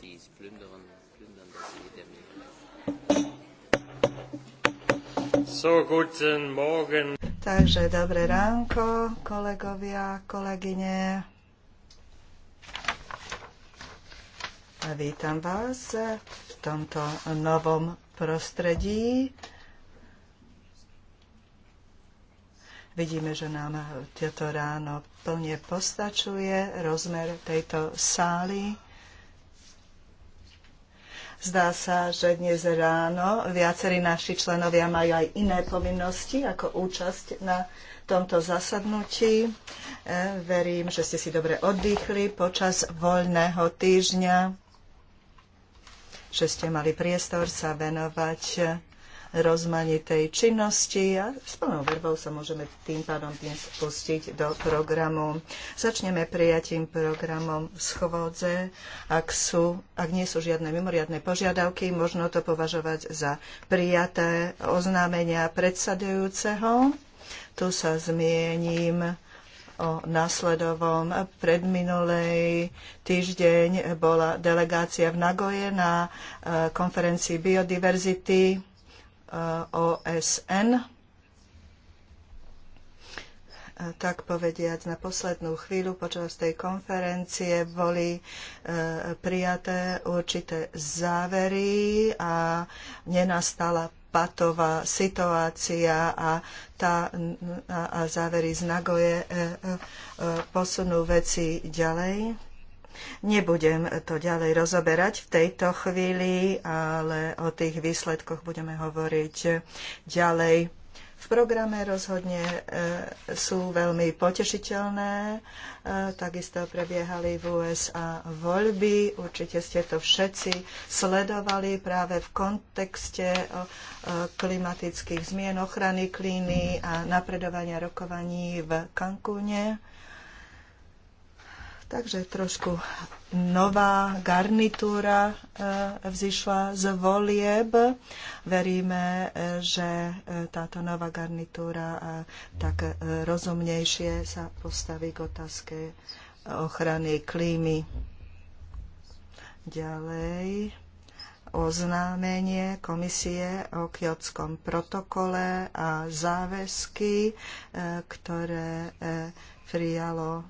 sie es plündern, plündern dass sie der Mehrheit. So, guten Morgen. Takže dobré ránko, kolegovia, kolegyne. vítam vás v tomto novom prostredí. Vidíme, že nám tieto ráno plne postačuje rozmer tejto sály. Zdá sa, že dnes ráno viacerí naši členovia majú aj iné povinnosti ako účasť na tomto zasadnutí. E, verím, že ste si dobre oddychli počas voľného týždňa, že ste mali priestor sa venovať rozmanitej činnosti a s plnou vervou sa môžeme tým pádom dnes pustiť do programu. Začneme prijatím programom schôdze. Ak, sú, ak nie sú žiadne mimoriadne požiadavky, možno to považovať za prijaté oznámenia predsadujúceho. Tu sa zmiením o následovom. Predminulej týždeň bola delegácia v Nagoje na eh, konferencii biodiverzity OSN, tak povediac, na poslednú chvíľu počas tej konferencie boli e, prijaté určité závery a nenastala patová situácia a, tá, a závery z Nagoje e, e, posunú veci ďalej. Nebudem to ďalej rozoberať v tejto chvíli, ale o tých výsledkoch budeme hovoriť ďalej. V programe rozhodne e, sú veľmi potešiteľné. E, takisto prebiehali v USA voľby. Určite ste to všetci sledovali práve v kontekste e, klimatických zmien, ochrany klíny a napredovania rokovaní v Cancúne Takže trošku nová garnitúra eh, vzýšla z volieb. Veríme, eh, že eh, táto nová garnitúra tak rozumnejšie sa postaví k otázke ochrany klímy. Ďalej oznámenie komisie o kiotskom protokole a záväzky, ktoré prijalo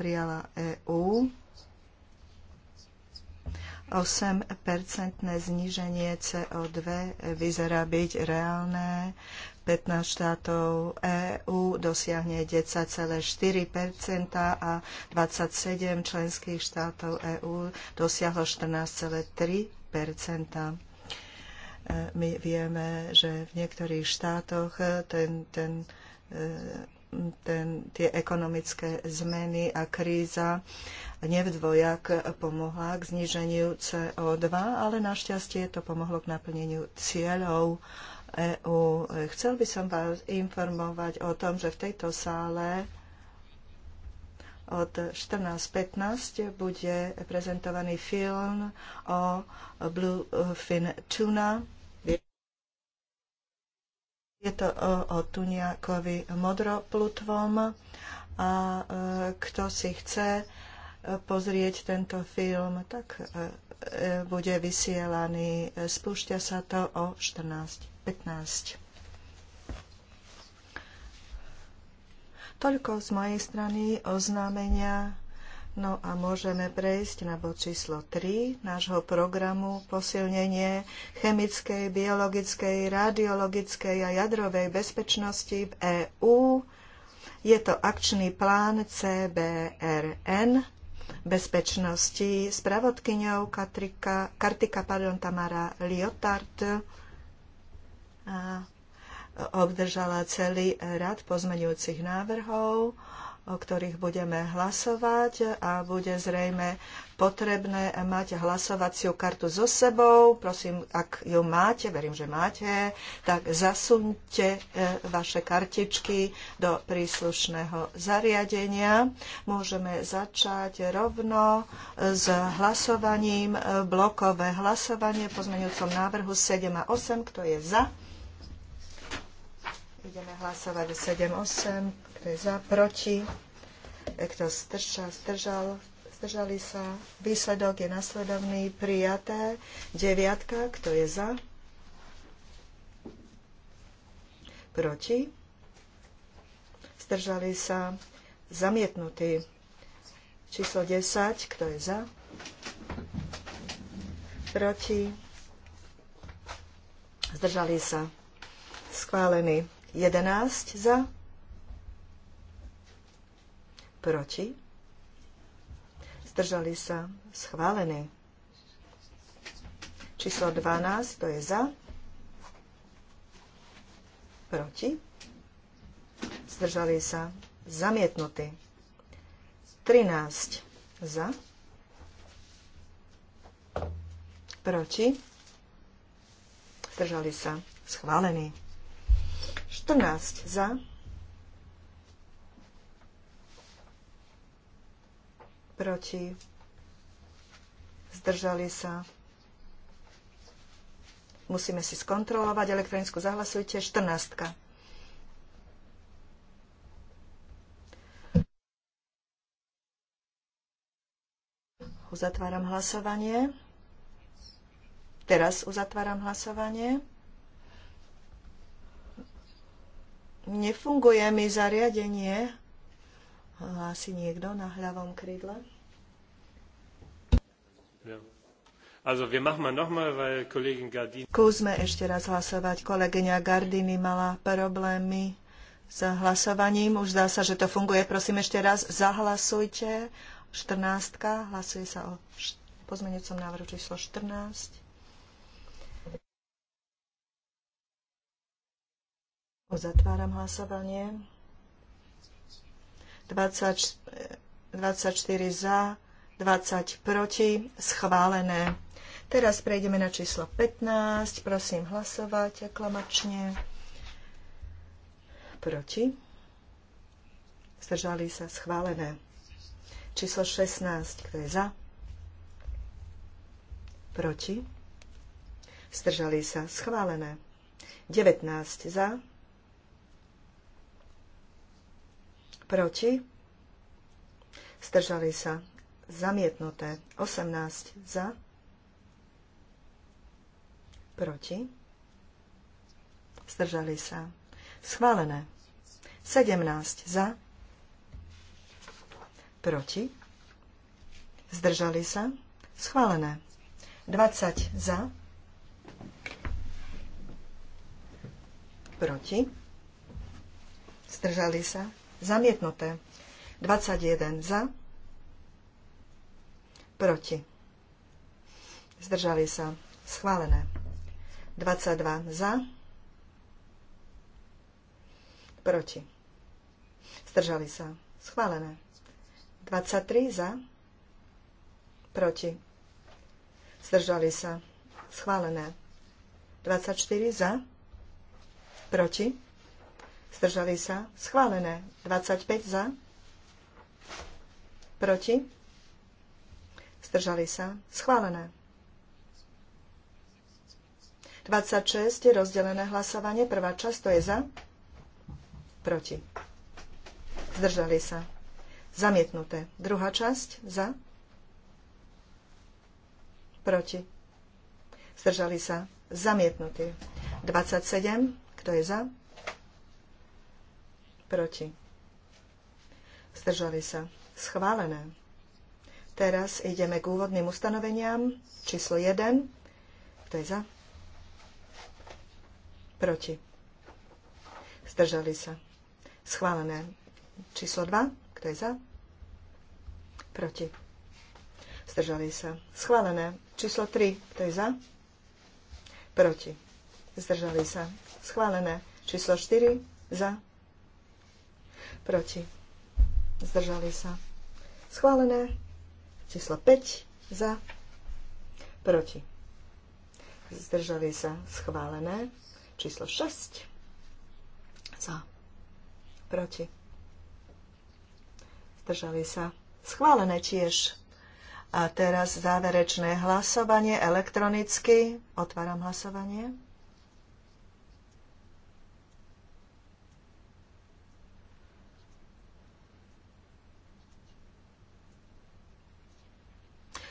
prijala EÚ. 8-percentné zníženie CO2 vyzerá byť reálne. 15 štátov EÚ dosiahne 10,4 a 27 členských štátov EÚ dosiahlo 14,3 e, My vieme, že v niektorých štátoch ten, ten e, ten, tie ekonomické zmeny a kríza nevdvojak pomohla k zniženiu CO2, ale našťastie to pomohlo k naplneniu cieľov EÚ. Chcel by som vás informovať o tom, že v tejto sále od 14.15 bude prezentovaný film o Bluefin Tuna je to o, e, o tuniakovi modroplutvom a e, kto si chce e, pozrieť tento film, tak bude vysielaný. Spúšťa sa to o 14.15. Toľko z mojej strany oznámenia No a môžeme prejsť na bod číslo 3 nášho programu posilnenie chemickej, biologickej, radiologickej a jadrovej bezpečnosti v EÚ. Je to akčný plán CBRN bezpečnosti. Spravodkyňou Katrika, Kartika pardon, Tamara Liotard a obdržala celý rad pozmeňujúcich návrhov o ktorých budeme hlasovať a bude zrejme potrebné mať hlasovaciu kartu so sebou. Prosím, ak ju máte, verím, že máte, tak zasuňte e, vaše kartičky do príslušného zariadenia. Môžeme začať rovno s hlasovaním, blokové hlasovanie v pozmeňujúcom návrhu 7 a 8. Kto je za? Ideme hlasovať 7, 8 kto je za? Proti? E, Kto strča, stržal, zdržali sa? Výsledok je nasledovný. Prijaté. Deviatka. Kto je za? Proti? Zdržali sa? Zamietnutý. Číslo 10. Kto je za? Proti? Zdržali sa? Schválený. 11 za? Proti? Zdržali sa? Schválený. Číslo 12, to je za. Proti? Zdržali sa? Zamietnutý. 13 za. Proti? Zdržali sa? Schválený. 14 za proti, zdržali sa. Musíme si skontrolovať elektronickú zahlasujte. 14. Uzatváram hlasovanie. Teraz uzatváram hlasovanie. Nefunguje mi zariadenie. Hlási niekto na ľavom krídle. Skúsme ešte raz hlasovať. Kolegyňa Gardini mala problémy s hlasovaním. Už zdá sa, že to funguje. Prosím, ešte raz zahlasujte. 14. Hlasuje sa o pozmeňujúcom návrhu číslo 14. Uzatváram hlasovanie. 20, 24 za, 20 proti, schválené. Teraz prejdeme na číslo 15. Prosím hlasovať aklamačne. Proti. Zdržali sa schválené. Číslo 16. Kto je za? Proti. Zdržali sa schválené. 19 za. Proti. Zdržali sa zamietnuté. 18 za, proti, zdržali sa. Schválené. 17 za, proti, zdržali sa. Schválené. 20 za, proti, zdržali sa. Zamietnuté. 21 za, proti. Zdržali sa. Schválené. 22 za. Proti. Zdržali sa. Schválené. 23 za. Proti. Zdržali sa. Schválené. 24 za. Proti. Zdržali sa. Schválené. 25 za. Proti zdržali sa, schválené. 26 je rozdelené hlasovanie, prvá časť, to je za, proti, zdržali sa, zamietnuté. Druhá časť, za, proti, zdržali sa, zamietnutý. 27, kto je za, proti, zdržali sa, schválené. Teraz ideme k úvodným ustanoveniam. Číslo 1. Kto je za? Proti. Zdržali sa. Schválené. Číslo 2. Kto je za? Proti. Zdržali sa. Schválené. Číslo 3. Kto je za? Proti. Zdržali sa. Schválené. Číslo 4. Za. Proti. Zdržali sa. Schválené. Číslo 5 za, proti. Zdržali sa schválené. Číslo 6 za, proti. Zdržali sa schválené tiež. A teraz záverečné hlasovanie elektronicky. Otváram hlasovanie.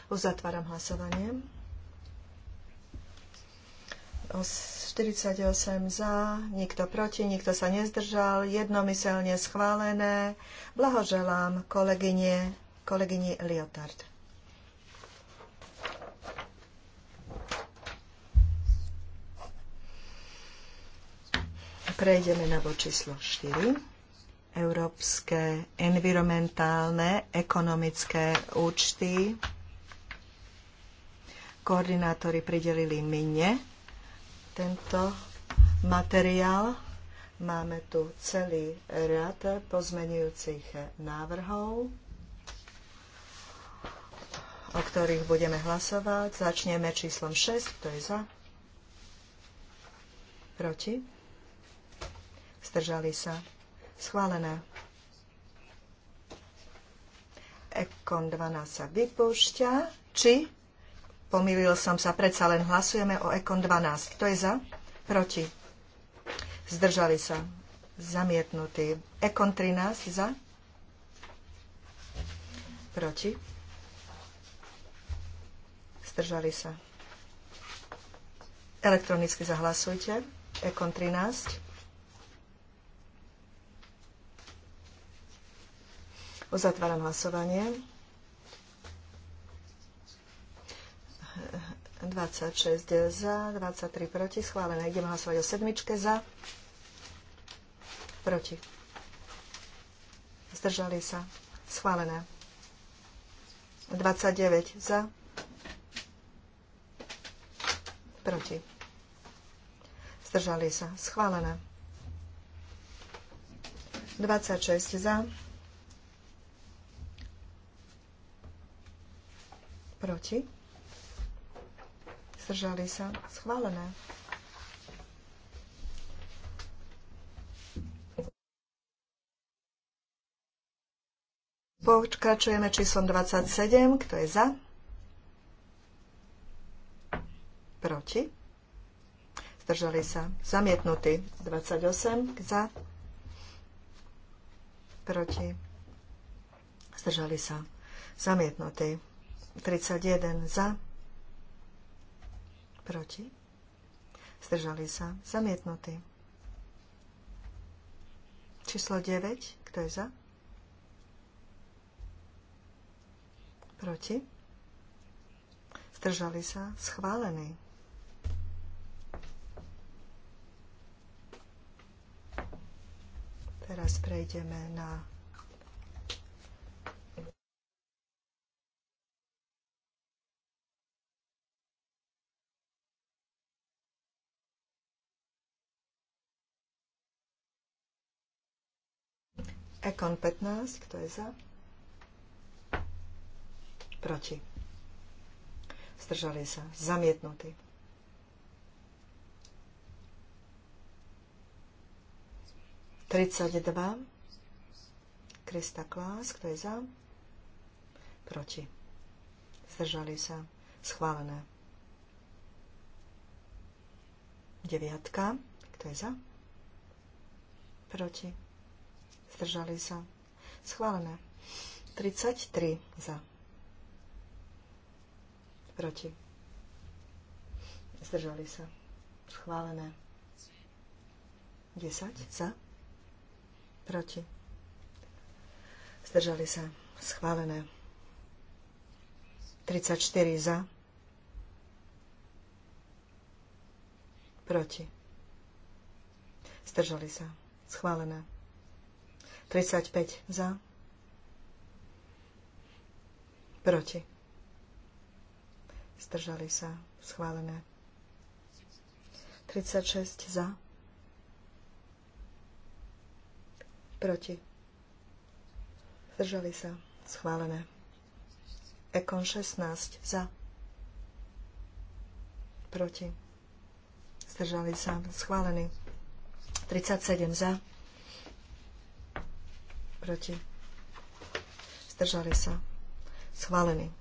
Uzatváram hlasovanie. 48 za, nikto proti, nikto sa nezdržal, jednomyselne schválené. Blahoželám kolegyne, kolegyni Liotard. Prejdeme na bod číslo 4 európske environmentálne ekonomické účty koordinátori pridelili mne tento materiál. Máme tu celý rad pozmenujúcich návrhov, o ktorých budeme hlasovať. Začneme číslom 6. Kto je za? Proti? Zdržali sa? Schválené. Ekon 12 sa vypúšťa. Či? Pomýlil som sa, predsa len hlasujeme o Ekon 12. Kto je za? Proti. Zdržali sa. Zamietnutý. Ekon 13 za? Proti. Zdržali sa. Elektronicky zahlasujte. Ekon 13. Uzatváram hlasovanie. 26 za, 23 proti, schválené. Ideme hlasovať o sedmičke za, proti. Zdržali sa, schválené. 29 za, proti. Zdržali sa, schválené. 26 za, proti zdržali sa, schválené. Počkačujeme číslom 27, kto je za? Proti? Zdržali sa. Zamietnutý. 28 za. Proti. Zdržali sa. Zamietnutý. 31 za Proti? Zdržali sa. zamietnutí. Číslo 9. Kto je za? Proti? Zdržali sa. Schválený. Teraz prejdeme na Ekon 15, kto je za? Proti. Zdržali sa. Zamietnutý. Tridsať dva. Krista Klás, kto je za? Proti. Zdržali sa. Schválené. Deviatka. Kto je za? Proti zdržali sa. Schválené. 33 za. Proti. Zdržali sa. Schválené. 10 za. Proti. Zdržali sa. Schválené. 34 za. Proti. Zdržali sa. Schválené. 35 za. Proti. Zdržali sa. Schválené. 36 za. Proti. Zdržali sa. Schválené. Ekon 16 za. Proti. Zdržali sa. Schválený. 37 za proti, zdržali sa, schválený.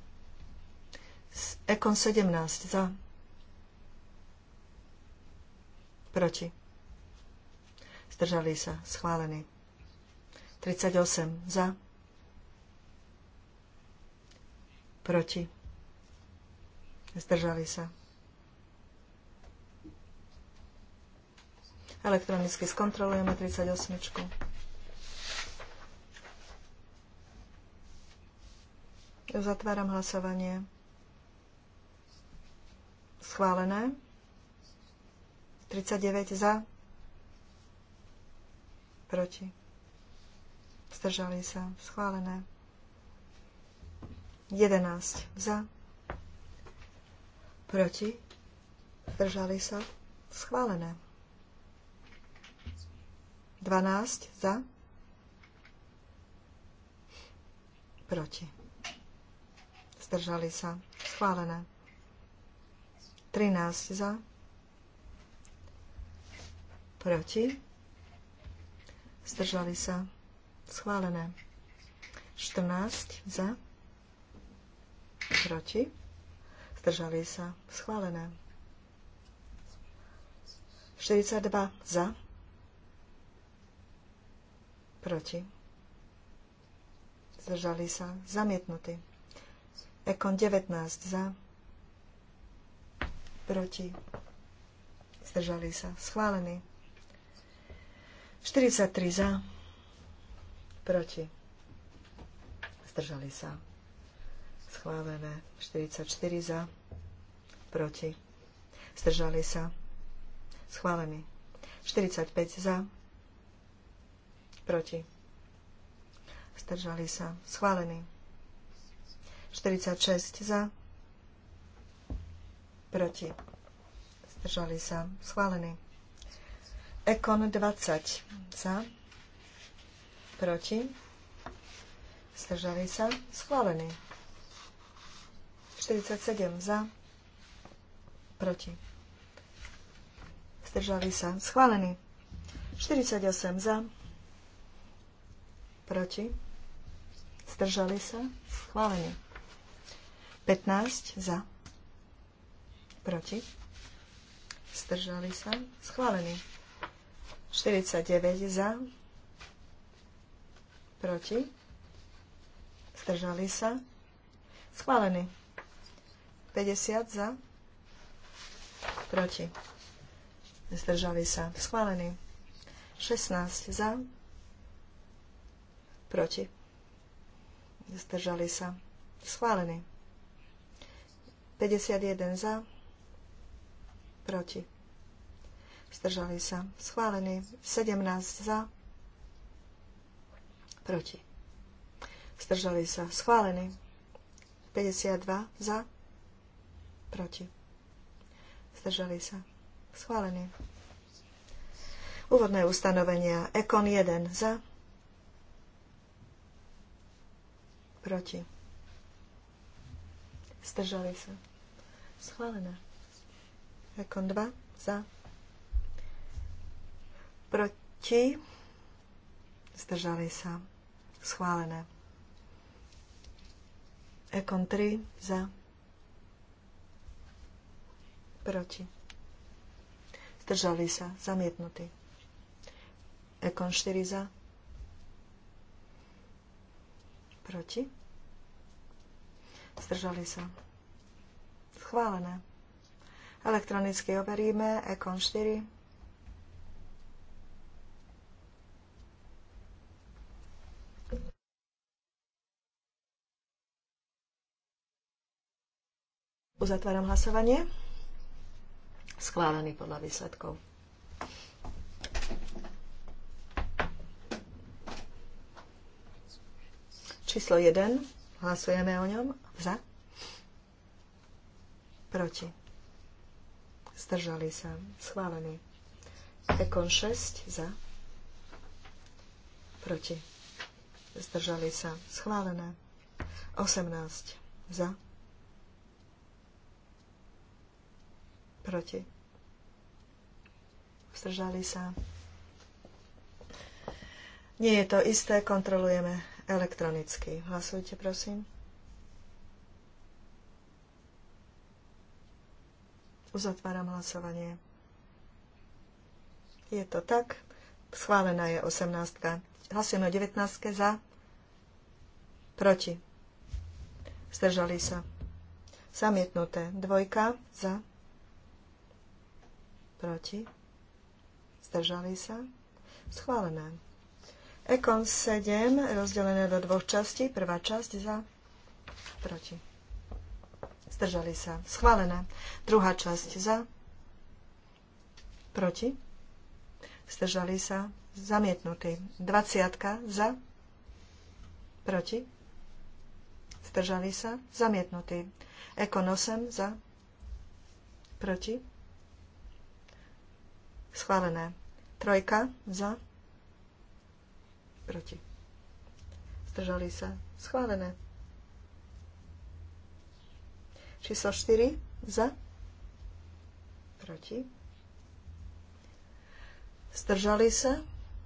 Ekon 17 za, proti, zdržali sa, schválený. 38 za, proti, zdržali sa, Elektronicky skontrolujeme 38. Zatváram hlasovanie. Schválené. 39 za. Proti. Zdržali sa. Schválené. 11 za. Proti. Zdržali sa. Schválené. 12 za. Proti zdržali sa, schválené. 13 za, proti, zdržali sa, schválené. 14 za, proti, zdržali sa, schválené. 42 za, proti, zdržali sa, Zamietnutý. Ekon 19 za, proti, zdržali sa, schválený. 43 za, proti, zdržali sa, schválené. 44 za, proti, zdržali sa, schválený. 45 za, proti, zdržali sa, schválený. 46 za, proti, zdržali sa, schválený. Ekon 20 za, proti, zdržali sa, schválený. 47 za, proti, zdržali sa, schválený. 48 za, proti, zdržali sa, schválený. 15 za. Proti. Zdržali sa. Schválený. 49 za. Proti. Zdržali sa. Schválený. 50 za. Proti. Zdržali sa. Schválený. 16 za. Proti. Zdržali sa. Schválený. 51 za, proti. Zdržali sa. Schválený 17 za, proti. Zdržali sa. Schválený 52 za, proti. Zdržali sa. Schválený. Úvodné ustanovenia. Ekon 1 za, proti. Zdržali sa. Schválená. Ekon 2 za. Proti. Zdržali sa. Schválené. Ekon 3 za. Proti. Zdržali sa. Zamietnutý. Ekon 4 za. Proti. Zdržali sa Schválené. Elektronicky overíme Econ 4. Uzatváram hlasovanie. Schválený podľa výsledkov. Číslo 1. Hlasujeme o ňom. Za. Proti. Zdržali sa. Schválený. Ekon 6 za. Proti. Zdržali sa. Schválené. 18 za. Proti. Zdržali sa. Nie je to isté, kontrolujeme elektronicky. Hlasujte, prosím. Uzatváram hlasovanie. Je to tak. Schválená je 18. Hlasujeme o 19. za. Proti. Zdržali sa. Zamietnuté. Dvojka za. Proti. Zdržali sa. Schválené. Ekon 7, rozdelené do dvoch častí. Prvá časť za. Proti zdržali sa. Schválené. Druhá časť za, proti, zdržali sa, zamietnutý. Dvaciatka za, proti, zdržali sa, zamietnutý. Eko nosem za, proti, schválené. Trojka za, proti, zdržali sa, schválené. Číslo 4 za, proti. Zdržali sa,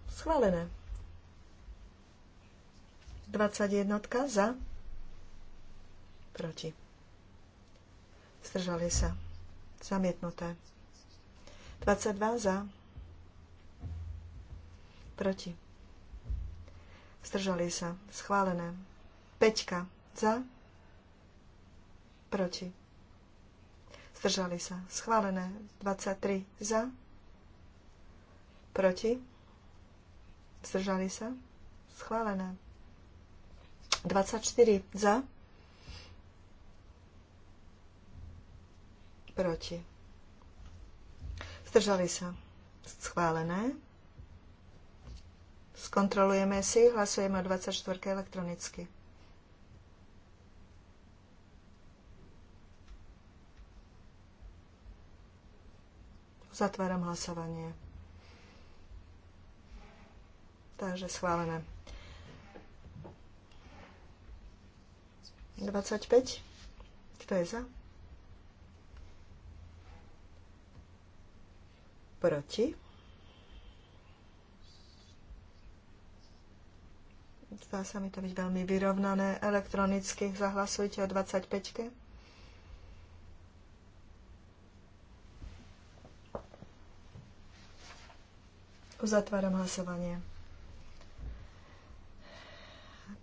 schválené. 21 za, proti. Zdržali sa, zamietnuté. 22 za, proti. Zdržali sa, schválené. 5 za, proti. Zdržali sa. Schválené 23 za, proti. Zdržali sa. Schválené 24 za, proti. Zdržali sa. Schválené. Skontrolujeme si, hlasujeme o 24 elektronicky. Zatváram hlasovanie. Takže schválené. 25. Kto je za? Proti. Zdá sa mi to byť veľmi vyrovnané. Elektronicky zahlasujte o 25. -ke. Uzatváram hlasovanie.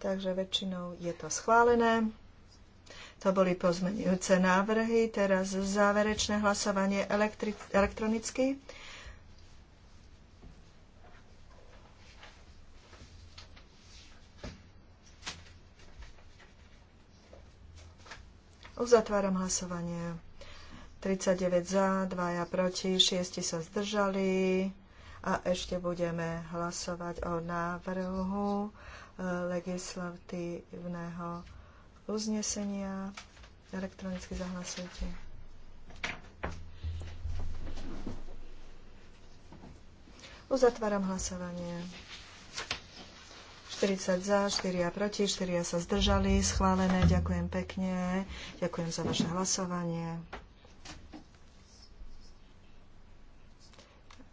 Takže väčšinou je to schválené. To boli pozmenujúce návrhy. Teraz záverečné hlasovanie elektri- elektronicky. Uzatváram hlasovanie. 39 za, 2 proti, 6 sa zdržali a ešte budeme hlasovať o návrhu e, legislatívneho uznesenia. Elektronicky zahlasujte. Uzatváram hlasovanie. 40 za, 4 proti, 4 sa zdržali. Schválené. Ďakujem pekne. Ďakujem za vaše hlasovanie.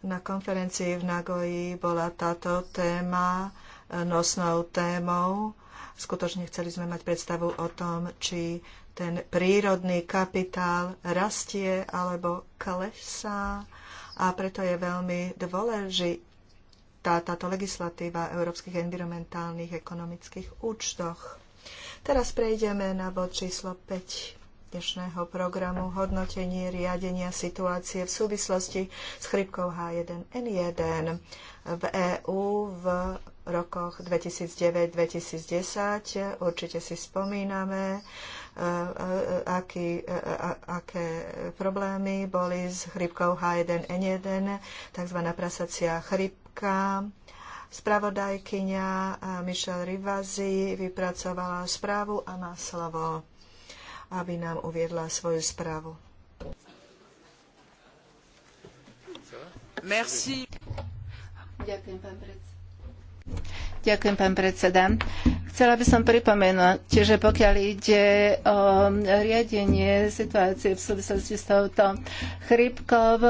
Na konferencii v Nagoji bola táto téma e, nosnou témou. Skutočne chceli sme mať predstavu o tom, či ten prírodný kapitál rastie alebo klesá a preto je veľmi dôležitá táto legislatíva európskych environmentálnych ekonomických účtoch. Teraz prejdeme na bod číslo 5 dnešného programu hodnotenie riadenia situácie v súvislosti s chrypkou H1N1 v EÚ v rokoch 2009-2010. Určite si spomíname, e, e, aký, e, aké problémy boli s chrypkou H1N1, tzv. prasacia chrypka spravodajkyňa Michelle Rivazi vypracovala správu a má slovo aby nám uviedla svoju správu. Merci. Ďakujem, pán predseda. Ďakujem, pán predseda. Chcela by som pripomenúť, že pokiaľ ide o riadenie situácie v súvislosti s touto chrípkou, e,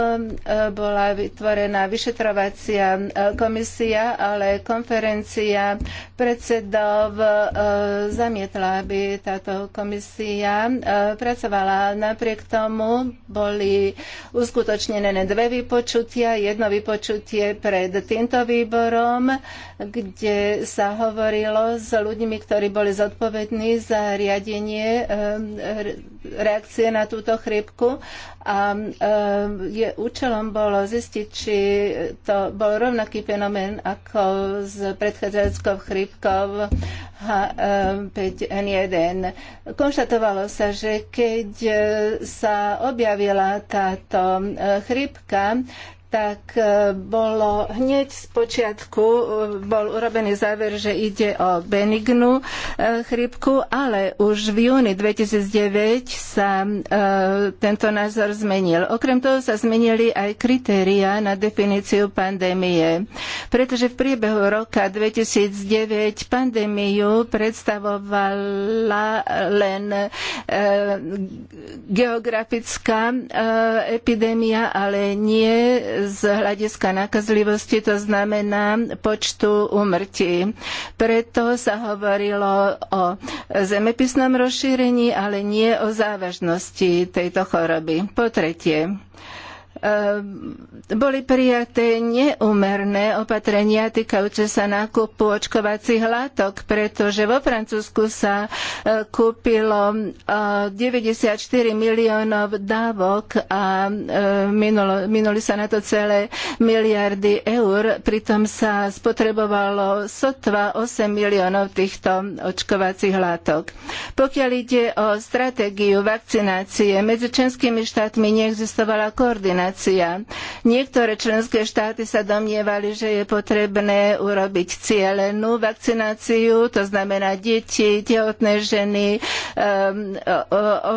bola vytvorená vyšetrovacia e, komisia, ale konferencia predsedov e, zamietla, aby táto komisia pracovala. Napriek tomu boli uskutočnené dve vypočutia, jedno vypočutie pred týmto výborom, kde sa hovorilo s ľuďmi, ľuďmi, ktorí boli zodpovední za riadenie eh, reakcie na túto chrípku a eh, je, účelom bolo zistiť, či to bol rovnaký fenomén ako s predchádzajúckou chrípkou H5N1. Konštatovalo sa, že keď eh, sa objavila táto chrípka, tak e, bolo hneď z počiatku e, bol urobený záver, že ide o benignú e, chrypku, ale už v júni 2009 sa tento názor zmenil. Okrem toho sa zmenili aj kritéria na definíciu pandémie, pretože v priebehu roka 2009 pandémiu predstavovala len geografická epidémia, ale nie z hľadiska nakazlivosti, to znamená počtu úmrtí. Preto sa hovorilo o zemepisnom rozšírení, ale nie o závažnosti tejto choroby. Po tretie, Ehm, boli prijaté neumerné opatrenia týkajúce sa nákupu očkovacích látok, pretože vo Francúzsku sa e, kúpilo 94 e, miliónov dávok a e, minulo, minuli sa na to celé miliardy eur, pritom sa spotrebovalo sotva 8 miliónov týchto očkovacích látok. Pokiaľ ide o stratégiu vakcinácie, medzi členskými štátmi neexistovala koordinácia koordinácia. Niektoré členské štáty sa domnievali, že je potrebné urobiť cielenú vakcináciu, to znamená deti, tehotné ženy, ehm,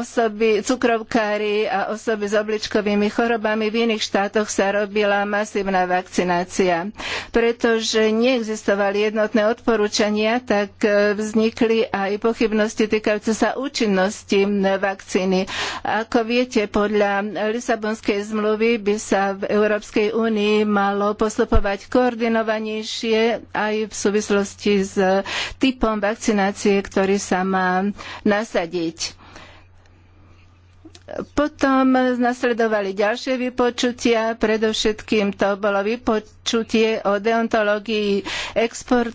osoby, cukrovkári a osoby s obličkovými chorobami. V iných štátoch sa robila masívna vakcinácia. Pretože neexistovali jednotné odporúčania, tak e, vznikli aj pochybnosti týkajúce sa účinnosti vakcíny. Ako viete, podľa Lisabonskej zmluvy zmluvy by sa v Európskej únii malo postupovať koordinovanejšie aj v súvislosti s typom vakcinácie, ktorý sa má nasadiť. Potom nasledovali ďalšie vypočutia, predovšetkým to bolo vypočutie vypočutie o deontológii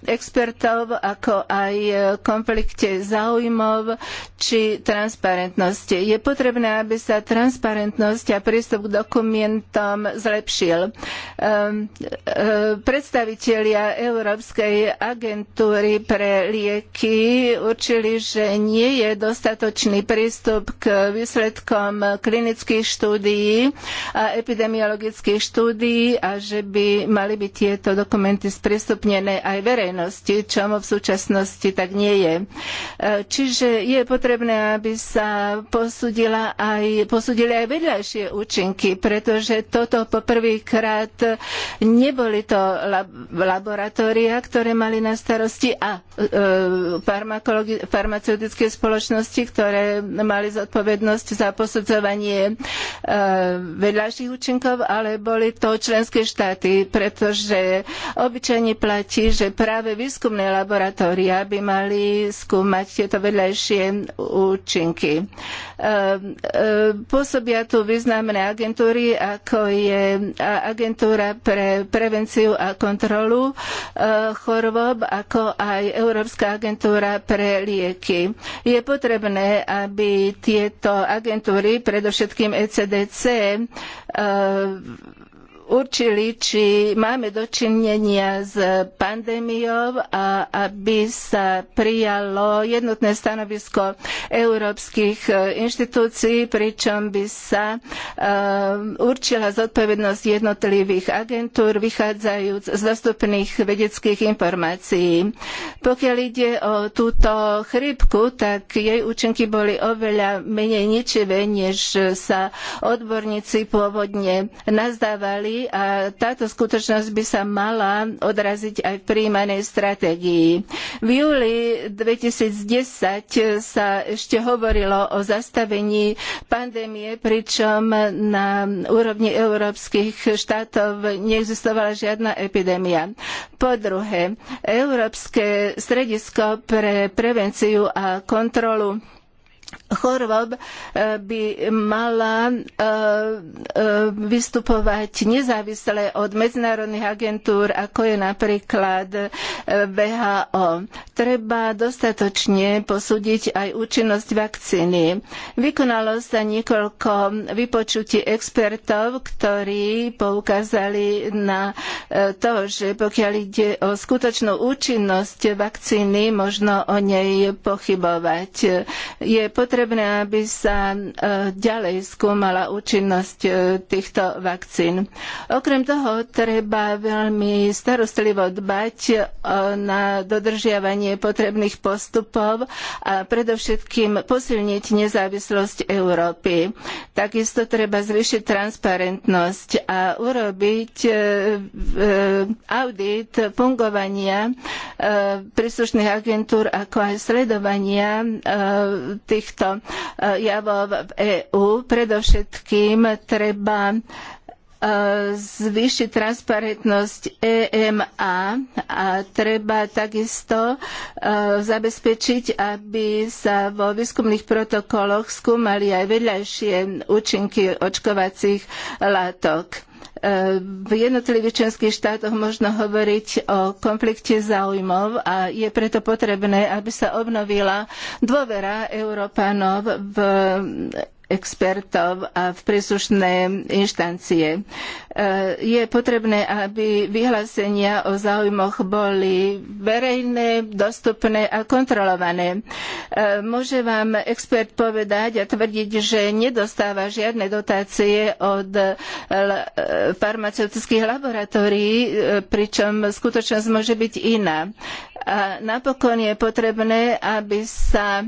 expertov, ako aj konflikte záujmov či transparentnosti. Je potrebné, aby sa transparentnosť a prístup k dokumentom zlepšil. Ehm, ehm, predstavitelia Európskej agentúry pre lieky určili, že nie je dostatočný prístup k výsledkom klinických štúdií a epidemiologických štúdií a že by mali mali by tieto dokumenty sprístupnené aj verejnosti, čo v súčasnosti tak nie je. E, čiže je potrebné, aby sa posudila aj, posudili aj vedľajšie účinky, pretože toto poprvýkrát neboli to lab, laboratória, ktoré mali na starosti a e, farmaceutické spoločnosti, ktoré mali zodpovednosť za posudzovanie e, vedľajších účinkov, ale boli to členské štáty, pre pretože obyčajne platí, že práve výskumné laboratória by mali skúmať tieto vedľajšie účinky. Ehm, ehm, pôsobia tu významné agentúry, ako je agentúra pre prevenciu a kontrolu ehm, chorôb, ako aj Európska agentúra pre lieky. Je potrebné, aby tieto agentúry, predovšetkým ECDC, určili, či máme dočinenia s pandémiou a aby sa prijalo jednotné stanovisko európskych e, inštitúcií, pričom by sa e, určila zodpovednosť jednotlivých agentúr vychádzajúc z dostupných vedeckých informácií. Pokiaľ ide o túto chrípku, tak jej účinky boli oveľa menej ničivé, než sa odborníci pôvodne nazdávali a táto skutočnosť by sa mala odraziť aj v príjmanej stratégii. V júli 2010 sa ešte hovorilo o zastavení pandémie, pričom na úrovni európskych štátov neexistovala žiadna epidémia. Po druhé, Európske stredisko pre prevenciu a kontrolu chorob e, by mala e, e, vystupovať nezávisle od medzinárodných agentúr, ako je napríklad VHO. Treba dostatočne posúdiť aj účinnosť vakcíny. Vykonalo sa niekoľko vypočutí expertov, ktorí poukázali na to, že pokiaľ ide o skutočnú účinnosť vakcíny, možno o nej pochybovať. Je potrebné potrebné, aby sa e, ďalej skúmala účinnosť e, týchto vakcín. Okrem toho treba veľmi starostlivo dbať e, na dodržiavanie potrebných postupov a predovšetkým posilniť nezávislosť Európy. Takisto treba zvýšiť transparentnosť a urobiť audit fungovania príslušných agentúr, ako aj sledovania týchto týchto eh, javov v EÚ. Predovšetkým treba zvýšiť transparentnosť EMA a treba takisto e, zabezpečiť, aby sa vo výskumných protokoloch skúmali aj vedľajšie účinky očkovacích látok. E, v jednotlivých členských štátoch možno hovoriť o konflikte záujmov a je preto potrebné, aby sa obnovila dôvera Európanov v expertov a v príslušné inštancie. E, je potrebné, aby vyhlásenia o záujmoch boli verejné, dostupné a kontrolované. E, môže vám expert povedať a tvrdiť, že nedostáva žiadne dotácie od e, farmaceutických laboratórií, pričom skutočnosť môže byť iná. A napokon je potrebné, aby sa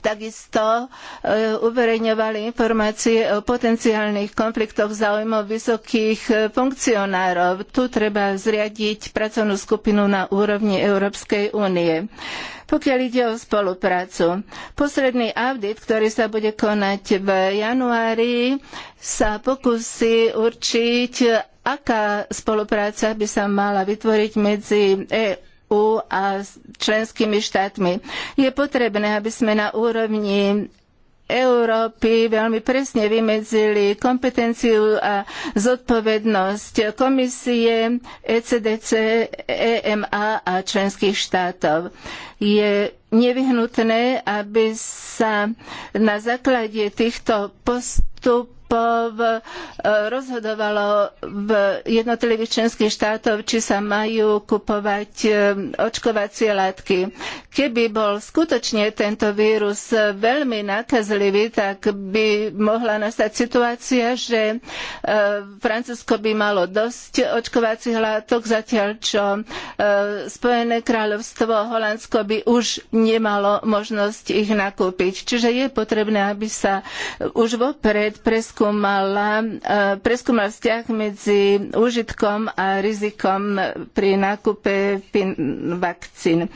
Takisto e, uverejňovali informácie o potenciálnych konfliktoch záujmov vysokých e, funkcionárov. Tu treba zriadiť pracovnú skupinu na úrovni Európskej únie. Pokiaľ ide o spoluprácu, posledný audit, ktorý sa bude konať v januári, sa pokusí určiť, aká spolupráca by sa mala vytvoriť medzi EU EÚ a s členskými štátmi. Je potrebné, aby sme na úrovni Európy veľmi presne vymedzili kompetenciu a zodpovednosť komisie, ECDC, EMA a členských štátov. Je nevyhnutné, aby sa na základe týchto postupov postupov eh, rozhodovalo v jednotlivých členských štátoch či sa majú kupovať eh, očkovacie látky. Keby bol skutočne tento vírus veľmi nakazlivý, tak by mohla nastať situácia, že eh, Francúzsko by malo dosť očkovacích látok, zatiaľ čo Spojené kráľovstvo, Holandsko by už nemalo možnosť ich nakúpiť. Čiže je potrebné, aby sa už vopred preskúmalo, preskúmala, e, preskúmal vzťah medzi úžitkom a rizikom pri nákupe vakcín. E,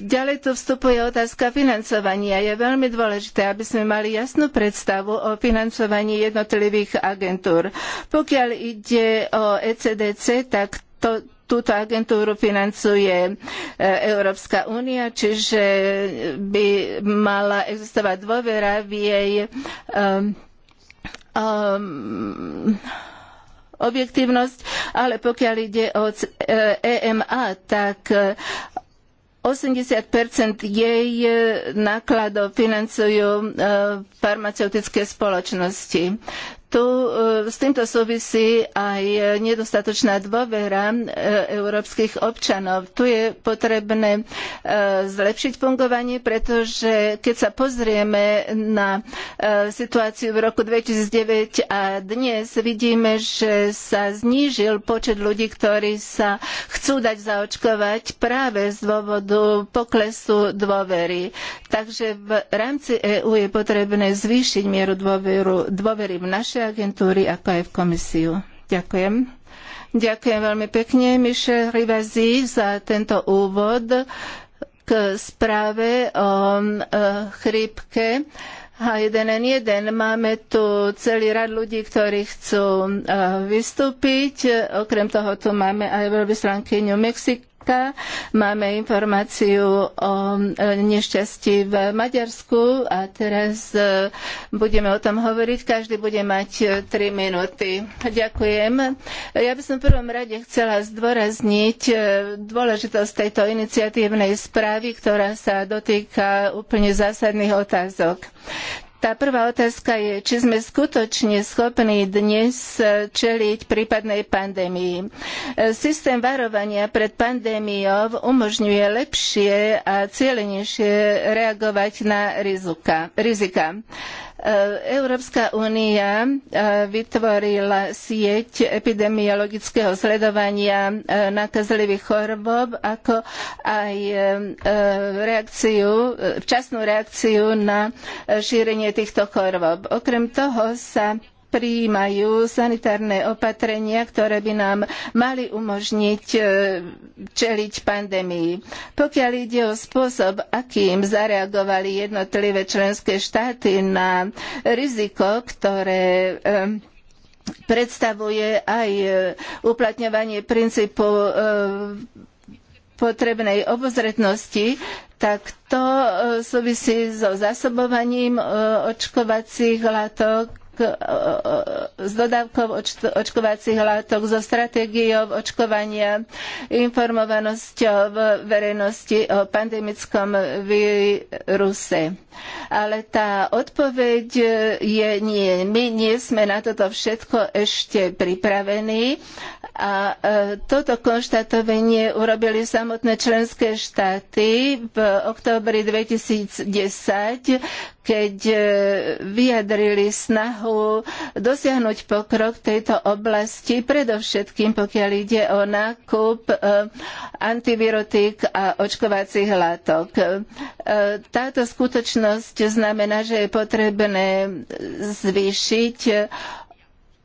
ďalej tu vstupuje otázka financovania. Je veľmi dôležité, aby sme mali jasnú predstavu o financovaní jednotlivých agentúr. Pokiaľ ide o ECDC, tak to, túto agentúru financuje e, Európska únia, čiže by mala existovať dôvera v jej um, um, objektívnosť, ale pokiaľ ide o EMA, e tak 80 e, jej e, nákladov financujú farmaceutické spoločnosti. Tu e, s týmto súvisí aj nedostatočná dôvera e, európskych občanov. Tu je potrebné e, zlepšiť fungovanie, pretože keď sa pozrieme na situáciu v roku 2009 a dnes, vidíme, že sa znížil počet ľudí, ktorí sa chcú dať zaočkovať práve z dôvodu poklesu dôvery. Takže v rámci EÚ je potrebné zvýšiť mieru dôveru, dôvery v naše agentúry, ako aj v komisiu. Ďakujem. Ďakujem veľmi pekne, Michel Rivazi, za tento úvod k správe o e, chrípke. h jeden n 1 Máme tu celý rad ľudí, ktorí chcú e, vystúpiť. Okrem toho tu máme aj veľvyslankyňu Mexika Maďarska. Máme informáciu o e, nešťastí v Maďarsku a teraz e, budeme o tom hovoriť. Každý bude mať 3 e, minúty. Ďakujem. Ja by som v prvom rade chcela zdôrazniť dôležitosť tejto iniciatívnej správy, ktorá sa dotýka úplne zásadných otázok. Tá prvá otázka je, či sme skutočne schopní dnes čeliť prípadnej pandémii. Systém varovania pred pandémiou umožňuje lepšie a cieľenejšie reagovať na rizika. Európska únia e, vytvorila sieť epidemiologického sledovania e, nakazlivých chorôb, ako aj e, reakciu, včasnú reakciu na šírenie týchto chorôb. Okrem toho sa prijímajú sanitárne opatrenia, ktoré by nám mali umožniť e, čeliť pandémii. Pokiaľ ide o spôsob, akým zareagovali jednotlivé členské štáty na riziko, ktoré e, predstavuje aj e, uplatňovanie princípu potrebnej obozretnosti, tak to súvisí so zásobovaním očkovacích látok E, e, e, s dodávkou očkovacích látok, so stratégiou očkovania, informovanosťou verejnosti o pandemickom víruse. Ale tá odpoveď je nie. My nie sme na toto všetko ešte pripravení a toto konštatovanie urobili samotné členské štáty v októbri 2010, keď e, vyjadrili snahu dosiahnuť pokrok v tejto oblasti, predovšetkým pokiaľ ide o nákup e, antivirotík a očkovacích látok. E, táto skutočnosť znamená, že je potrebné zvýšiť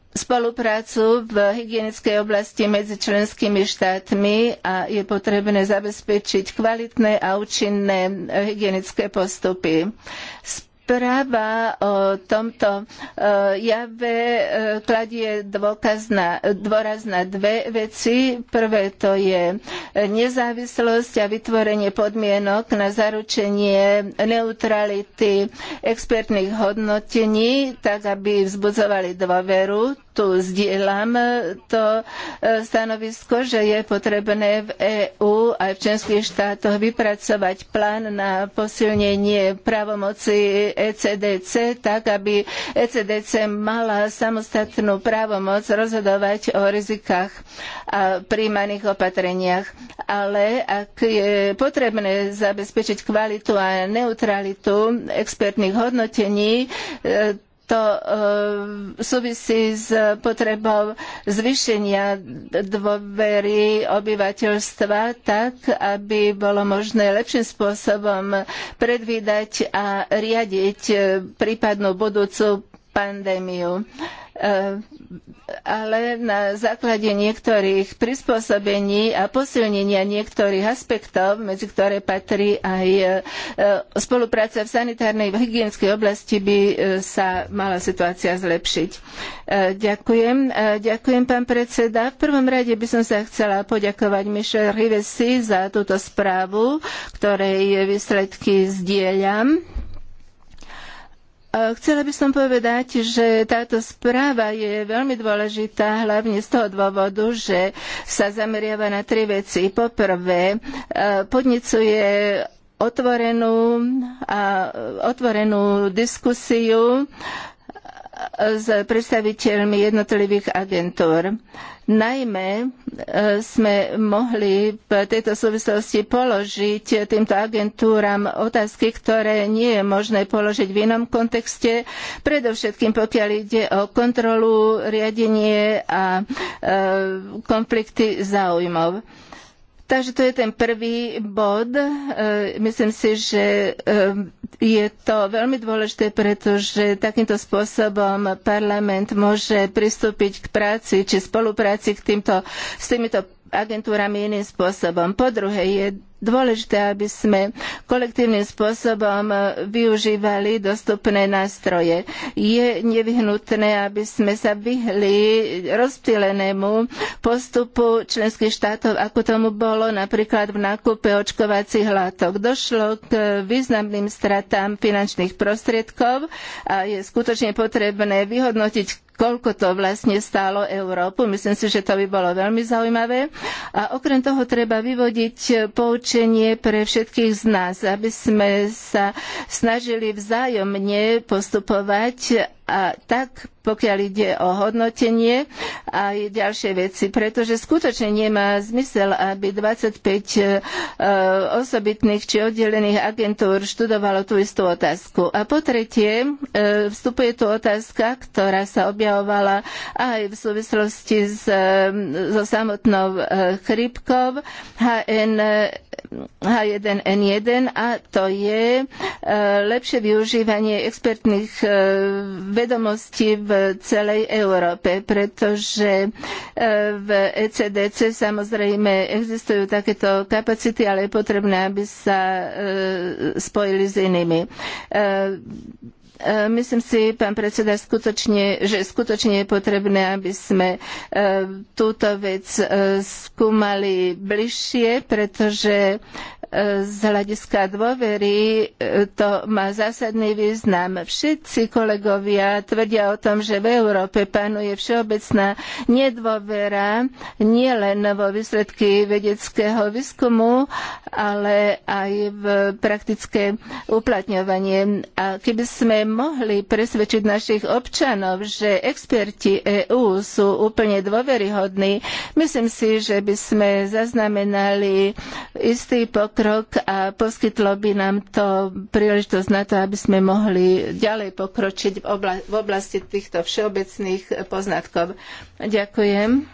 spoluprácu v hygienickej oblasti medzi členskými štátmi a je potrebné zabezpečiť kvalitné a účinné hygienické postupy. Z Správa o tomto e, jave e, kladie dôkaz na, dôraz na dve veci. Prvé to je nezávislosť a vytvorenie podmienok na zaručenie neutrality expertných hodnotení, tak aby vzbudzovali dôveru tu zdieľam to e, stanovisko, že je potrebné v EÚ aj v členských štátoch vypracovať plán na posilnenie právomoci ECDC, tak aby ECDC mala samostatnú právomoc rozhodovať o rizikách a príjmaných opatreniach. Ale ak je potrebné zabezpečiť kvalitu a neutralitu expertných hodnotení, e, to eh, súvisí s potrebou zvýšenia dôvery obyvateľstva tak, aby bolo možné lepším spôsobom predvídať a riadiť eh, prípadnú budúcu pandémiu. Eh, ale na základe niektorých prispôsobení a posilnenia niektorých aspektov, medzi ktoré patrí aj eh, spolupráca v sanitárnej a hygienskej oblasti, by eh, sa mala situácia zlepšiť. Ďakujem. Ďakujem, pán predseda. V prvom rade by som sa chcela poďakovať Michelle Rivesi za túto správu, ktorej výsledky zdieľam Chcela by som povedať, že táto správa je veľmi dôležitá, hlavne z toho dôvodu, že sa zameriava na tri veci. Poprvé, e, podnicuje otvorenú, a, otvorenú diskusiu s predstaviteľmi jednotlivých agentúr. Najmä e, sme mohli v tejto súvislosti položiť týmto agentúram otázky, ktoré nie je možné položiť v inom kontexte, predovšetkým pokiaľ ide o kontrolu, riadenie a e, konflikty záujmov. Takže to je ten prvý bod. E, myslím si, že e, je to veľmi dôležité, pretože takýmto spôsobom parlament môže pristúpiť k práci či spolupráci k týmto, s týmito agentúrami iným spôsobom. Po druhé, je dôležité, aby sme kolektívnym spôsobom využívali dostupné nástroje. Je nevyhnutné, aby sme sa vyhli rozptýlenému postupu členských štátov, ako tomu bolo napríklad v nákupe očkovacích látok. Došlo k významným stratám finančných prostriedkov a je skutočne potrebné vyhodnotiť, koľko to vlastne stálo Európu. Myslím si, že to by bolo veľmi zaujímavé. A okrem toho treba vyvodiť poučenie pre všetkých z nás, aby sme sa snažili vzájomne postupovať a tak pokiaľ ide o hodnotenie a ďalšie veci, pretože skutočne nemá zmysel, aby 25 e, osobitných či oddelených agentúr študovalo tú istú otázku. A po tretie, e, vstupuje tu otázka, ktorá sa objavovala aj v súvislosti s, e, so samotnou chrypkou HN, H1N1 a to je lepšie využívanie expertných vedomosti v celej Európe, pretože e, v ECDC samozrejme existujú takéto kapacity, ale je potrebné, aby sa e, spojili s inými e, E, myslím si, pán predseda, skutočne, že skutočne je potrebné, aby sme e, túto vec e, skúmali bližšie, pretože z hľadiska dôvery to má zásadný význam. Všetci kolegovia tvrdia o tom, že v Európe panuje všeobecná nedôvera nielen vo výsledky vedeckého výskumu, ale aj v praktické uplatňovanie. A keby sme mohli presvedčiť našich občanov, že experti EÚ sú úplne dôveryhodní, myslím si, že by sme zaznamenali istý pokrok a poskytlo by nám to príležitosť na to, aby sme mohli ďalej pokročiť v oblasti týchto všeobecných poznatkov. Ďakujem.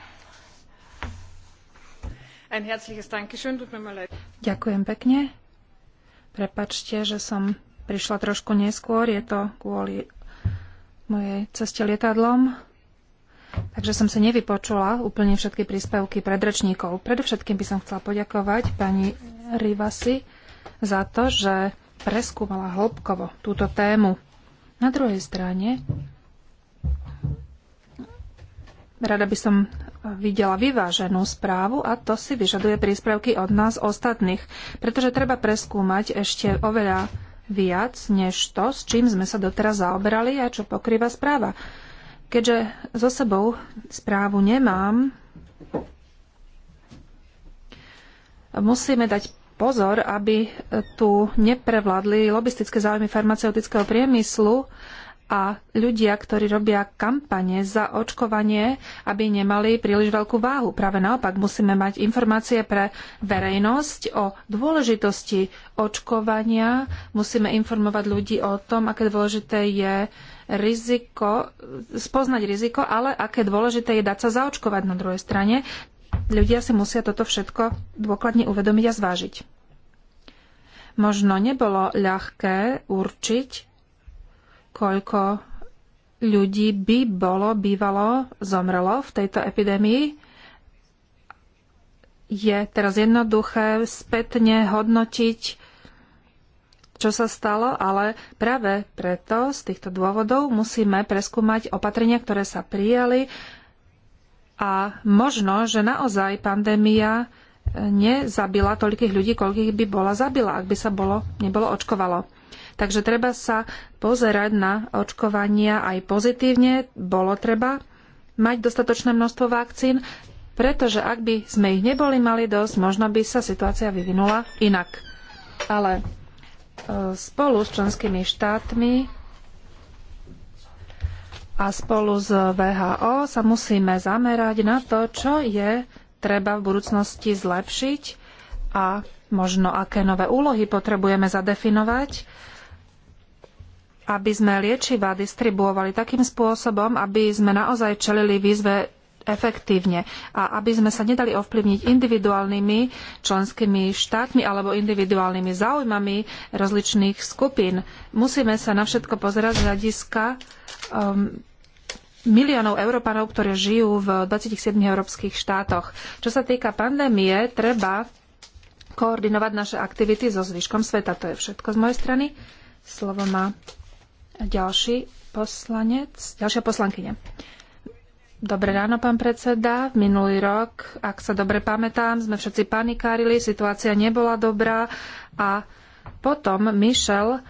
Ďakujem pekne. Prepačte, že som prišla trošku neskôr. Je to kvôli mojej ceste lietadlom. Takže som si nevypočula úplne všetky príspevky predrečníkov. Predovšetkým by som chcela poďakovať pani Rivasi za to, že preskúmala hĺbkovo túto tému. Na druhej strane Rada by som videla vyváženú správu a to si vyžaduje príspevky od nás ostatných, pretože treba preskúmať ešte oveľa viac než to, s čím sme sa doteraz zaoberali a čo pokrýva správa. Keďže so sebou správu nemám, musíme dať pozor, aby tu neprevládli lobistické záujmy farmaceutického priemyslu a ľudia, ktorí robia kampane za očkovanie, aby nemali príliš veľkú váhu. Práve naopak musíme mať informácie pre verejnosť o dôležitosti očkovania, musíme informovať ľudí o tom, aké dôležité je riziko, spoznať riziko, ale aké dôležité je dať sa zaočkovať na druhej strane. Ľudia si musia toto všetko dôkladne uvedomiť a zvážiť. Možno nebolo ľahké určiť, koľko ľudí by bolo, bývalo, zomrelo v tejto epidémii. Je teraz jednoduché spätne hodnotiť, čo sa stalo, ale práve preto z týchto dôvodov musíme preskúmať opatrenia, ktoré sa prijali a možno, že naozaj pandémia eh, nezabila toľkých ľudí, koľkých by bola zabila, ak by sa bolo, nebolo očkovalo. Takže treba sa pozerať na očkovania aj pozitívne. Bolo treba mať dostatočné množstvo vakcín, pretože ak by sme ich neboli mali dosť, možno by sa situácia vyvinula inak. Ale e, spolu s členskými štátmi a spolu s VHO sa musíme zamerať na to, čo je treba v budúcnosti zlepšiť a možno aké nové úlohy potrebujeme zadefinovať aby sme liečiva distribuovali takým spôsobom, aby sme naozaj čelili výzve efektívne a aby sme sa nedali ovplyvniť individuálnymi členskými štátmi alebo individuálnymi záujmami rozličných skupín. Musíme sa na všetko pozerať z hľadiska um, miliónov Európanov, ktorí žijú v 27 európskych štátoch. Čo sa týka pandémie, treba koordinovať naše aktivity so zvyškom sveta. To je všetko z mojej strany. Slovo má ďalší poslanec, ďalšia poslankyňa. Dobré ráno, pán predseda. Minulý rok, ak sa dobre pamätám, sme všetci panikárili, situácia nebola dobrá a potom Michel uh,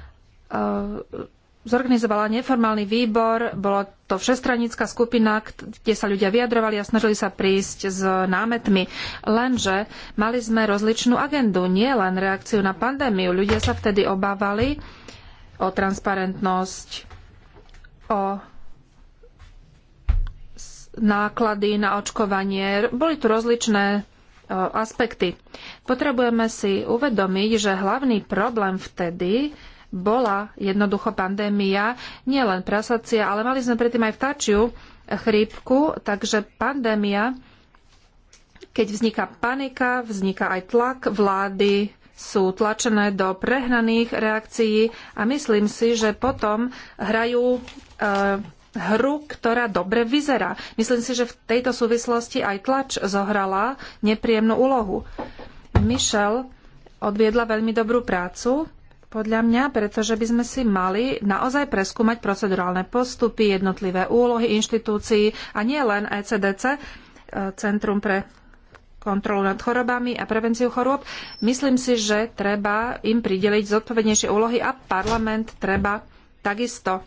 zorganizovala neformálny výbor, bolo to všestranická skupina, kde sa ľudia vyjadrovali a snažili sa prísť s námetmi. Lenže mali sme rozličnú agendu, nie len reakciu na pandémiu. Ľudia sa vtedy obávali, uh, o transparentnosť, o náklady na očkovanie. Boli tu rozličné e, aspekty. Potrebujeme si uvedomiť, že hlavný problém vtedy bola jednoducho pandémia, nielen prasacia, ale mali sme predtým aj vtáčiu chrípku, takže pandémia, keď vzniká panika, vzniká aj tlak vlády sú tlačené do prehnaných reakcií a myslím si, že potom hrajú e, hru, ktorá dobre vyzerá. Myslím si, že v tejto súvislosti aj tlač zohrala nepríjemnú úlohu. Michel odviedla veľmi dobrú prácu, podľa mňa, pretože by sme si mali naozaj preskúmať procedurálne postupy, jednotlivé úlohy inštitúcií a nie len ECDC, eh, Centrum pre kontrolu nad chorobami a prevenciu chorôb. Myslím si, že treba im prideliť zodpovednejšie úlohy a parlament treba takisto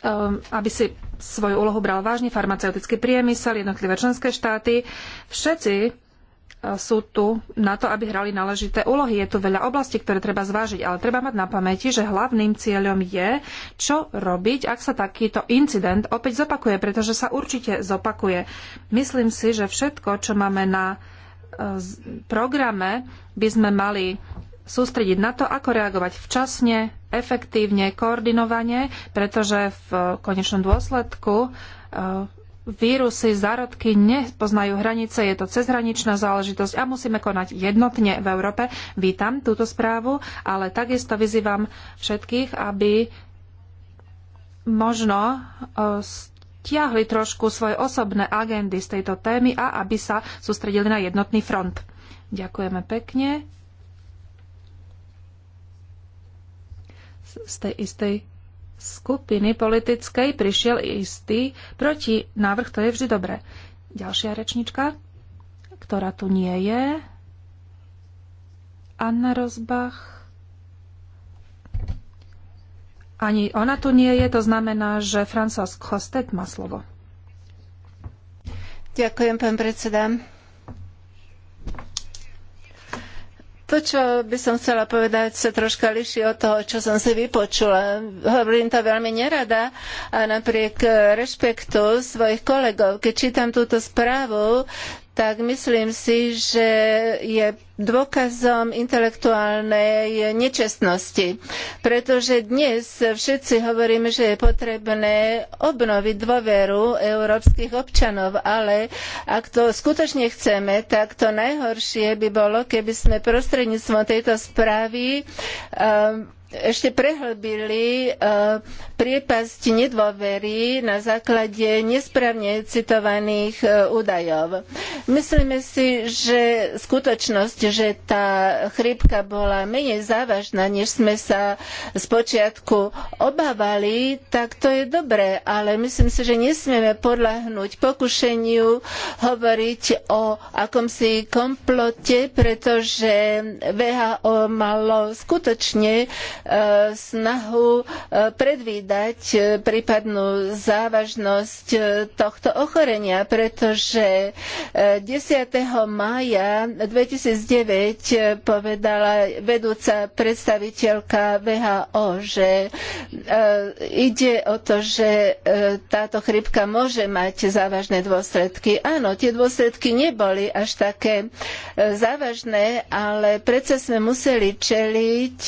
um, aby si svoju úlohu bral vážne farmaceutický priemysel, jednotlivé členské štáty. Všetci E, sú tu na to, aby hrali náležité úlohy. Je tu veľa oblastí, ktoré treba zvážiť, ale treba mať na pamäti, že hlavným cieľom je, čo robiť, ak sa takýto incident opäť zopakuje, pretože sa určite zopakuje. Myslím si, že všetko, čo máme na e, programe, by sme mali sústrediť na to, ako reagovať včasne, efektívne, koordinovane, pretože v konečnom dôsledku e, vírusy, zárodky nepoznajú hranice, je to cezhraničná záležitosť a musíme konať jednotne v Európe. Vítam túto správu, ale takisto vyzývam všetkých, aby možno e, stiahli trošku svoje osobné agendy z tejto témy a aby sa sústredili na jednotný front. Ďakujeme pekne. Z tej istej skupiny politickej prišiel istý proti návrh, to je vždy dobré. Ďalšia rečnička, ktorá tu nie je. Anna Rozbach. Ani ona tu nie je, to znamená, že François Kostet má slovo. Ďakujem, pán predseda. To, čo by som chcela povedať, sa troška liší od toho, čo som si vypočula. Hovorím to veľmi nerada a napriek rešpektu svojich kolegov, keď čítam túto správu, tak myslím si, že je dôkazom intelektuálnej nečestnosti. Pretože dnes všetci hovoríme, že je potrebné obnoviť dôveru európskych občanov, ale ak to skutočne chceme, tak to najhoršie by bolo, keby sme prostredníctvom tejto správy um, ešte prehlbili e, priepasť nedôvery na základe nesprávne citovaných e, údajov. Myslíme si, že skutočnosť, že tá chrípka bola menej závažná, než sme sa spočiatku obávali, tak to je dobré, ale myslím si, že nesmieme podľahnúť pokušeniu hovoriť o akomsi komplote, pretože VHO malo skutočne snahu e, predvídať e, prípadnú závažnosť e, tohto ochorenia, pretože 10. mája 2009 povedala vedúca predstaviteľka VHO, že ide o to, že táto chrypka môže mať závažné dôsledky. Áno, tie dôsledky neboli až také závažné, ale predsa sme museli čeliť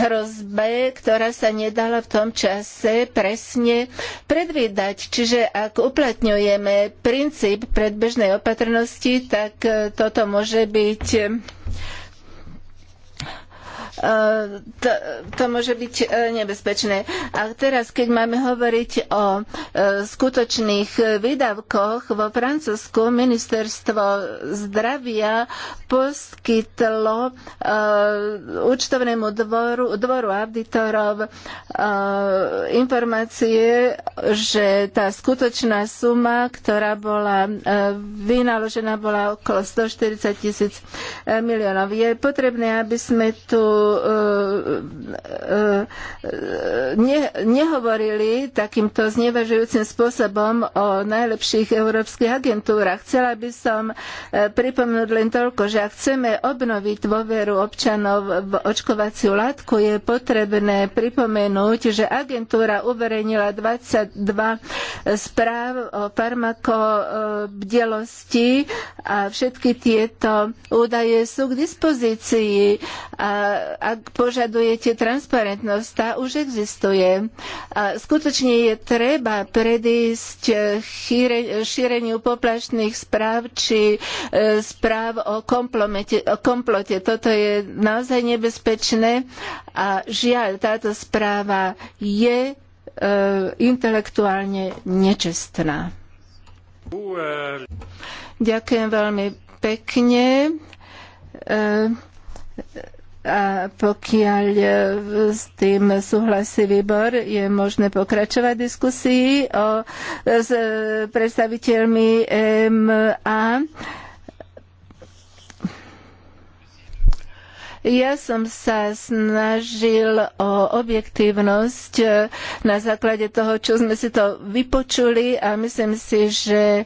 hro hrozbe, ktorá sa nedala v tom čase presne predvídať. Čiže ak uplatňujeme princíp predbežnej opatrnosti, tak e, toto môže byť E, to, to môže byť e, nebezpečné. A teraz, keď máme hovoriť o e, skutočných výdavkoch, vo Francúzsku ministerstvo zdravia poskytlo účtovnému dvoru, dvoru auditorov informácie, že tá skutočná suma, ktorá bola vynaložená, bola okolo 140 tisíc miliónov. Je potrebné, aby sme tu E, e, e, ne, nehovorili takýmto znevažujúcim spôsobom o najlepších európskych agentúrach. Chcela by som pripomenúť len toľko, že ak chceme obnoviť dôveru občanov v očkovaciu látku, je potrebné pripomenúť, že agentúra uverejnila 22 správ o farmakobdelosti a všetky tieto údaje sú k dispozícii a ak požadujete transparentnosť, tá už existuje. A skutočne je treba predísť šíreniu poplašných správ či e, správ o, o komplote. Toto je naozaj nebezpečné a žiaľ, táto správa je e, intelektuálne nečestná. Ďakujem veľmi pekne. E, a pokiaľ e, s tým súhlasí výbor, je možné pokračovať diskusii o, s e, predstaviteľmi MA Ja som sa snažil o objektívnosť e, na základe toho, čo sme si to vypočuli a myslím si, že e,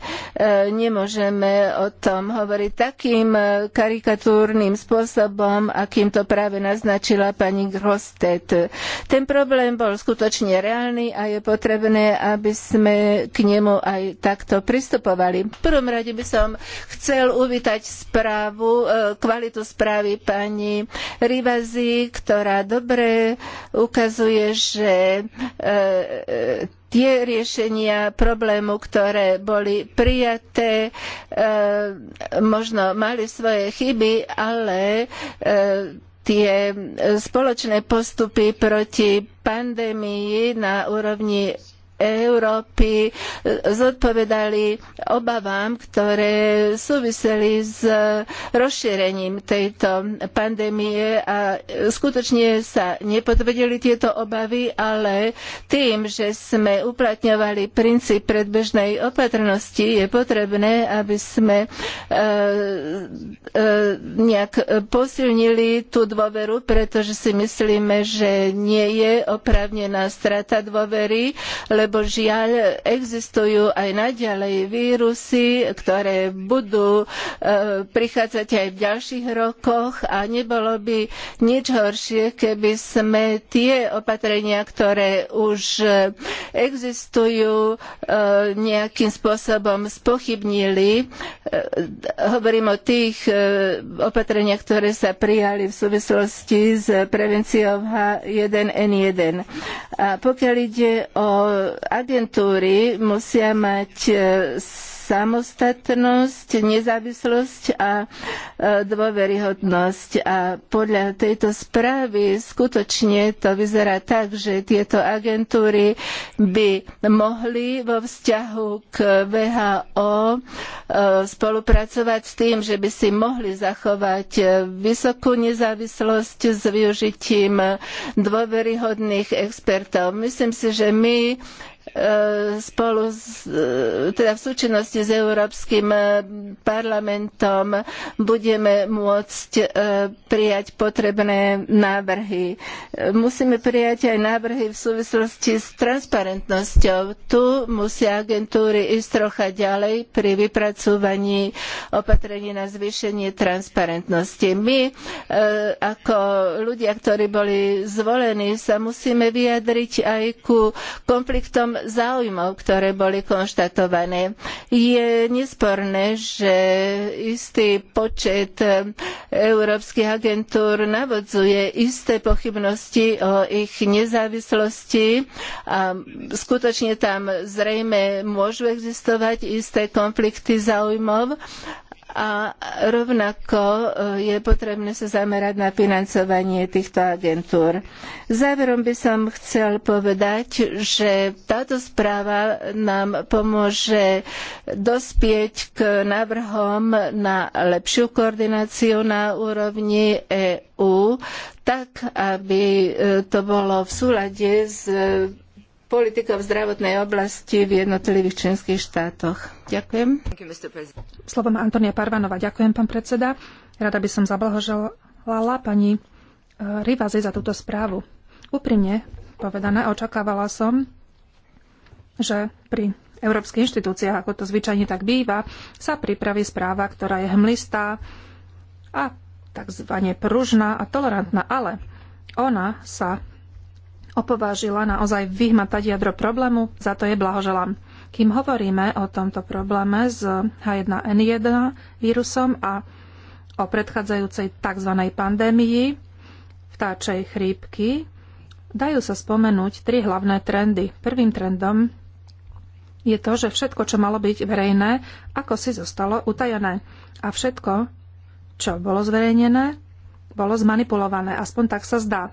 nemôžeme o tom hovoriť takým e, karikatúrnym spôsobom, akým to práve naznačila pani Grostet. Ten problém bol skutočne reálny a je potrebné, aby sme k nemu aj takto pristupovali. V prvom rade by som chcel uvítať správu, kvalitu správy pani Rivazi, ktorá dobre ukazuje, že e, e, tie riešenia problému, ktoré boli prijaté, e, možno mali svoje chyby, ale tie spoločné postupy proti pandémii na úrovni Európy e, zodpovedali obavám, ktoré súviseli s rozšírením tejto pandémie a skutočne sa nepotvrdili tieto obavy, ale tým, že sme uplatňovali princíp predbežnej opatrnosti, je potrebné, aby sme e, e, nejak posilnili tú dôveru, pretože si myslíme, že nie je oprávnená strata dôvery, lebo lebo žiaľ existujú aj naďalej vírusy, ktoré budú e, prichádzať aj v ďalších rokoch a nebolo by nič horšie, keby sme tie opatrenia, ktoré už e, existujú, e, nejakým spôsobom spochybnili. Hovorím o tých opatreniach, ktoré sa prijali v súvislosti s prevenciou H1N1. A pokiaľ ide o agentúry musia mať eh, samostatnosť, nezávislosť a e, dôveryhodnosť. A podľa tejto správy skutočne to vyzerá tak, že tieto agentúry by mohli vo vzťahu k VHO e, spolupracovať s tým, že by si mohli zachovať vysokú nezávislosť s využitím dôveryhodných expertov. Myslím si, že my E, spolu s, e, teda v súčinnosti s Európskym e, parlamentom budeme môcť prijať potrebné návrhy. Musíme prijať aj návrhy v súvislosti s transparentnosťou. Tu musia agentúry ísť trocha ďalej pri vypracúvaní opatrení na zvýšenie transparentnosti. My ako ľudia, ktorí boli zvolení, sa musíme vyjadriť aj ku konfliktom konfliktom záujmov, ktoré boli konštatované. Je nesporné, že istý počet európskych agentúr navodzuje isté pochybnosti o ich nezávislosti a skutočne tam zrejme môžu existovať isté konflikty záujmov a rovnako e, je potrebné sa zamerať na financovanie týchto agentúr. Záverom by som chcel povedať, že táto správa nám pomôže dospieť k návrhom na lepšiu koordináciu na úrovni EÚ, tak aby e, to bolo v súlade s politikov v zdravotnej oblasti v jednotlivých členských štátoch. Ďakujem. Slovo má Antonia Parvanova. Ďakujem, pán predseda. Rada by som zablahoželala pani eh, Rivazi za túto správu. Úprimne povedané, očakávala som, že pri európskych inštitúciách, ako to zvyčajne tak býva, sa pripraví správa, ktorá je hmlistá a tzv. pružná a tolerantná, ale ona sa opovážila naozaj vyhmatať jadro problému, za to je blahoželám. Kým hovoríme o tomto probléme s H1N1 vírusom a o predchádzajúcej tzv. pandémii vtáčej chrípky, dajú sa spomenúť tri hlavné trendy. Prvým trendom je to, že všetko, čo malo byť verejné, ako si zostalo utajené. A všetko, čo bolo zverejnené, bolo zmanipulované. Aspoň tak sa zdá.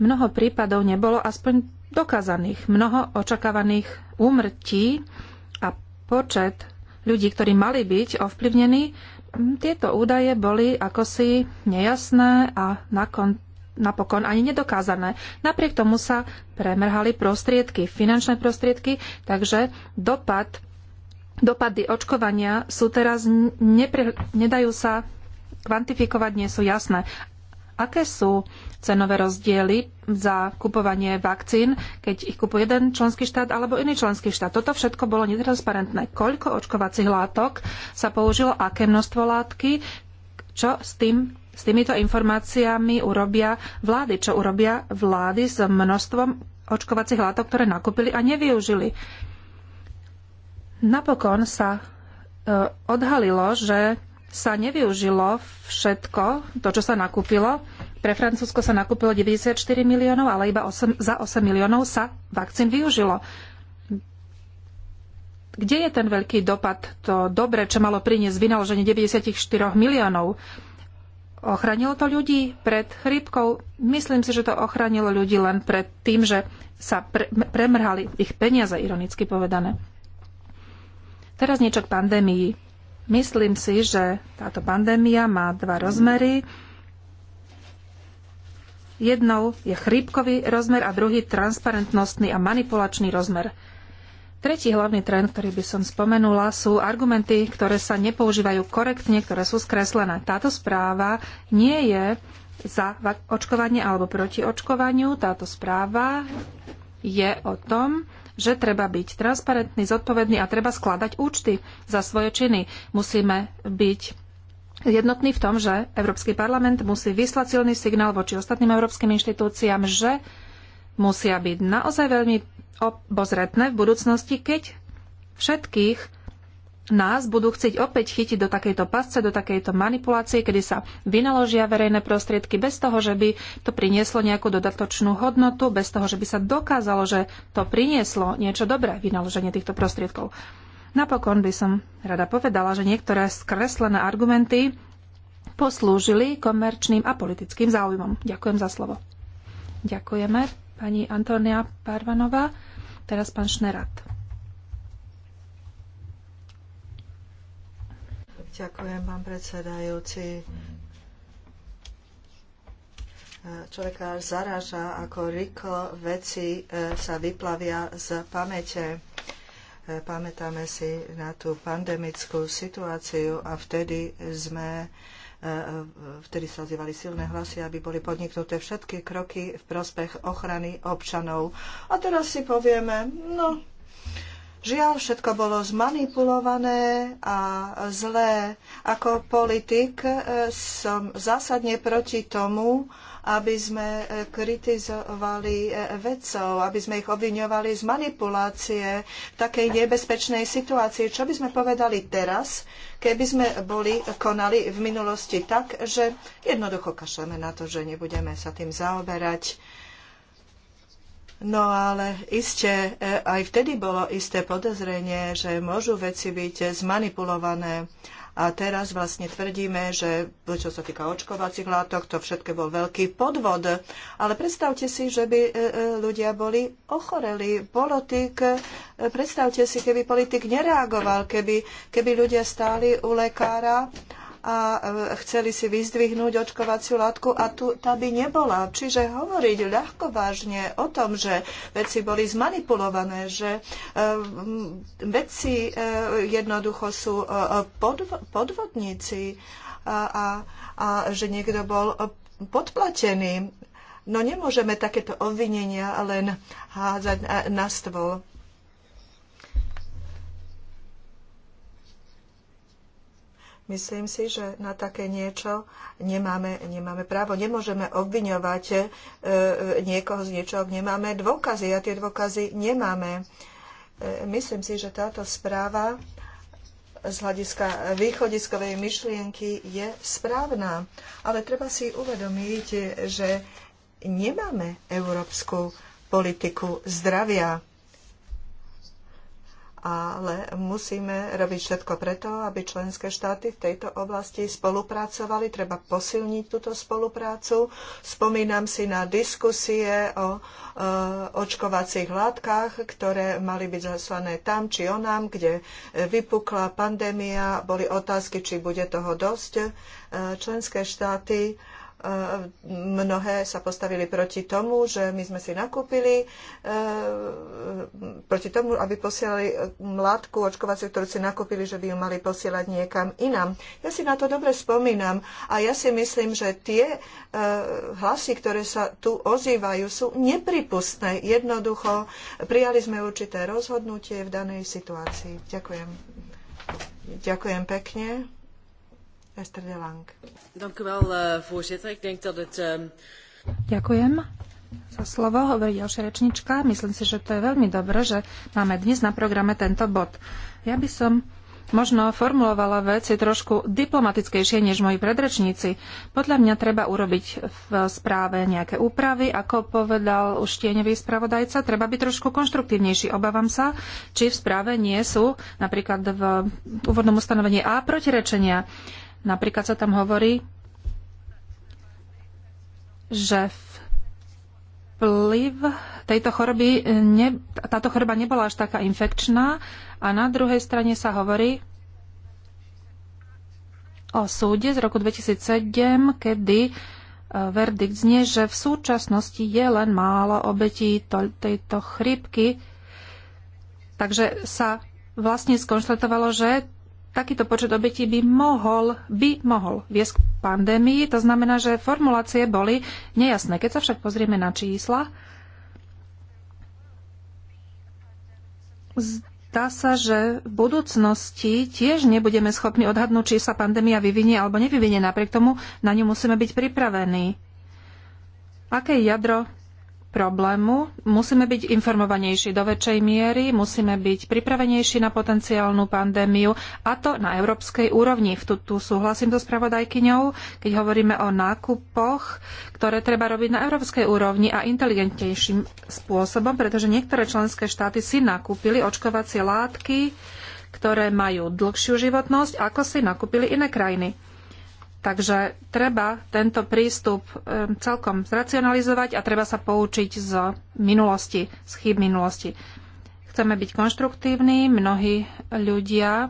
Mnoho prípadov nebolo aspoň dokázaných. Mnoho očakávaných úmrtí a počet ľudí, ktorí mali byť ovplyvnení, tieto údaje boli akosi nejasné a nakon, napokon ani nedokázané. Napriek tomu sa premrhali prostriedky, finančné prostriedky, takže dopad, dopady očkovania sú teraz, nepre, nedajú sa kvantifikovať, nie sú jasné. Aké sú cenové rozdiely za kupovanie vakcín, keď ich kupuje jeden členský štát alebo iný členský štát? Toto všetko bolo netransparentné. Koľko očkovacích látok sa použilo, aké množstvo látky, čo s, tým, s týmito informáciami urobia vlády, čo urobia vlády s množstvom očkovacích látok, ktoré nakúpili a nevyužili. Napokon sa e, odhalilo, že sa nevyužilo všetko, to, čo sa nakúpilo. Pre Francúzsko sa nakúpilo 94 miliónov, ale iba 8, za 8 miliónov sa vakcín využilo. Kde je ten veľký dopad, to dobre, čo malo priniesť vynaloženie 94 miliónov? Ochránilo to ľudí pred chrípkou? Myslím si, že to ochránilo ľudí len pred tým, že sa pre, premrhali ich peniaze, ironicky povedané. Teraz niečo k pandémii Myslím si, že táto pandémia má dva rozmery. Jednou je chrípkový rozmer a druhý transparentnostný a manipulačný rozmer. Tretí hlavný trend, ktorý by som spomenula, sú argumenty, ktoré sa nepoužívajú korektne, ktoré sú skreslené. Táto správa nie je za očkovanie alebo proti očkovaniu. Táto správa je o tom, že treba byť transparentný, zodpovedný a treba skladať účty za svoje činy. Musíme byť jednotní v tom, že Európsky parlament musí vyslať silný signál voči ostatným európskym inštitúciám, že musia byť naozaj veľmi obozretné v budúcnosti, keď všetkých nás budú chcieť opäť chytiť do takejto pasce, do takejto manipulácie, kedy sa vynaložia verejné prostriedky bez toho, že by to prinieslo nejakú dodatočnú hodnotu, bez toho, že by sa dokázalo, že to prinieslo niečo dobré, vynaloženie týchto prostriedkov. Napokon by som rada povedala, že niektoré skreslené argumenty poslúžili komerčným a politickým záujmom. Ďakujem za slovo. Ďakujeme pani Antonia Parvanová, teraz pán Šnerat. Ďakujem, pán predsedajúci. Človeka až zaraža, ako rýchlo veci e, sa vyplavia z pamäte. E, pamätáme si na tú pandemickú situáciu a vtedy sme e, vtedy sa ozývali silné hlasy, aby boli podniknuté všetky kroky v prospech ochrany občanov. A teraz si povieme, no, Žiaľ, všetko bolo zmanipulované a zlé. Ako politik e, som zásadne proti tomu, aby sme e, kritizovali e, vedcov, aby sme ich obviňovali z manipulácie v takej nebezpečnej situácii. Čo by sme povedali teraz, keby sme boli konali v minulosti tak, že jednoducho kašleme na to, že nebudeme sa tým zaoberať No ale iste, e, aj vtedy bolo isté podozrenie, že môžu veci byť zmanipulované. A teraz vlastne tvrdíme, že čo sa týka očkovacích látok, to všetko bol veľký podvod. Ale predstavte si, že by e, e, ľudia boli ochoreli. Politik, predstavte si, keby politik nereagoval, keby, keby ľudia stáli u lekára a e, chceli si vyzdvihnúť očkovaciu látku a tu, tá by nebola. Čiže hovoriť ľahko vážne o tom, že veci boli zmanipulované, že e, veci e, jednoducho sú podvodníci a, a, a že niekto bol podplatený. No nemôžeme takéto obvinenia len hádzať na stôl. Myslím si, že na také niečo nemáme, nemáme právo. Nemôžeme obviňovať e, e, niekoho z niečoho, ak nemáme dôkazy. A tie dôkazy nemáme. E, myslím si, že táto správa z hľadiska východiskovej myšlienky je správna. Ale treba si uvedomiť, že nemáme európsku politiku zdravia ale musíme robiť všetko preto, aby členské štáty v tejto oblasti spolupracovali. Treba posilniť túto spoluprácu. Spomínam si na diskusie o e, očkovacích látkach, ktoré mali byť zaslané tam či onám, kde vypukla pandémia. Boli otázky, či bude toho dosť. E, členské štáty mnohé sa postavili proti tomu, že my sme si nakúpili, e, proti tomu, aby posielali mladku očkovaciu, ktorú si nakúpili, že by ju mali posielať niekam inám. Ja si na to dobre spomínam a ja si myslím, že tie e, hlasy, ktoré sa tu ozývajú, sú nepripustné. Jednoducho prijali sme určité rozhodnutie v danej situácii. Ďakujem. Ďakujem pekne. Esther de Lang. Dank u wel, eh, voorzitter. Ik denk dat het... Ehm, Ďakujem za slovo, hovorí ďalšia rečnička. Myslím si, že to je veľmi dobré, že máme dnes na programe tento bod. Ja by som možno formulovala veci trošku diplomatickejšie než moji predrečníci. Podľa mňa treba urobiť v správe nejaké úpravy, ako povedal už tieňový spravodajca. Treba byť trošku konštruktívnejší. Obávam sa, či v správe nie sú napríklad v úvodnom ustanovení A protirečenia. Napríklad sa tam hovorí, že vplyv tejto choroby, ne, táto choroba nebola až taká infekčná a na druhej strane sa hovorí o súde z roku 2007, kedy e, verdikt znie, že v súčasnosti je len málo obetí tejto chrypky. takže sa vlastne skonštatovalo, že takýto počet obetí by mohol, by mohol viesť k pandémii. To znamená, že formulácie boli nejasné. Keď sa však pozrieme na čísla, zdá sa, že v budúcnosti tiež nebudeme schopní odhadnúť, či sa pandémia vyvinie alebo nevyvinie. Napriek tomu na ňu musíme byť pripravení. Aké jadro problému. Musíme byť informovanejší do väčšej miery, musíme byť pripravenejší na potenciálnu pandémiu a to na európskej úrovni. Tu, tu súhlasím so spravodajkyňou, keď hovoríme o nákupoch, ktoré treba robiť na európskej úrovni a inteligentnejším spôsobom, pretože niektoré členské štáty si nakúpili očkovacie látky, ktoré majú dlhšiu životnosť, ako si nakúpili iné krajiny. Takže treba tento prístup celkom zracionalizovať a treba sa poučiť z minulosti, z chýb minulosti. Chceme byť konštruktívni, mnohí ľudia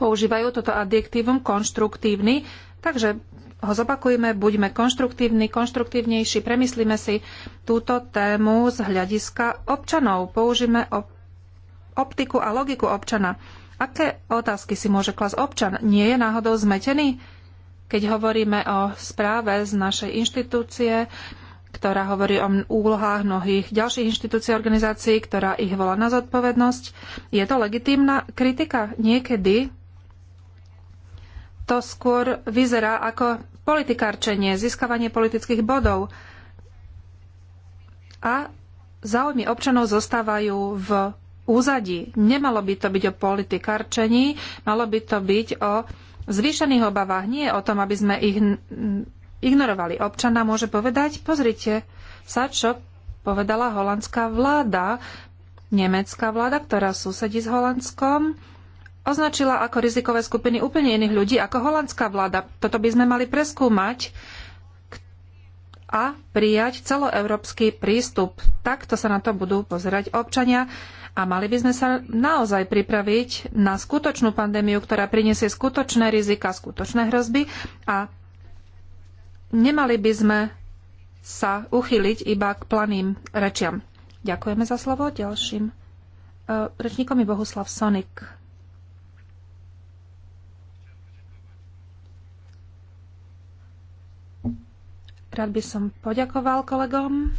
používajú toto adjektívum konštruktívny, takže ho zopakujme, buďme konštruktívni, konštruktívnejší, premyslíme si túto tému z hľadiska občanov, použijeme optiku a logiku občana. Aké otázky si môže klas občan? Nie je náhodou zmetený? Keď hovoríme o správe z našej inštitúcie, ktorá hovorí o úlohách mnohých ďalších inštitúcií a organizácií, ktorá ich volá na zodpovednosť, je to legitímna kritika. Niekedy to skôr vyzerá ako politikárčenie, získavanie politických bodov. A záujmy občanov zostávajú v úzadí. Nemalo by to byť o politikárčení, malo by to byť o zvýšených obavách. Nie je o tom, aby sme ich ignorovali. Občana môže povedať, pozrite sa, čo povedala holandská vláda, nemecká vláda, ktorá susedí s Holandskom, označila ako rizikové skupiny úplne iných ľudí ako holandská vláda. Toto by sme mali preskúmať a prijať celoeurópsky prístup. Takto sa na to budú pozerať občania. A mali by sme sa naozaj pripraviť na skutočnú pandémiu, ktorá priniesie skutočné rizika, skutočné hrozby a nemali by sme sa uchyliť iba k planým rečiam. Ďakujeme za slovo. Ďalším e, rečníkom je Bohuslav Sonik. Rád by som poďakoval kolegom.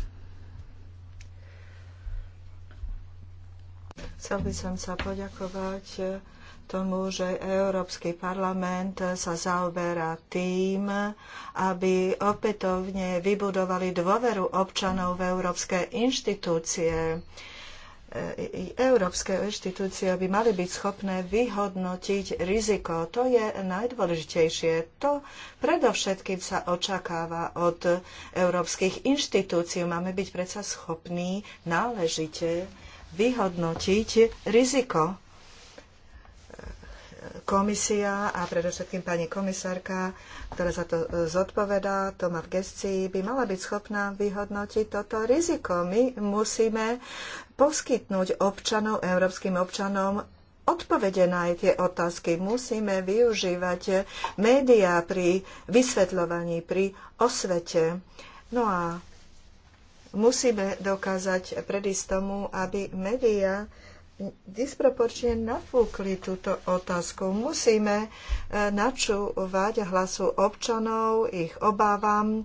Chcel by som sa poďakovať eh, tomu, že Európsky parlament eh, sa zaoberá tým, aby opätovne vybudovali dôveru občanov v európske inštitúcie. Eh, európske inštitúcie by mali byť schopné vyhodnotiť riziko. To je najdôležitejšie. To predovšetkým sa očakáva od európskych inštitúcií. Máme byť predsa schopní náležite vyhodnotiť riziko. Komisia a predovšetkým pani komisárka, ktorá za to zodpovedá, to má v gestii, by mala byť schopná vyhodnotiť toto riziko. My musíme poskytnúť občanov, európskym občanom odpovede na aj tie otázky. Musíme využívať médiá pri vysvetľovaní, pri osvete. No a Musíme dokázať predísť tomu, aby médiá disproporčne nafúkli túto otázku. Musíme e, načúvať hlasu občanov, ich obávam. E,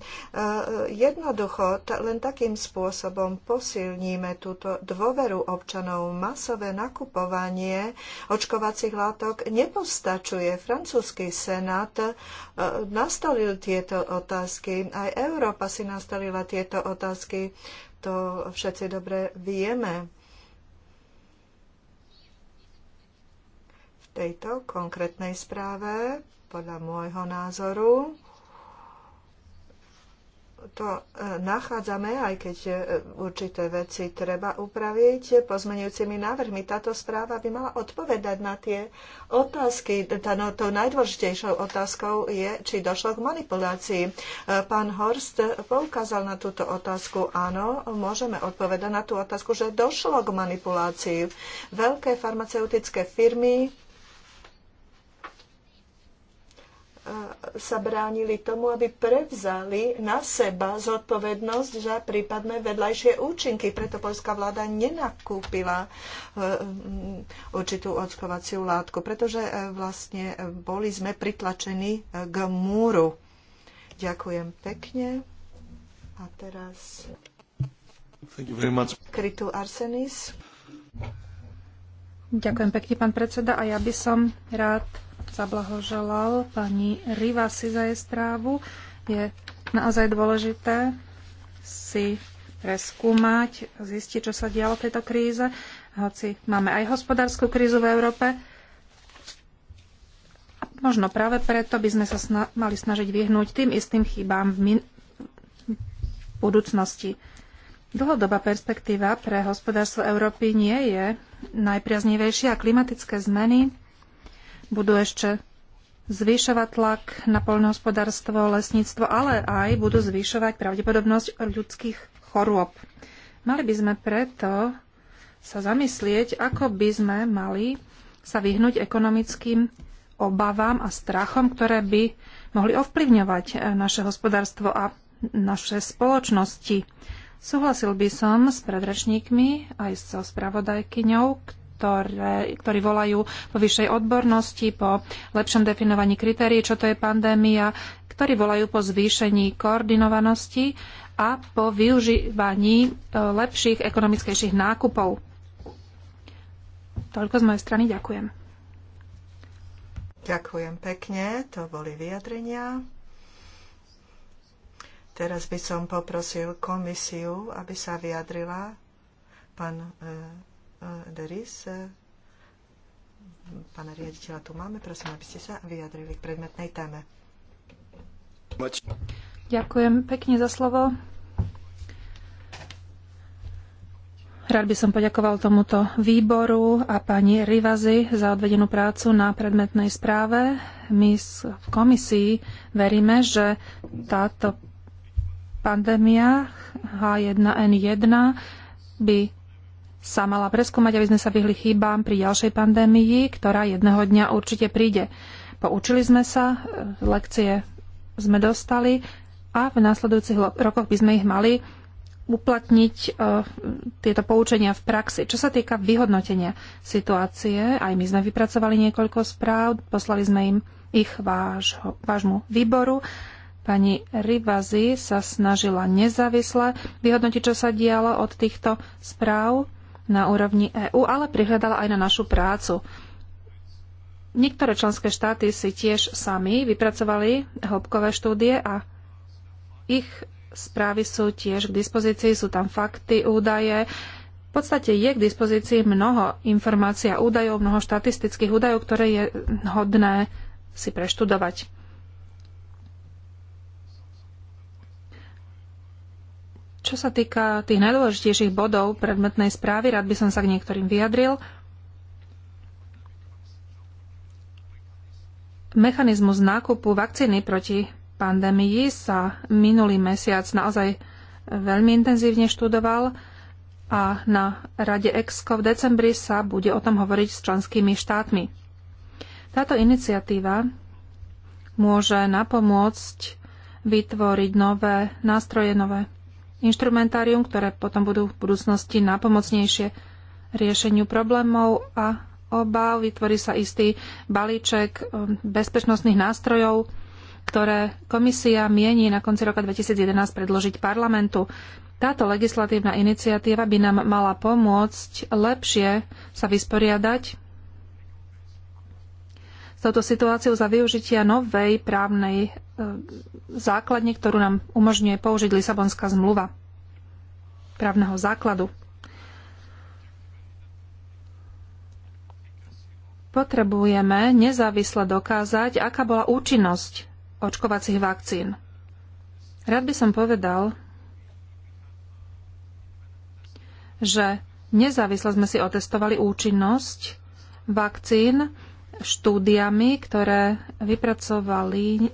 jednoducho, len takým spôsobom posilníme túto dôveru občanov. Masové nakupovanie očkovacích látok nepostačuje. Francúzsky senát e, nastolil tieto otázky. Aj Európa si nastolila tieto otázky. To všetci dobre vieme tejto konkrétnej správe, podľa môjho názoru, to e, nachádzame, aj keď e, určité veci treba upraviť pozmenujúcimi návrhmi. Táto správa by mala odpovedať na tie otázky. Tá, no, tou najdôležitejšou otázkou je, či došlo k manipulácii. E, pán Horst poukázal na túto otázku. Áno, môžeme odpovedať na tú otázku, že došlo k manipulácii. Veľké farmaceutické firmy sa bránili tomu, aby prevzali na seba zodpovednosť za prípadné vedľajšie účinky. Preto poľská vláda nenakúpila e, mm, určitú očkovaciu látku, pretože e, vlastne e, boli sme pritlačení k múru. Ďakujem pekne. A teraz... Krytu Arsenis. Ďakujem pekne, pán predseda. A ja by som rád zablahoželal pani Rivasi za jej správu. Je naozaj dôležité si preskúmať, zistiť, čo sa dialo v tejto kríze. Hoci máme aj hospodárskú krízu v Európe, možno práve preto by sme sa sna- mali snažiť vyhnúť tým istým chybám v, min- v budúcnosti. Dlhodobá perspektíva pre hospodárstvo Európy nie je najpriaznivejšia a klimatické zmeny budú ešte zvyšovať tlak na poľnohospodárstvo, lesníctvo, ale aj budú zvyšovať pravdepodobnosť ľudských chorôb. Mali by sme preto sa zamyslieť, ako by sme mali sa vyhnúť ekonomickým obavám a strachom, ktoré by mohli ovplyvňovať naše hospodárstvo a naše spoločnosti. Súhlasil by som s predrečníkmi aj so spravodajkyňou, ktoré, ktorí volajú po vyššej odbornosti, po lepšom definovaní kritérií, čo to je pandémia, ktorí volajú po zvýšení koordinovanosti a po využívaní e, lepších ekonomickejších nákupov. Toľko z mojej strany. Ďakujem. Ďakujem pekne. To boli vyjadrenia. Teraz by som poprosil komisiu, aby sa vyjadrila. Pán e, Deris, pána riaditeľa tu máme. Prosím, aby ste sa vyjadrili k predmetnej téme. Ďakujem pekne za slovo. Rád by som poďakoval tomuto výboru a pani Rivazy za odvedenú prácu na predmetnej správe. My v komisii veríme, že táto pandémia H1N1 by sa mala preskúmať, aby sme sa vyhli chýbám pri ďalšej pandémii, ktorá jedného dňa určite príde. Poučili sme sa, e, lekcie sme dostali a v následujúcich rokoch by sme ich mali uplatniť uh, tieto poučenia v praxi. Čo sa týka vyhodnotenia situácie, aj my sme vypracovali niekoľko správ, poslali sme im ich vášho, vášmu výboru. Pani Rivazi sa snažila nezávisle vyhodnotiť, čo sa dialo od týchto správ na úrovni EÚ, ale prihľadala aj na našu prácu. Niektoré členské štáty si tiež sami vypracovali hĺbkové štúdie a ich správy sú tiež k dispozícii, sú tam fakty, údaje. V podstate je k dispozícii mnoho informácií a údajov, mnoho štatistických údajov, ktoré je hodné si preštudovať. Čo sa týka tých najdôležitejších bodov predmetnej správy, rád by som sa k niektorým vyjadril. Mechanizmus nákupu vakcíny proti pandémii sa minulý mesiac naozaj veľmi intenzívne študoval a na Rade EXCO v decembri sa bude o tom hovoriť s členskými štátmi. Táto iniciatíva môže napomôcť vytvoriť nové nástroje, nové inštrumentárium, ktoré potom budú v budúcnosti napomocnejšie riešeniu problémov a obav. Vytvorí sa istý balíček um, bezpečnostných nástrojov, ktoré komisia mieni na konci roka 2011 predložiť parlamentu. Táto legislatívna iniciatíva by nám mala pomôcť lepšie sa vysporiadať s touto situáciou za využitia novej právnej e, základne, ktorú nám umožňuje použiť Lisabonská zmluva právneho základu. Potrebujeme nezávisle dokázať, aká bola účinnosť očkovacích vakcín. Rád by som povedal, že nezávisle sme si otestovali účinnosť vakcín štúdiami, ktoré vypracovali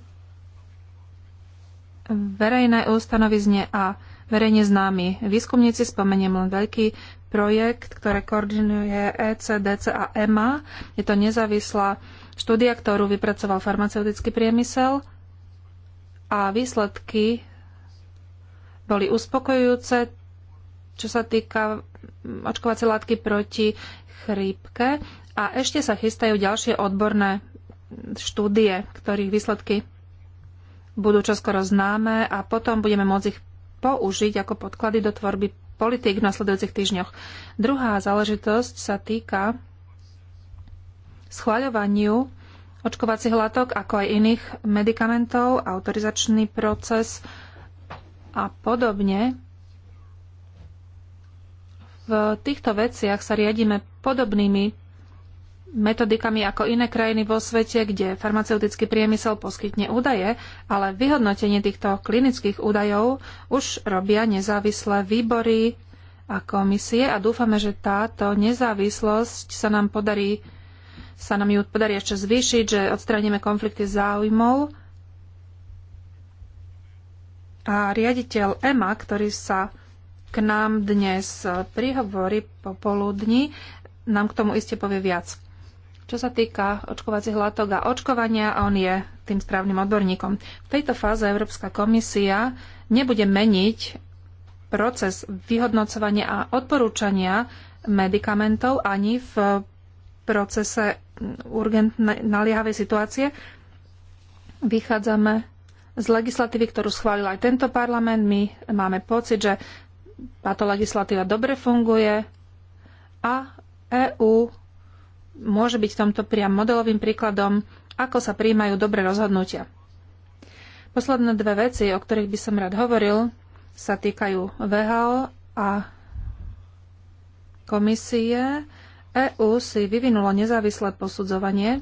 verejné ustanovizne a verejne známi výskumníci. Spomeniem len veľký projekt, ktoré koordinuje ECDC a EMA. Je to nezávislá štúdia, ktorú vypracoval farmaceutický priemysel a výsledky boli uspokojujúce, čo sa týka očkovacie látky proti chrípke a ešte sa chystajú ďalšie odborné štúdie, ktorých výsledky budú čoskoro známe a potom budeme môcť ich použiť ako podklady do tvorby politik v nasledujúcich týždňoch. Druhá záležitosť sa týka schváľovaniu očkovacích látok, ako aj iných medikamentov, autorizačný proces a podobne. V týchto veciach sa riadíme podobnými metodikami ako iné krajiny vo svete, kde farmaceutický priemysel poskytne údaje, ale vyhodnotenie týchto klinických údajov už robia nezávislé výbory a komisie a dúfame, že táto nezávislosť sa nám podarí sa nám ju podarí ešte zvýšiť, že odstraníme konflikty záujmov. A riaditeľ EMA, ktorý sa k nám dnes prihovorí popoludní, nám k tomu iste povie viac. Čo sa týka očkovacích látok a očkovania, on je tým správnym odborníkom. V tejto fáze Európska komisia nebude meniť proces vyhodnocovania a odporúčania medikamentov ani v procese urgentnej naliehavej situácie. Vychádzame z legislatívy, ktorú schválil aj tento parlament. My máme pocit, že táto legislatíva dobre funguje a EÚ môže byť v tomto priam modelovým príkladom, ako sa príjmajú dobré rozhodnutia. Posledné dve veci, o ktorých by som rád hovoril, sa týkajú VHO a komisie. EU si vyvinulo nezávislé posudzovanie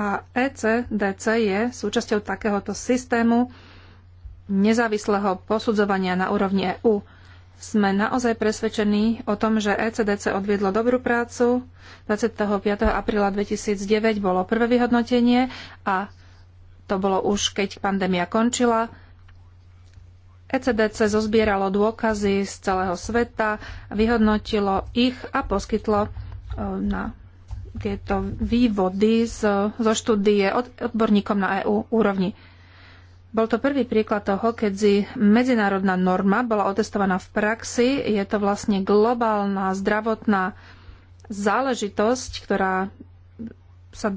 a ECDC je súčasťou takéhoto systému nezávislého posudzovania na úrovni EU sme naozaj presvedčení o tom, že ECDC odviedlo dobrú prácu. 25. apríla 2009 bolo prvé vyhodnotenie a to bolo už, keď pandémia končila. ECDC zozbieralo dôkazy z celého sveta, vyhodnotilo ich a poskytlo e, na tieto vývody zo štúdie odborníkom na EU úrovni. Bol to prvý príklad toho, keď medzinárodná norma bola otestovaná v praxi. Je to vlastne globálna zdravotná záležitosť, ktorá sa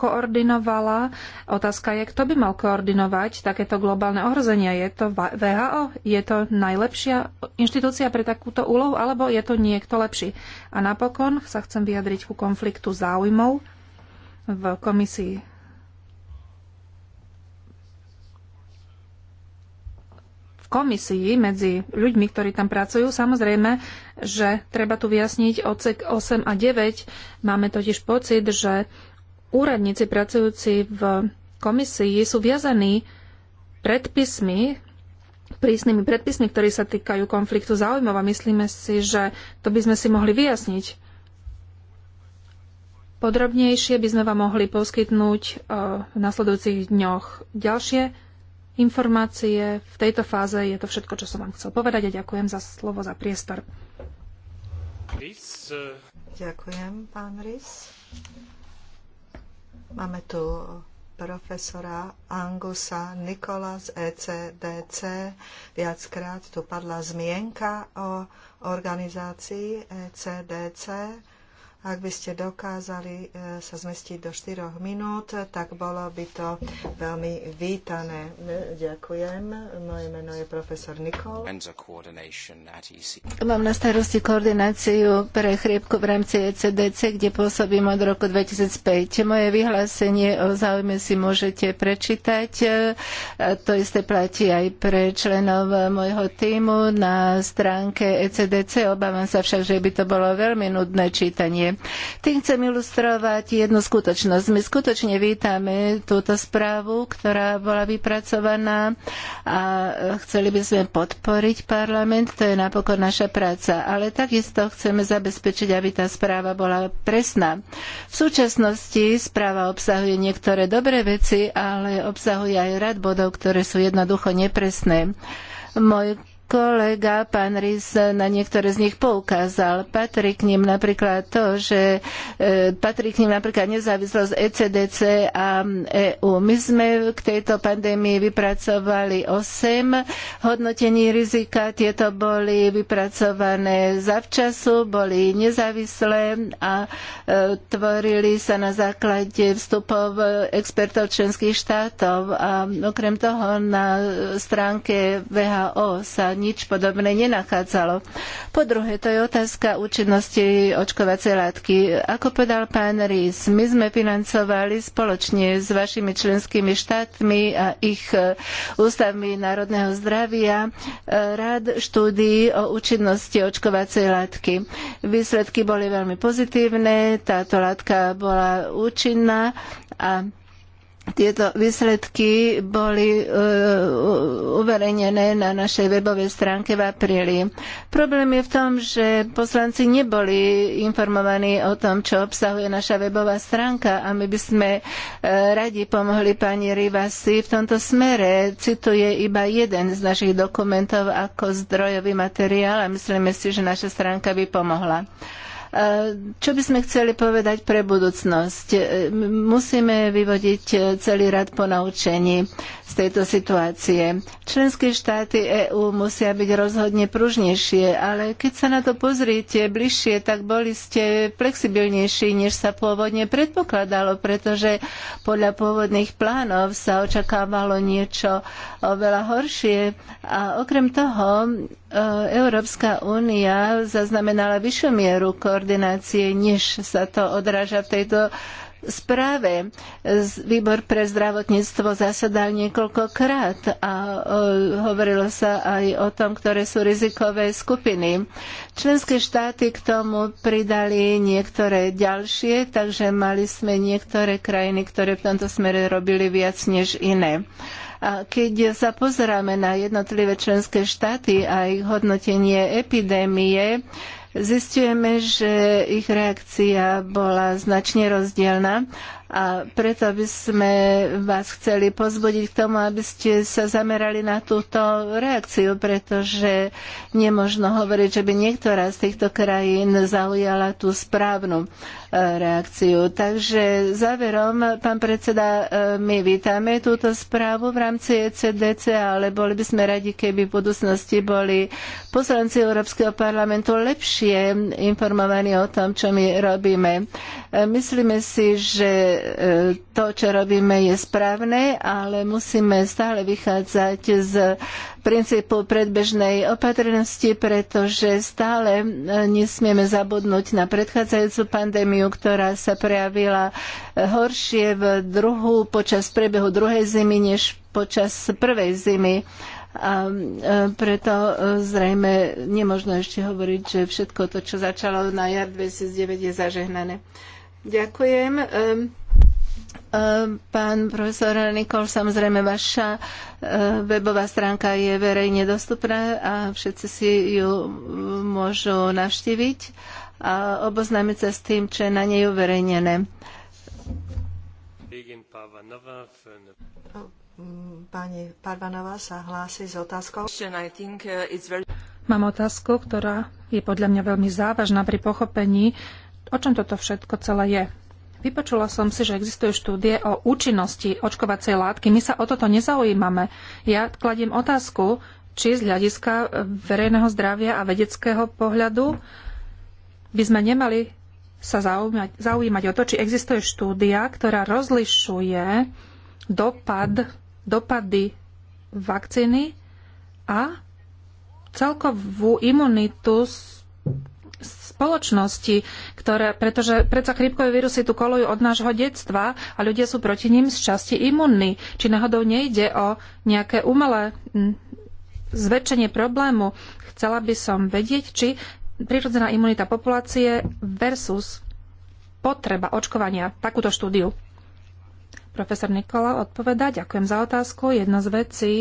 koordinovala. Otázka je, kto by mal koordinovať takéto globálne ohrozenia. Je to VHO? Je to najlepšia inštitúcia pre takúto úlohu, alebo je to niekto lepší? A napokon sa chcem vyjadriť ku konfliktu záujmov v komisii komisii medzi ľuďmi, ktorí tam pracujú. Samozrejme, že treba tu vyjasniť odsek 8 a 9. Máme totiž pocit, že úradníci pracujúci v komisii sú viazaní predpismi, prísnymi predpismi, ktorí sa týkajú konfliktu záujmov a myslíme si, že to by sme si mohli vyjasniť. Podrobnejšie by sme vám mohli poskytnúť eh, v nasledujúcich dňoch ďalšie informácie. V tejto fáze je to všetko, čo som vám chcel povedať a ďakujem za slovo, za priestor. E, ďakujem, pán Rys. Máme tu profesora Angusa Nikola z ECDC. Viackrát tu padla zmienka o organizácii ECDC ak by ste dokázali e, sa zmestiť do 4 minút, tak bolo by to veľmi vítané. E, ďakujem. Moje meno je profesor Nikol. E Mám na starosti koordináciu pre chriepku v rámci ECDC, kde pôsobím od roku 2005. Moje vyhlásenie o záujme si môžete prečítať. To isté platí aj pre členov môjho týmu na stránke ECDC. Obávam sa však, že by to bolo veľmi nudné čítanie. Tým chcem ilustrovať jednu skutočnosť. My skutočne vítame túto správu, ktorá bola vypracovaná a chceli by sme podporiť parlament, to je napokon naša práca, ale takisto chceme zabezpečiť, aby tá správa bola presná. V súčasnosti správa obsahuje niektoré dobré veci, ale obsahuje aj rad bodov, ktoré sú jednoducho nepresné. Môj kolega pán Rys na niektoré z nich poukázal. Patrí k nim napríklad to, že e, patrí k ním napríklad nezávislosť ECDC a EU. My sme k tejto pandémii vypracovali 8 hodnotení rizika. Tieto boli vypracované zavčasu, boli nezávislé a e, tvorili sa na základe vstupov expertov členských štátov. A okrem toho na stránke VHO sa nič podobné nenachádzalo. Po druhé, to je otázka účinnosti očkovacej látky. Ako povedal pán Rís, my sme financovali spoločne s vašimi členskými štátmi a ich e, ústavmi národného zdravia e, rád štúdií o účinnosti očkovacej látky. Výsledky boli veľmi pozitívne, táto látka bola účinná a tieto výsledky boli e, uverejnené na našej webovej stránke v apríli. Problém je v tom, že poslanci neboli informovaní o tom, čo obsahuje naša webová stránka a my by sme e, radi pomohli pani Rivasi v tomto smere. Cituje iba jeden z našich dokumentov ako zdrojový materiál a myslíme si, že naša stránka by pomohla. Eh, čo by sme chceli povedať pre budúcnosť? Eh, musíme vyvodiť eh, celý rad ponaučení z tejto situácie. Členské štáty EÚ musia byť rozhodne pružnejšie, ale keď sa na to pozriete bližšie, tak boli ste flexibilnejší, než sa pôvodne predpokladalo, pretože podľa pôvodných plánov sa očakávalo niečo oveľa horšie. A okrem toho, E, Európska únia zaznamenala vyššiu mieru koordinácie, než sa to odráža v tejto správe. Výbor pre zdravotníctvo zasadal niekoľkokrát a e, hovorilo sa aj o tom, ktoré sú rizikové skupiny. Členské štáty k tomu pridali niektoré ďalšie, takže mali sme niektoré krajiny, ktoré v tomto smere robili viac než iné. Uh, a keď sa pozeráme na jednotlivé členské štáty a ich hodnotenie epidémie, zistujeme, že ich reakcia bola značne rozdielna a preto by sme vás chceli pozbudiť k tomu, aby ste sa zamerali na túto reakciu, pretože nemožno hovoriť, že by niektorá z týchto krajín zaujala tú správnu e, reakciu. Takže záverom, pán predseda, e, my vítame túto správu v rámci ECDC, ale boli by sme radi, keby v budúcnosti boli poslanci Európskeho parlamentu lepšie informovaní o tom, čo my robíme. E, myslíme si, že to, čo robíme, je správne, ale musíme stále vychádzať z princípu predbežnej opatrnosti, pretože stále e, nesmieme zabudnúť na predchádzajúcu pandémiu, ktorá sa prejavila horšie v druhu, počas priebehu druhej zimy, než počas prvej zimy. A e, preto e, zrejme nemožno ešte hovoriť, že všetko to, čo začalo na jar 2009, je zažehnané. Ďakujem. E, pán profesor Nikol, samozrejme vaša e, webová stránka je verejne dostupná a všetci si ju môžu navštíviť a oboznámiť sa s tým, čo je na nej uverejnené. Pani Parvanova sa hlási s otázkou. Uh, Mám otázku, ktorá je podľa mňa veľmi závažná pri pochopení, o čom toto všetko celé je Vypočula som si, že existujú štúdie o účinnosti očkovacej látky. My sa o toto nezaujímame. Ja kladím otázku, či z hľadiska verejného zdravia a vedeckého pohľadu by sme nemali sa zaujímať, zaujímať o to, či existuje štúdia, ktorá rozlišuje dopad, dopady vakcíny a celkovú imunitu spoločnosti, ktoré, pretože predsa chrípkové vírusy tu kolujú od nášho detstva a ľudia sú proti ním z časti imunní. Či náhodou nejde o nejaké umelé zväčšenie problému. Chcela by som vedieť, či prirodzená imunita populácie versus potreba očkovania. Takúto štúdiu. Profesor Nikola odpoveda, ďakujem za otázku. Jedna z vecí,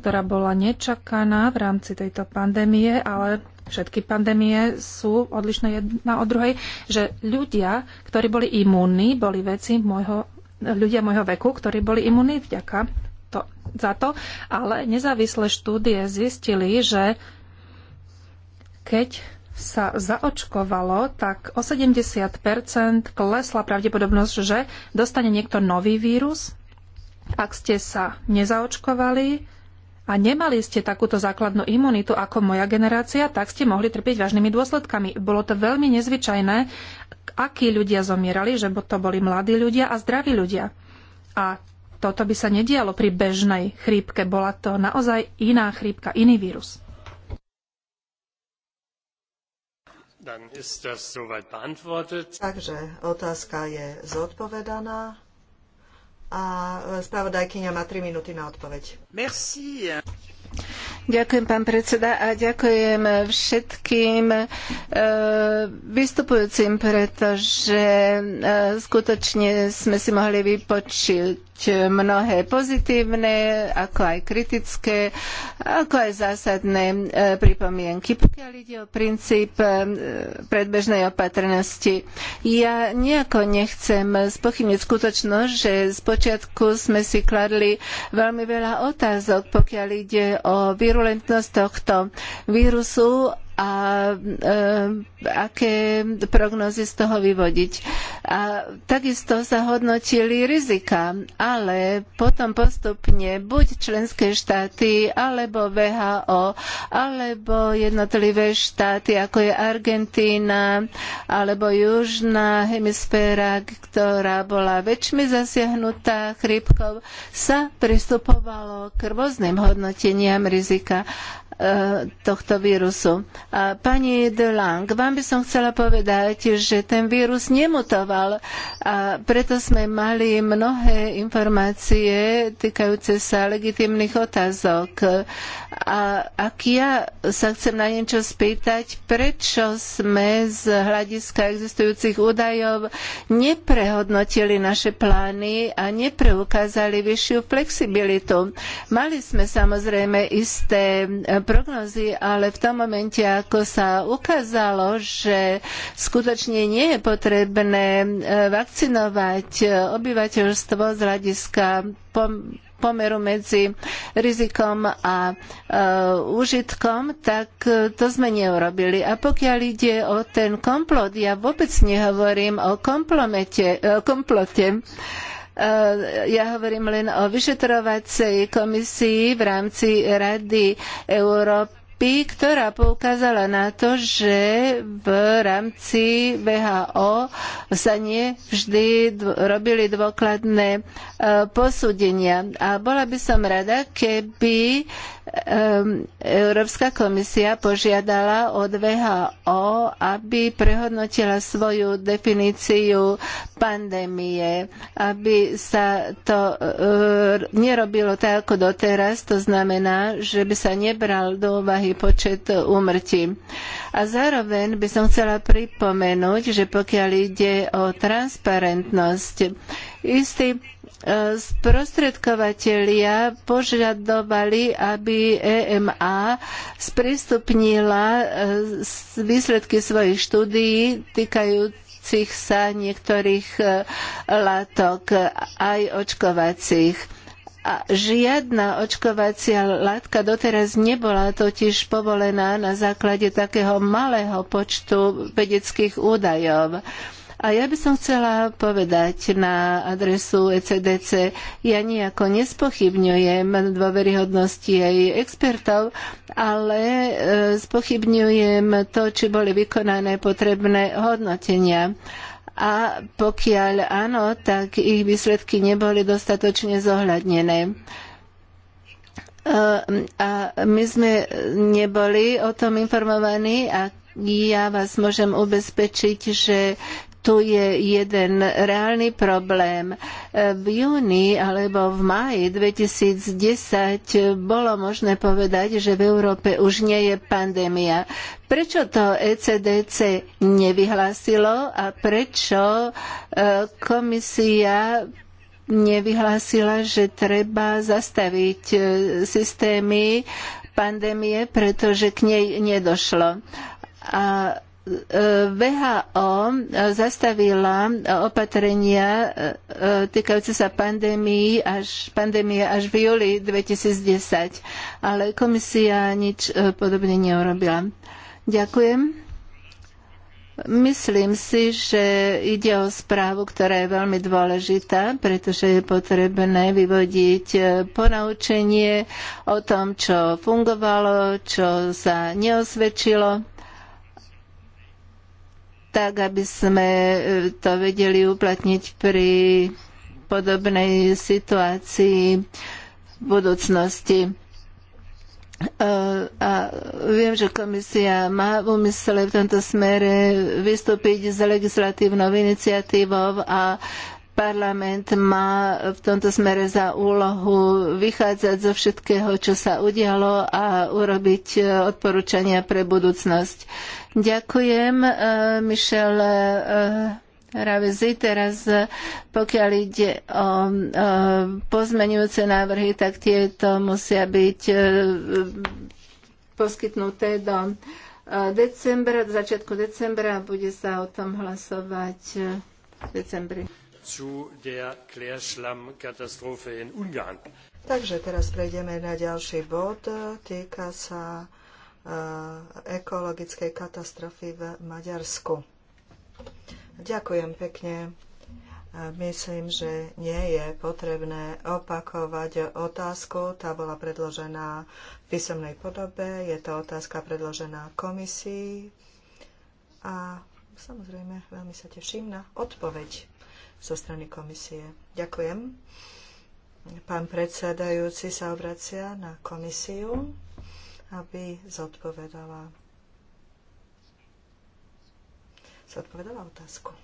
ktorá bola nečakaná v rámci tejto pandémie, ale všetky pandémie sú odlišné jedna od druhej, že ľudia, ktorí boli imúnni, boli veci môjho, ľudia môjho veku, ktorí boli imúnni vďaka to, za to, ale nezávislé štúdie zistili, že keď sa zaočkovalo, tak o 70 klesla pravdepodobnosť, že dostane niekto nový vírus. Ak ste sa nezaočkovali, a nemali ste takúto základnú imunitu ako moja generácia, tak ste mohli trpieť vážnymi dôsledkami. Bolo to veľmi nezvyčajné, akí ľudia zomierali, že to boli mladí ľudia a zdraví ľudia. A toto by sa nedialo pri bežnej chrípke. Bola to naozaj iná chrípka, iný vírus. Takže otázka je zodpovedaná a spravodajkyňa má 3 minúty na odpoveď. Merci. Ďakujem, pán predseda, a ďakujem všetkým e, vystupujúcim, pretože e, skutočne sme si mohli vypočiť mnohé pozitívne, ako aj kritické, ako aj zásadné e, pripomienky. Pokiaľ ide o princíp e, predbežnej opatrnosti, ja nejako nechcem spochybniť skutočnosť, že spočiatku sme si kladli veľmi veľa otázok, pokiaľ ide o vírus virulentnosť tohto vírusu a e, aké prognozy z toho vyvodiť. A takisto sa hodnotili rizika, ale potom postupne buď členské štáty, alebo VHO, alebo jednotlivé štáty, ako je Argentína, alebo Južná hemisféra, ktorá bola väčšmi zasiahnutá chrípkou, sa pristupovalo k rôznym hodnoteniam rizika e, tohto vírusu pani de Lang, vám by som chcela povedať, že ten vírus nemutoval a preto sme mali mnohé informácie týkajúce sa legitímnych otázok. A ak ja sa chcem na niečo spýtať, prečo sme z hľadiska existujúcich údajov neprehodnotili naše plány a nepreukázali vyššiu flexibilitu. Mali sme samozrejme isté prognozy, ale v tom momente, ako sa ukázalo, že skutočne nie je potrebné e, vakcinovať e, obyvateľstvo z hľadiska pom- pomeru medzi rizikom a e, užitkom, tak e, to sme neurobili. A pokiaľ ide o ten komplot, ja vôbec nehovorím o komplomete, e, komplote. Ja hovorím len o vyšetrovacej komisii v rámci Rady Európy Európy, ktorá poukázala na to, že v rámci VHO sa nie vždy robili dôkladné e, posúdenia. A bola by som rada, keby Ehm, Európska komisia požiadala od VHO, aby prehodnotila svoju definíciu pandémie, aby sa to eh, nerobilo tak ako doteraz, to znamená, že by sa nebral do úvahy počet úmrtí. A zároveň by som chcela pripomenúť, že pokiaľ ide o transparentnosť, istý sprostredkovatelia požadovali, aby EMA sprístupnila e, výsledky svojich štúdií týkajúcich týkajúcich sa niektorých e, látok, aj očkovacích. A žiadna očkovacia látka doteraz nebola totiž povolená na základe takého malého počtu vedeckých údajov. A ja by som chcela povedať na adresu ECDC, ja nijako nespochybňujem dôveryhodnosti jej expertov, ale e, spochybňujem to, či boli vykonané potrebné hodnotenia a pokiaľ áno, tak ich výsledky neboli dostatočne zohľadnené. E, a my sme neboli o tom informovaní a ja vás môžem ubezpečiť, že tu je jeden reálny problém. V júni alebo v máji 2010 bolo možné povedať, že v Európe už nie je pandémia. Prečo to ECDC nevyhlásilo a prečo e, komisia nevyhlásila, že treba zastaviť e, systémy pandémie, pretože k nej nedošlo. A VHO zastavila opatrenia e, e, týkajúce sa pandémie až, pandémie až v júli 2010, ale komisia nič e, podobne neurobila. Ďakujem. Myslím si, že ide o správu, ktorá je veľmi dôležitá, pretože je potrebné vyvodiť ponaučenie o tom, čo fungovalo, čo sa neosvedčilo tak aby sme e, to vedeli uplatniť pri podobnej situácii v budúcnosti. E, a viem, že komisia má v úmysle v tomto smere vystúpiť s legislatívnou iniciatívou a parlament má v tomto smere za úlohu vychádzať zo všetkého, čo sa udialo a urobiť e, odporúčania pre budúcnosť. Ďakujem, e, Michel e, Ravezi. Teraz, pokiaľ ide o pozmenujúce návrhy, tak tieto musia byť poskytnuté do decembra, do začiatku decembra a bude sa o tom hlasovať v decembri zu der Klärschlammkatastrophe in Ungarn. Takže teraz prejdeme na ďalší bod. Týka sa e, ekologickej katastrofy v Maďarsku. Ďakujem pekne. E, myslím, že nie je potrebné opakovať otázku. Tá bola predložená v písomnej podobe. Je to otázka predložená komisii. A samozrejme, veľmi sa teším na odpoveď zo strany komisie. Ďakujem. Pán predsedajúci sa obracia na komisiu, aby zodpovedala, zodpovedala otázku.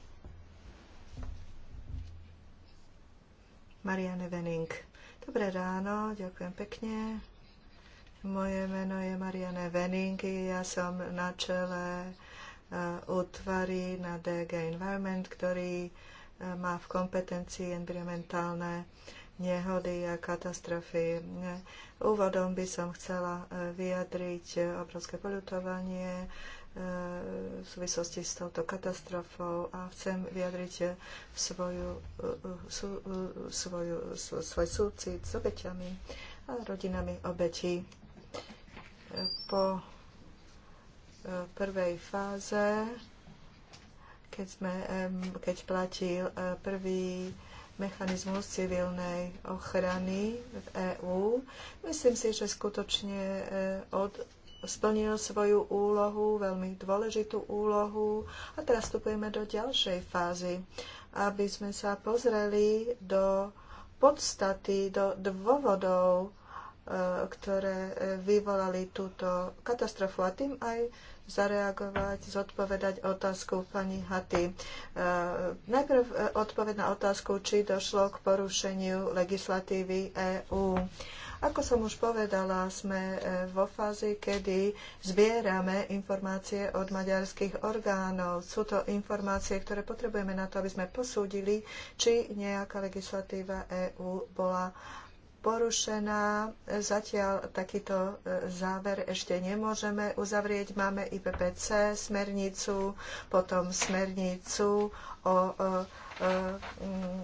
Marianne Wenning. Dobré ráno, ďakujem pekne. Moje meno je Marianne Venning, ja som na čele eh, útvary na DG Environment, ktorý má v kompetencii environmentálne nehody a katastrofy. Úvodom by som chcela e, vyjadriť obrovské poľutovanie e, v súvislosti s touto katastrofou a chcem vyjadriť e, svoju, svoju, svoj súcit s obeťami a rodinami obetí. Po prvej fáze keď, sme, keď platil eh, prvý mechanizmus civilnej ochrany v EÚ. Myslím si, že skutočne eh, od, splnil svoju úlohu, veľmi dôležitú úlohu a teraz vstupujeme do ďalšej fázy, aby sme sa pozreli do podstaty, do dôvodov, eh, ktoré vyvolali túto katastrofu a tým aj zareagovať, zodpovedať otázku pani Haty. E, najprv e, odpoved na otázku, či došlo k porušeniu legislatívy EÚ. Ako som už povedala, sme e, vo fázi, kedy zbierame informácie od maďarských orgánov. Sú to informácie, ktoré potrebujeme na to, aby sme posúdili, či nejaká legislatíva EÚ bola uh, porušená. Zatiaľ takýto e, záver ešte nemôžeme uzavrieť. Máme IPPC smernicu, potom smernicu o e, e, mm,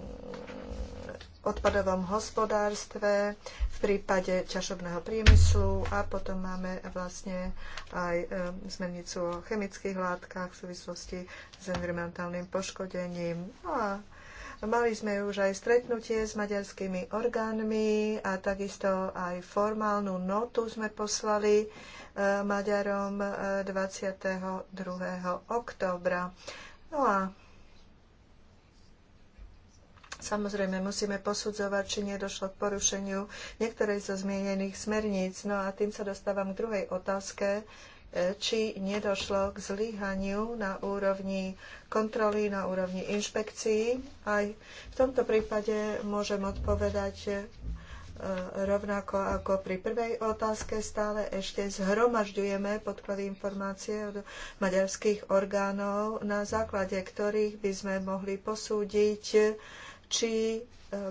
odpadovom hospodárstve v prípade ťažobného priemyslu a potom máme vlastne aj smernicu o chemických látkach v súvislosti s environmentálnym poškodením. No a Mali sme už aj stretnutie s maďarskými orgánmi a takisto aj formálnu notu sme poslali e, Maďarom 22. E, októbra. No a Samozrejme, musíme posudzovať, či nedošlo k porušeniu niektorej zo zmienených smerníc. No a tým sa dostávam k druhej otázke, či nedošlo k zlyhaniu na úrovni kontroly, na úrovni inšpekcií. Aj v tomto prípade môžem odpovedať e, rovnako ako pri prvej otázke stále ešte zhromažďujeme podklady informácie od maďarských orgánov, na základe ktorých by sme mohli posúdiť, či e,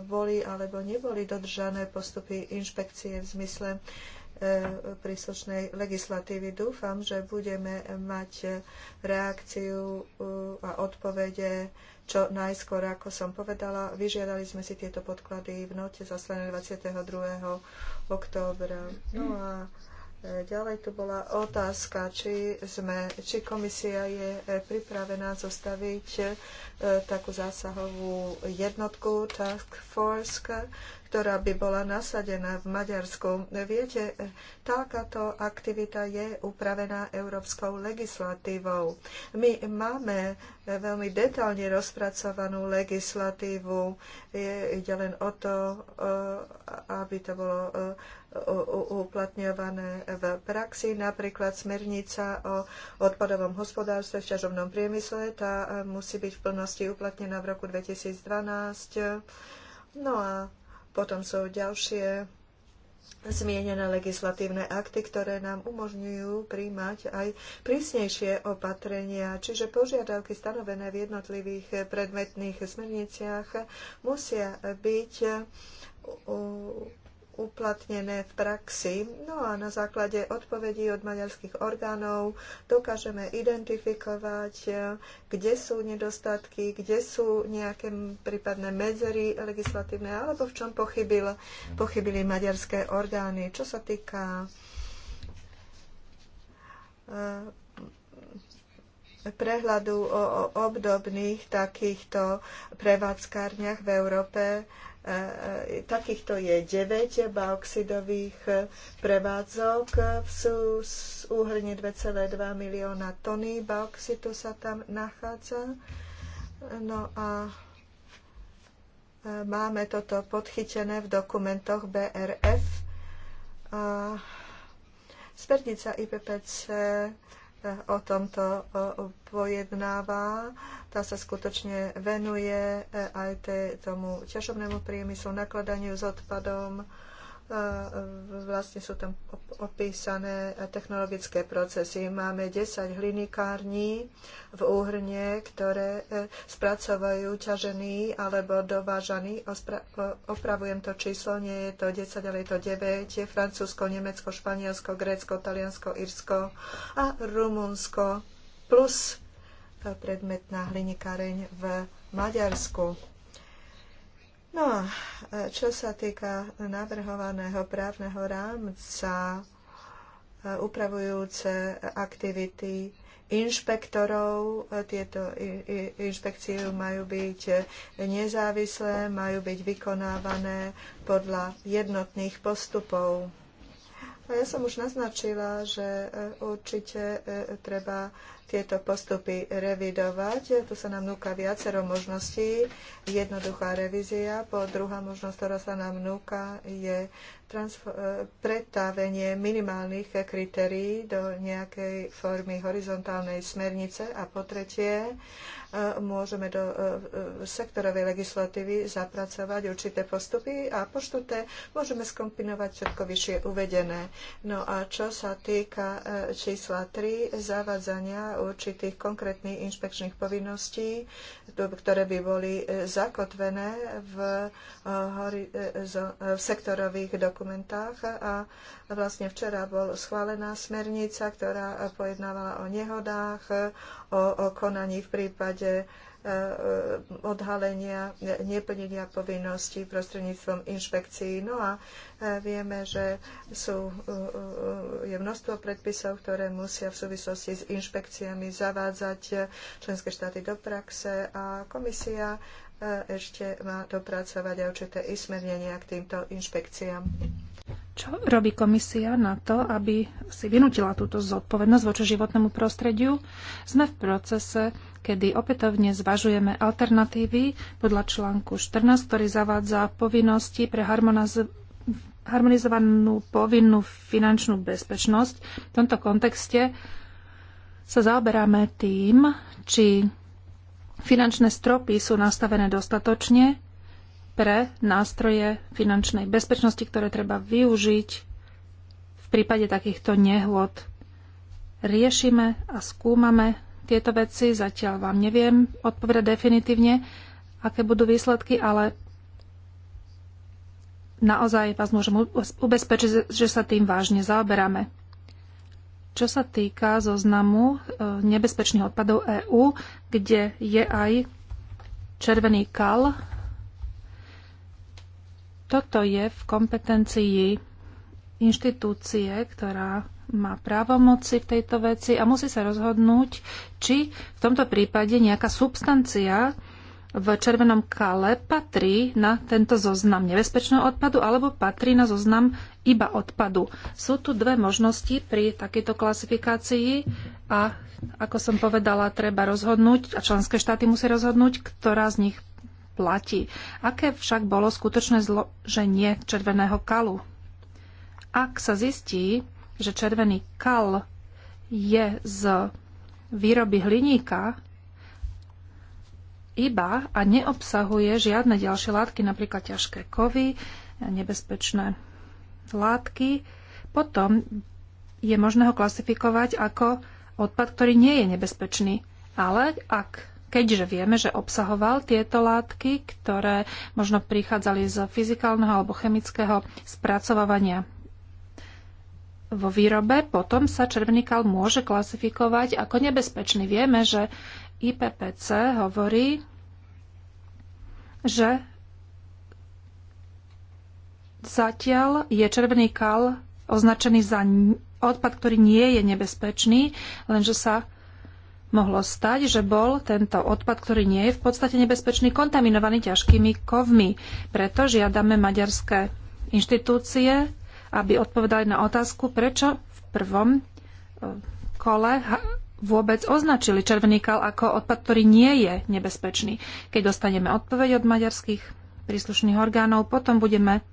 boli alebo neboli dodržané postupy inšpekcie v zmysle E, príslušnej legislatívy. Dúfam, že budeme mať reakciu e, a odpovede čo najskôr, ako som povedala. Vyžiadali sme si tieto podklady v note zaslané 22. októbra. No a E, ďalej tu bola otázka, či, sme, či komisia je e, pripravená zostaviť e, takú zásahovú jednotku Task Force, ktorá by bola nasadená v Maďarsku. Viete, takáto aktivita je upravená európskou legislatívou. My máme veľmi detálne rozpracovanú legislatívu. Je, ide len o to, aby to bolo uplatňované v praxi, napríklad smernica o odpadovom hospodárstve v ťažobnom priemysle, tá e, musí byť v plnosti uplatnená v roku 2012. No a potom sú ďalšie zmienené legislatívne akty, ktoré nám umožňujú príjmať aj prísnejšie opatrenia, čiže požiadavky stanovené v jednotlivých predmetných smerniciach musia byť uplatnené v praxi. No a na základe odpovedí od maďarských orgánov dokážeme identifikovať, e, kde sú nedostatky, kde sú nejaké prípadné medzery legislatívne alebo v čom pochybil, pochybili maďarské orgány. Čo sa týka e, prehľadu o obdobných takýchto prevádzkárniach v Európe, Takýchto je 9 bauxidových e, prevádzok. V úhrne 2,2 milióna tony bauxitu sa tam nachádza. No a e, máme toto podchytené v dokumentoch BRF. A smernica IPPC o tomto pojednáva. Tá sa skutočne venuje e, aj tomu ťažobnému priemyslu, nakladaniu s odpadom, E, vlastne sú tam opísané technologické procesy. Máme 10 hlinikární v Úhrne, ktoré e, spracovajú ťažený alebo dovážaný. Opravujem to číslo, nie je to 10, ale je to 9. Je Francúzsko, Nemecko, Španielsko, Grécko, Taliansko, Irsko a Rumunsko plus e, predmetná hlinikáreň v Maďarsku No a e, čo sa týka navrhovaného právneho rámca e, upravujúce aktivity inšpektorov. E, tieto inšpekcie majú byť nezávislé, majú byť vykonávané podľa jednotných postupov. A ja som už naznačila, že určite treba tieto postupy revidovať. Tu sa nám núka viacero možností. Jednoduchá revízia, po druhá možnosť, ktorá sa nám núka, je E, pretávenie minimálnych kritérií do nejakej formy horizontálnej smernice a po tretie e, môžeme do e, sektorovej legislatívy zapracovať určité postupy a po štvrté môžeme skombinovať všetko vyššie uvedené. No a čo sa týka čísla 3, zavádzania určitých konkrétnych inšpekčných povinností, ktoré by boli zakotvené v, v sektorových dokumentoch dokumentách a vlastne včera bol schválená smernica, ktorá pojednávala o nehodách, o, o konaní v prípade e, e, odhalenia neplnenia povinností prostredníctvom inšpekcií. No a e, vieme, že sú, je množstvo predpisov, ktoré musia v súvislosti s inšpekciami zavádzať členské štáty do praxe a komisia ešte má dopracovať aj určité ismernenia k týmto inšpekciám. Čo robí komisia na to, aby si vynutila túto zodpovednosť voči životnému prostrediu? Sme v procese, kedy opätovne zvažujeme alternatívy podľa článku 14, ktorý zavádza povinnosti pre harmonizovanú povinnú finančnú bezpečnosť. V tomto kontexte sa zaoberáme tým, či Finančné stropy sú nastavené dostatočne pre nástroje finančnej bezpečnosti, ktoré treba využiť v prípade takýchto nehôd. Riešime a skúmame tieto veci. Zatiaľ vám neviem odpovedať definitívne, aké budú výsledky, ale naozaj vás môžem ubezpečiť, že sa tým vážne zaoberáme. Čo sa týka zoznamu e, nebezpečných odpadov EÚ, kde je aj červený kal, toto je v kompetencii inštitúcie, ktorá má právomoci v tejto veci a musí sa rozhodnúť, či v tomto prípade nejaká substancia v červenom kale patrí na tento zoznam nebezpečného odpadu alebo patrí na zoznam iba odpadu. Sú tu dve možnosti pri takejto klasifikácii a ako som povedala, treba rozhodnúť a členské štáty musí rozhodnúť, ktorá z nich platí. Aké však bolo skutočné zloženie červeného kalu? Ak sa zistí, že červený kal je z výroby hliníka iba a neobsahuje žiadne ďalšie látky, napríklad ťažké kovy, nebezpečné látky, potom je možné ho klasifikovať ako odpad, ktorý nie je nebezpečný. Ale ak, keďže vieme, že obsahoval tieto látky, ktoré možno prichádzali z fyzikálneho alebo chemického spracovávania vo výrobe, potom sa červený kal môže klasifikovať ako nebezpečný. Vieme, že IPPC hovorí, že Zatiaľ je červený kal označený za odpad, ktorý nie je nebezpečný, lenže sa mohlo stať, že bol tento odpad, ktorý nie je v podstate nebezpečný, kontaminovaný ťažkými kovmi. Preto žiadame maďarské inštitúcie, aby odpovedali na otázku, prečo v prvom e, kole vôbec označili červený kal ako odpad, ktorý nie je nebezpečný. Keď dostaneme odpoveď od maďarských príslušných orgánov, potom budeme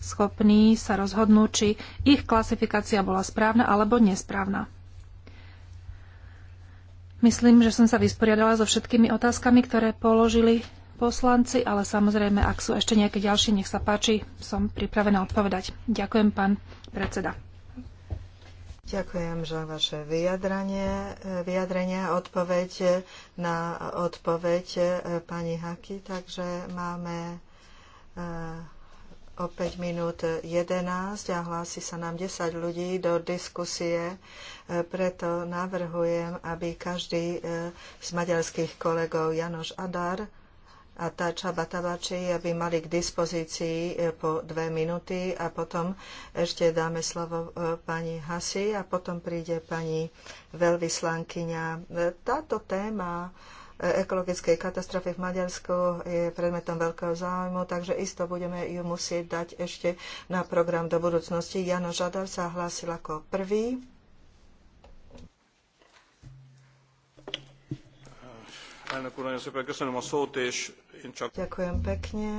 schopní sa rozhodnúť, či ich klasifikácia bola správna alebo nesprávna. Myslím, že som sa vysporiadala so všetkými otázkami, ktoré položili poslanci, ale samozrejme, ak sú ešte nejaké ďalšie, nech sa páči, som pripravená odpovedať. Ďakujem, pán predseda. Ďakujem za vaše vyjadrenie, vyjadrenie odpoveď na odpoveď eh, pani Haky, takže máme eh, Opäť minút 11 a hlási sa nám 10 ľudí do diskusie. E, preto navrhujem, aby každý e, z maďarských kolegov Janoš Adar a tá Čaba Tabači, aby mali k dispozícii e, po dve minúty a potom ešte dáme slovo pani Hasi a potom príde pani veľvyslankyňa. Táto téma ekologickej katastrofy v Maďarsku je predmetom veľkého záujmu, takže isto budeme ju musieť dať ešte na program do budúcnosti. Jana Žadar sa hlásil ako prvý. Ďakujem pekne.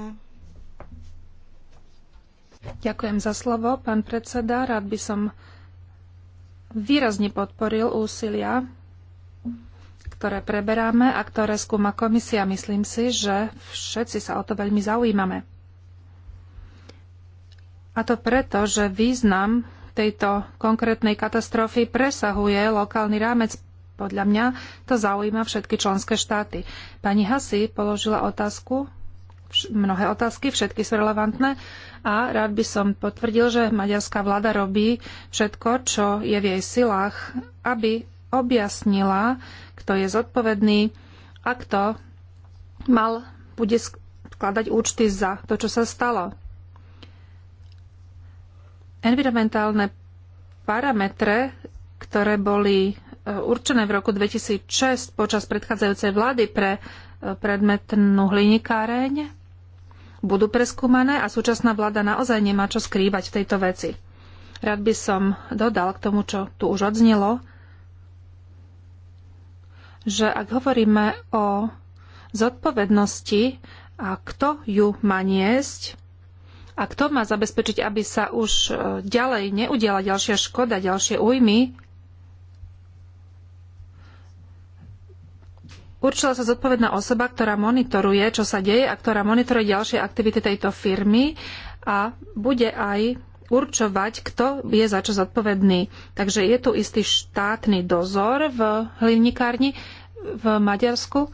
Ďakujem za slovo, pán predseda. Rád by som výrazne podporil úsilia ktoré preberáme a ktoré skúma komisia. Myslím si, že všetci sa o to veľmi zaujímame. A to preto, že význam tejto konkrétnej katastrofy presahuje lokálny rámec. Podľa mňa to zaujíma všetky členské štáty. Pani Hasi položila otázku, mnohé otázky, všetky sú relevantné a rád by som potvrdil, že maďarská vláda robí všetko, čo je v jej silách, aby objasnila kto je zodpovedný a kto mal, bude skladať účty za to, čo sa stalo. Environmentálne parametre, ktoré boli e, určené v roku 2006 počas predchádzajúcej vlády pre e, predmetnú hlinikáreň, budú preskúmané a súčasná vláda naozaj nemá čo skrývať v tejto veci. Rád by som dodal k tomu, čo tu už odznelo, že ak hovoríme o zodpovednosti a kto ju má niesť a kto má zabezpečiť, aby sa už e, ďalej neudiala ďalšia škoda, ďalšie újmy, Určila sa zodpovedná osoba, ktorá monitoruje, čo sa deje a ktorá monitoruje ďalšie aktivity tejto firmy a bude aj určovať, kto je za čo zodpovedný. Takže je tu istý štátny dozor v hlinikárni v Maďarsku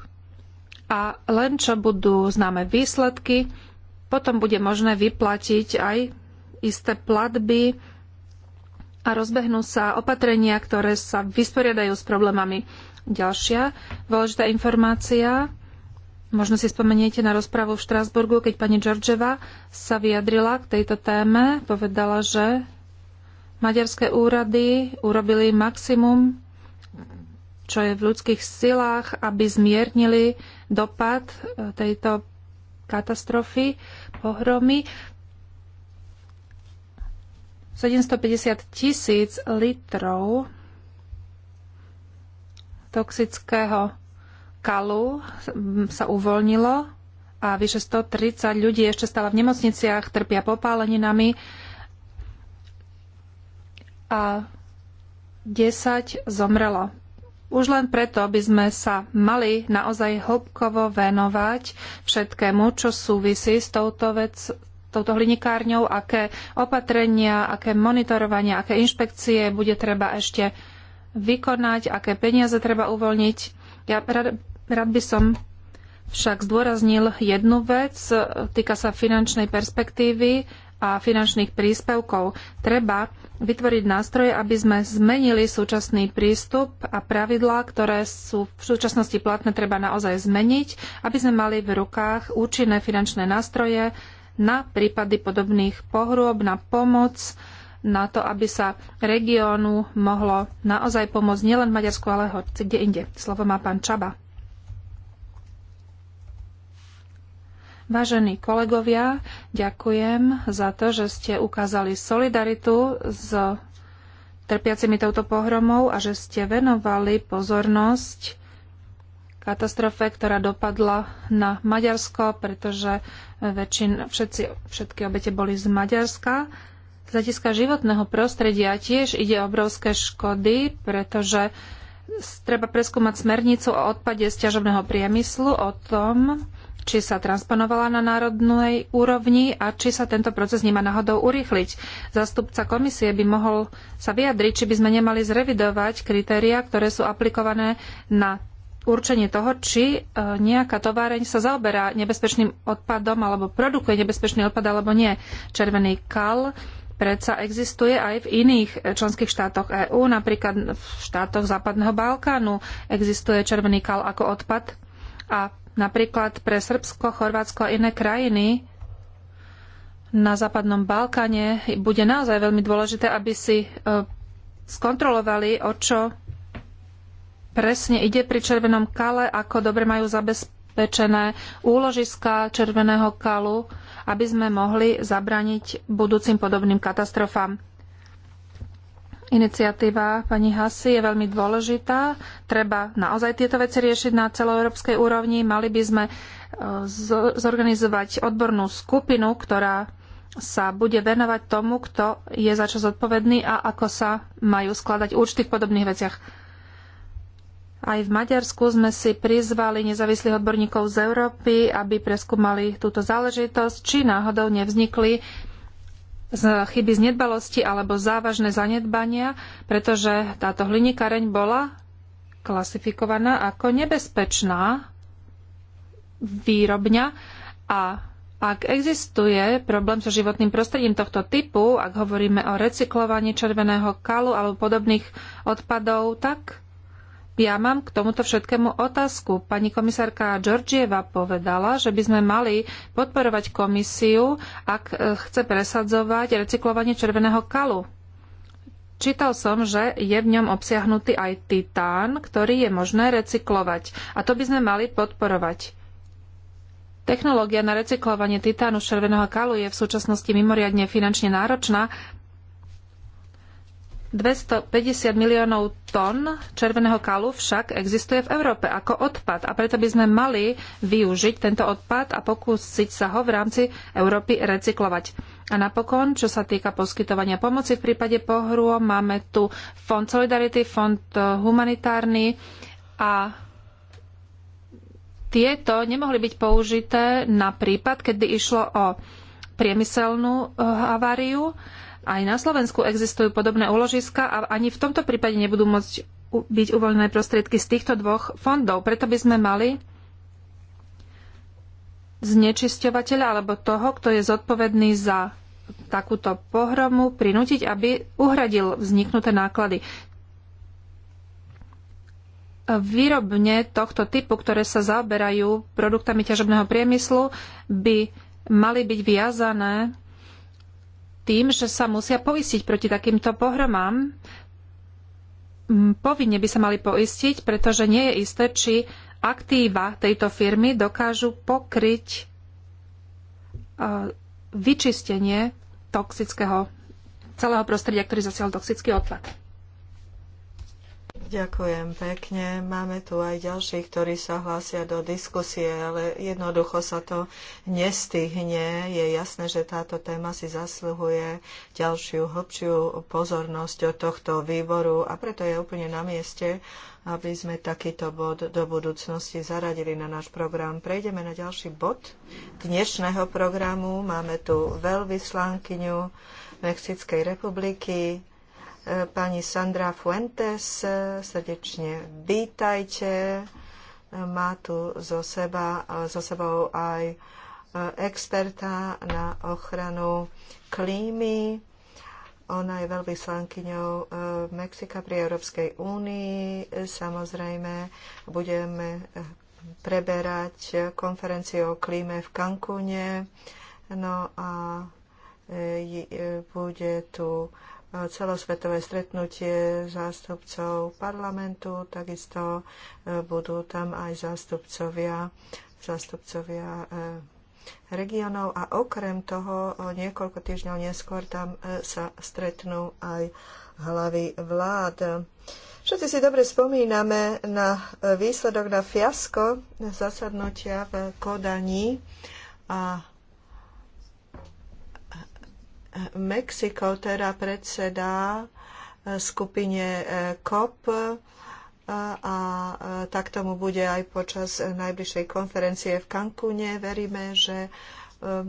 a len čo budú známe výsledky, potom bude možné vyplatiť aj isté platby a rozbehnú sa opatrenia, ktoré sa vysporiadajú s problémami. Ďalšia dôležitá informácia Možno si spomeniete na rozpravu v Štrásburgu, keď pani Georgeva sa vyjadrila k tejto téme, povedala, že maďarské úrady urobili maximum, čo je v ľudských silách, aby zmiernili dopad e, tejto katastrofy, pohromy. 750 tisíc litrov toxického Kalu sa uvoľnilo a vyše 130 ľudí ešte stále v nemocniciach, trpia popáleninami a 10 zomrelo. Už len preto by sme sa mali naozaj hĺbkovo venovať všetkému, čo súvisí s touto vec, touto hlinikárňou, aké opatrenia, aké monitorovanie, aké inšpekcie bude treba ešte vykonať, aké peniaze treba uvoľniť. Ja Rád by som však zdôraznil jednu vec, týka sa finančnej perspektívy a finančných príspevkov. Treba vytvoriť nástroje, aby sme zmenili súčasný prístup a pravidlá, ktoré sú v súčasnosti platné, treba naozaj zmeniť, aby sme mali v rukách účinné finančné nástroje na prípady podobných pohrôb, na pomoc, na to, aby sa regiónu mohlo naozaj pomôcť nielen Maďarsku, ale hoci kde inde. Slovo má pán Čaba. Vážení kolegovia, ďakujem za to, že ste ukázali solidaritu s trpiacimi touto pohromou a že ste venovali pozornosť katastrofe, ktorá dopadla na Maďarsko, pretože väčšin, všetci, všetky obete boli z Maďarska. Z hľadiska životného prostredia tiež ide obrovské škody, pretože treba preskúmať smernicu o odpade z ťažobného priemyslu o tom, či sa transponovala na národnej úrovni a či sa tento proces nemá náhodou urýchliť. Zastupca komisie by mohol sa vyjadriť, či by sme nemali zrevidovať kritériá, ktoré sú aplikované na určenie toho, či e, nejaká továreň sa zaoberá nebezpečným odpadom alebo produkuje nebezpečný odpad alebo nie. Červený kal predsa existuje aj v iných e, členských štátoch EÚ, napríklad v štátoch Západného Balkánu existuje červený kal ako odpad a Napríklad pre Srbsko, Chorvátsko a iné krajiny na západnom Balkáne bude naozaj veľmi dôležité, aby si e, skontrolovali, o čo presne ide pri červenom kale, ako dobre majú zabezpečené úložiska červeného kalu, aby sme mohli zabrániť budúcim podobným katastrofám. Iniciatíva pani Hasy je veľmi dôležitá. Treba naozaj tieto veci riešiť na celoeurópskej úrovni. Mali by sme e, zorganizovať odbornú skupinu, ktorá sa bude venovať tomu, kto je za čo zodpovedný a ako sa majú skladať účty v podobných veciach. Aj v Maďarsku sme si prizvali nezávislých odborníkov z Európy, aby preskúmali túto záležitosť, či náhodou nevznikli z chyby z nedbalosti alebo závažné zanedbania, pretože táto hlinikareň bola klasifikovaná ako nebezpečná výrobňa a ak existuje problém so životným prostredím tohto typu, ak hovoríme o recyklovaní červeného kalu alebo podobných odpadov, tak ja mám k tomuto všetkému otázku. Pani komisárka Georgieva povedala, že by sme mali podporovať komisiu, ak e, chce presadzovať recyklovanie červeného kalu. Čítal som, že je v ňom obsiahnutý aj titán, ktorý je možné recyklovať. A to by sme mali podporovať. Technológia na recyklovanie titánu z červeného kalu je v súčasnosti mimoriadne finančne náročná 250 miliónov tón červeného kalu však existuje v Európe ako odpad a preto by sme mali využiť tento odpad a pokúsiť sa ho v rámci Európy recyklovať. A napokon, čo sa týka poskytovania pomoci v prípade pohrôm, máme tu Fond Solidarity, Fond e, humanitárny a tieto nemohli byť použité na prípad, kedy išlo o priemyselnú e, haváriu aj na Slovensku existujú podobné úložiská a ani v tomto prípade nebudú môcť byť uvoľnené prostriedky z týchto dvoch fondov. Preto by sme mali znečisťovateľa alebo toho, kto je zodpovedný za takúto pohromu, prinútiť, aby uhradil vzniknuté náklady. Výrobne tohto typu, ktoré sa zaoberajú produktami ťažobného priemyslu, by mali byť viazané tým, že sa musia poistiť proti takýmto pohromám. Mm, povinne by sa mali poistiť, pretože nie je isté, či aktíva tejto firmy dokážu pokryť e, vyčistenie toxického celého prostredia, ktorý zasial toxický odpad. Ďakujem pekne. Máme tu aj ďalších, ktorí sa hlásia do diskusie, ale jednoducho sa to nestihne. Je jasné, že táto téma si zasluhuje ďalšiu, hlbšiu pozornosť od tohto výboru a preto je úplne na mieste, aby sme takýto bod do budúcnosti zaradili na náš program. Prejdeme na ďalší bod dnešného programu. Máme tu veľvyslankyňu Mexickej republiky pani Sandra Fuentes. Srdečne vítajte. Má tu zo, seba, zo sebou aj e, experta na ochranu klímy. Ona je veľvyslankyňou e, Mexika pri Európskej únii. Samozrejme, budeme e, preberať konferenciu o klíme v Cancúne. No a bude tu celosvetové stretnutie zástupcov parlamentu, takisto e, budú tam aj zástupcovia, zástupcovia e, regionov a okrem toho niekoľko týždňov neskôr tam e, sa stretnú aj hlavy vlád. Všetci si dobre spomíname na výsledok na fiasko zasadnutia v Kodani a Mexiko teda predsedá eh, skupine eh, COP eh, a tak tomu bude aj počas najbližšej konferencie v Cancúne. Veríme, že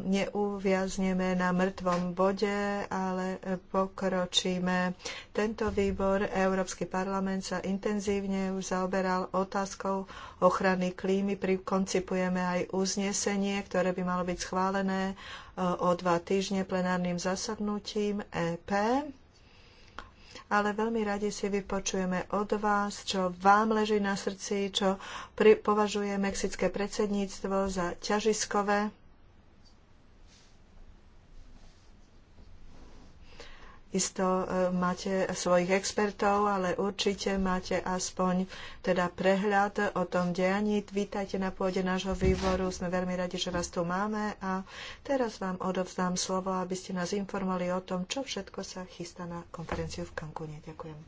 neuviazneme na mŕtvom bode, ale pokročíme. Tento výbor, Európsky parlament sa intenzívne už zaoberal otázkou ochrany klímy. Koncipujeme aj uznesenie, ktoré by malo byť schválené o dva týždne plenárnym zasadnutím EP. Ale veľmi radi si vypočujeme od vás, čo vám leží na srdci, čo považuje mexické predsedníctvo za ťažiskové Isto e, máte svojich expertov, ale určite máte aspoň teda prehľad o tom dejaní. Vítajte na pôde nášho výboru. Sme veľmi radi, že vás tu máme a teraz vám odovzdám slovo, aby ste nás informovali o tom, čo všetko sa chystá na konferenciu v Cancúne. Ďakujem.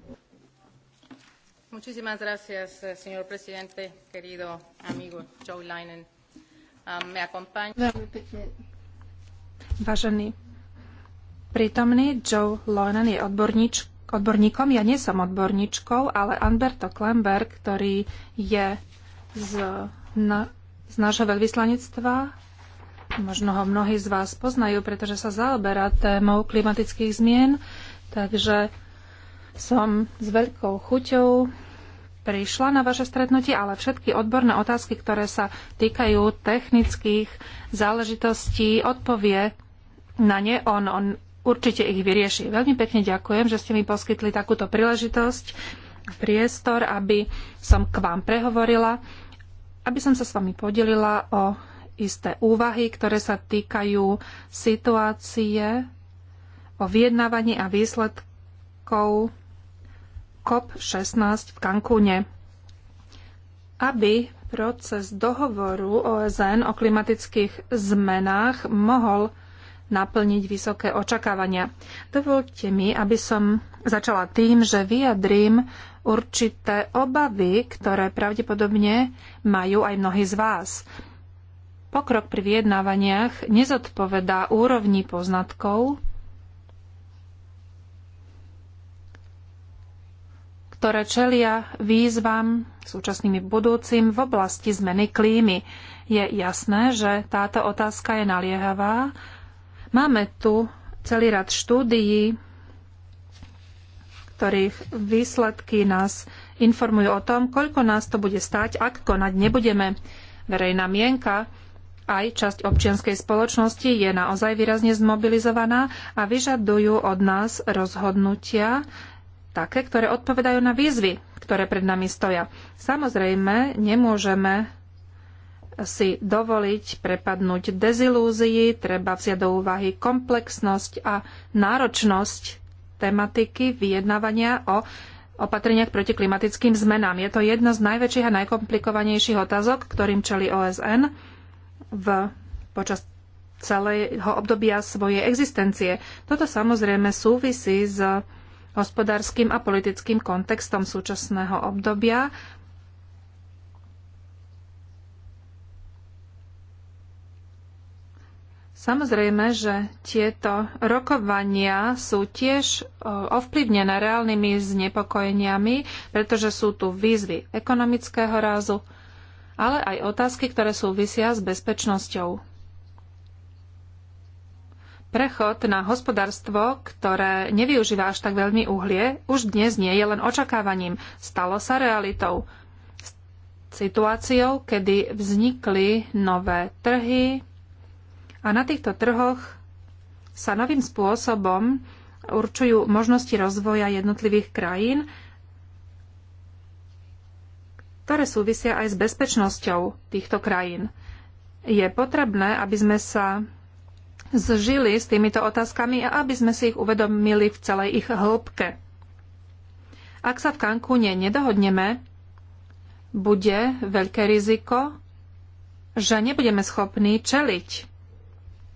Muchísimas gracias, señor presidente, querido amigo Joe Leinen. Um, me acompaña... Vážený prítomný. Joe Lonan je odborníč, odborníkom. Ja nie som odborníčkou, ale Anberto Klemberg, ktorý je z, na, z nášho veľvyslanectva, možno ho mnohí z vás poznajú, pretože sa zaoberá témou klimatických zmien, takže som s veľkou chuťou prišla na vaše stretnutie, ale všetky odborné otázky, ktoré sa týkajú technických záležitostí, odpovie na ne on. On určite ich vyrieši. Veľmi pekne ďakujem, že ste mi poskytli takúto príležitosť, priestor, aby som k vám prehovorila, aby som sa s vami podelila o isté úvahy, ktoré sa týkajú situácie o vyjednávaní a výsledkov COP16 v Cancúne. Aby proces dohovoru OSN o klimatických zmenách mohol naplniť vysoké očakávania. Dovolte mi, aby som začala tým, že vyjadrím určité obavy, ktoré pravdepodobne majú aj mnohí z vás. Pokrok pri vyjednávaniach nezodpovedá úrovni poznatkov, ktoré čelia výzvam súčasným i budúcim v oblasti zmeny klímy. Je jasné, že táto otázka je naliehavá Máme tu celý rad štúdií, ktorých výsledky nás informujú o tom, koľko nás to bude stáť, ak konať nebudeme. Verejná mienka aj časť občianskej spoločnosti je naozaj výrazne zmobilizovaná a vyžadujú od nás rozhodnutia, také, ktoré odpovedajú na výzvy, ktoré pred nami stoja. Samozrejme, nemôžeme si dovoliť prepadnúť dezilúzii, treba vziať do úvahy komplexnosť a náročnosť tematiky vyjednávania o opatreniach proti klimatickým zmenám. Je to jedna z najväčších a najkomplikovanejších otázok, ktorým čeli OSN v, počas celého obdobia svojej existencie. Toto samozrejme súvisí s hospodárskym a politickým kontextom súčasného obdobia Samozrejme, že tieto rokovania sú tiež e, ovplyvnené reálnymi znepokojeniami, pretože sú tu výzvy ekonomického rázu, ale aj otázky, ktoré súvisia s bezpečnosťou. Prechod na hospodárstvo, ktoré nevyužíva až tak veľmi uhlie, už dnes nie je len očakávaním, stalo sa realitou. Situáciou, kedy vznikli nové trhy, a na týchto trhoch sa novým spôsobom určujú možnosti rozvoja jednotlivých krajín, ktoré súvisia aj s bezpečnosťou týchto krajín. Je potrebné, aby sme sa zžili s týmito otázkami a aby sme si ich uvedomili v celej ich hĺbke. Ak sa v kankúne nedohodneme, bude veľké riziko, že nebudeme schopní čeliť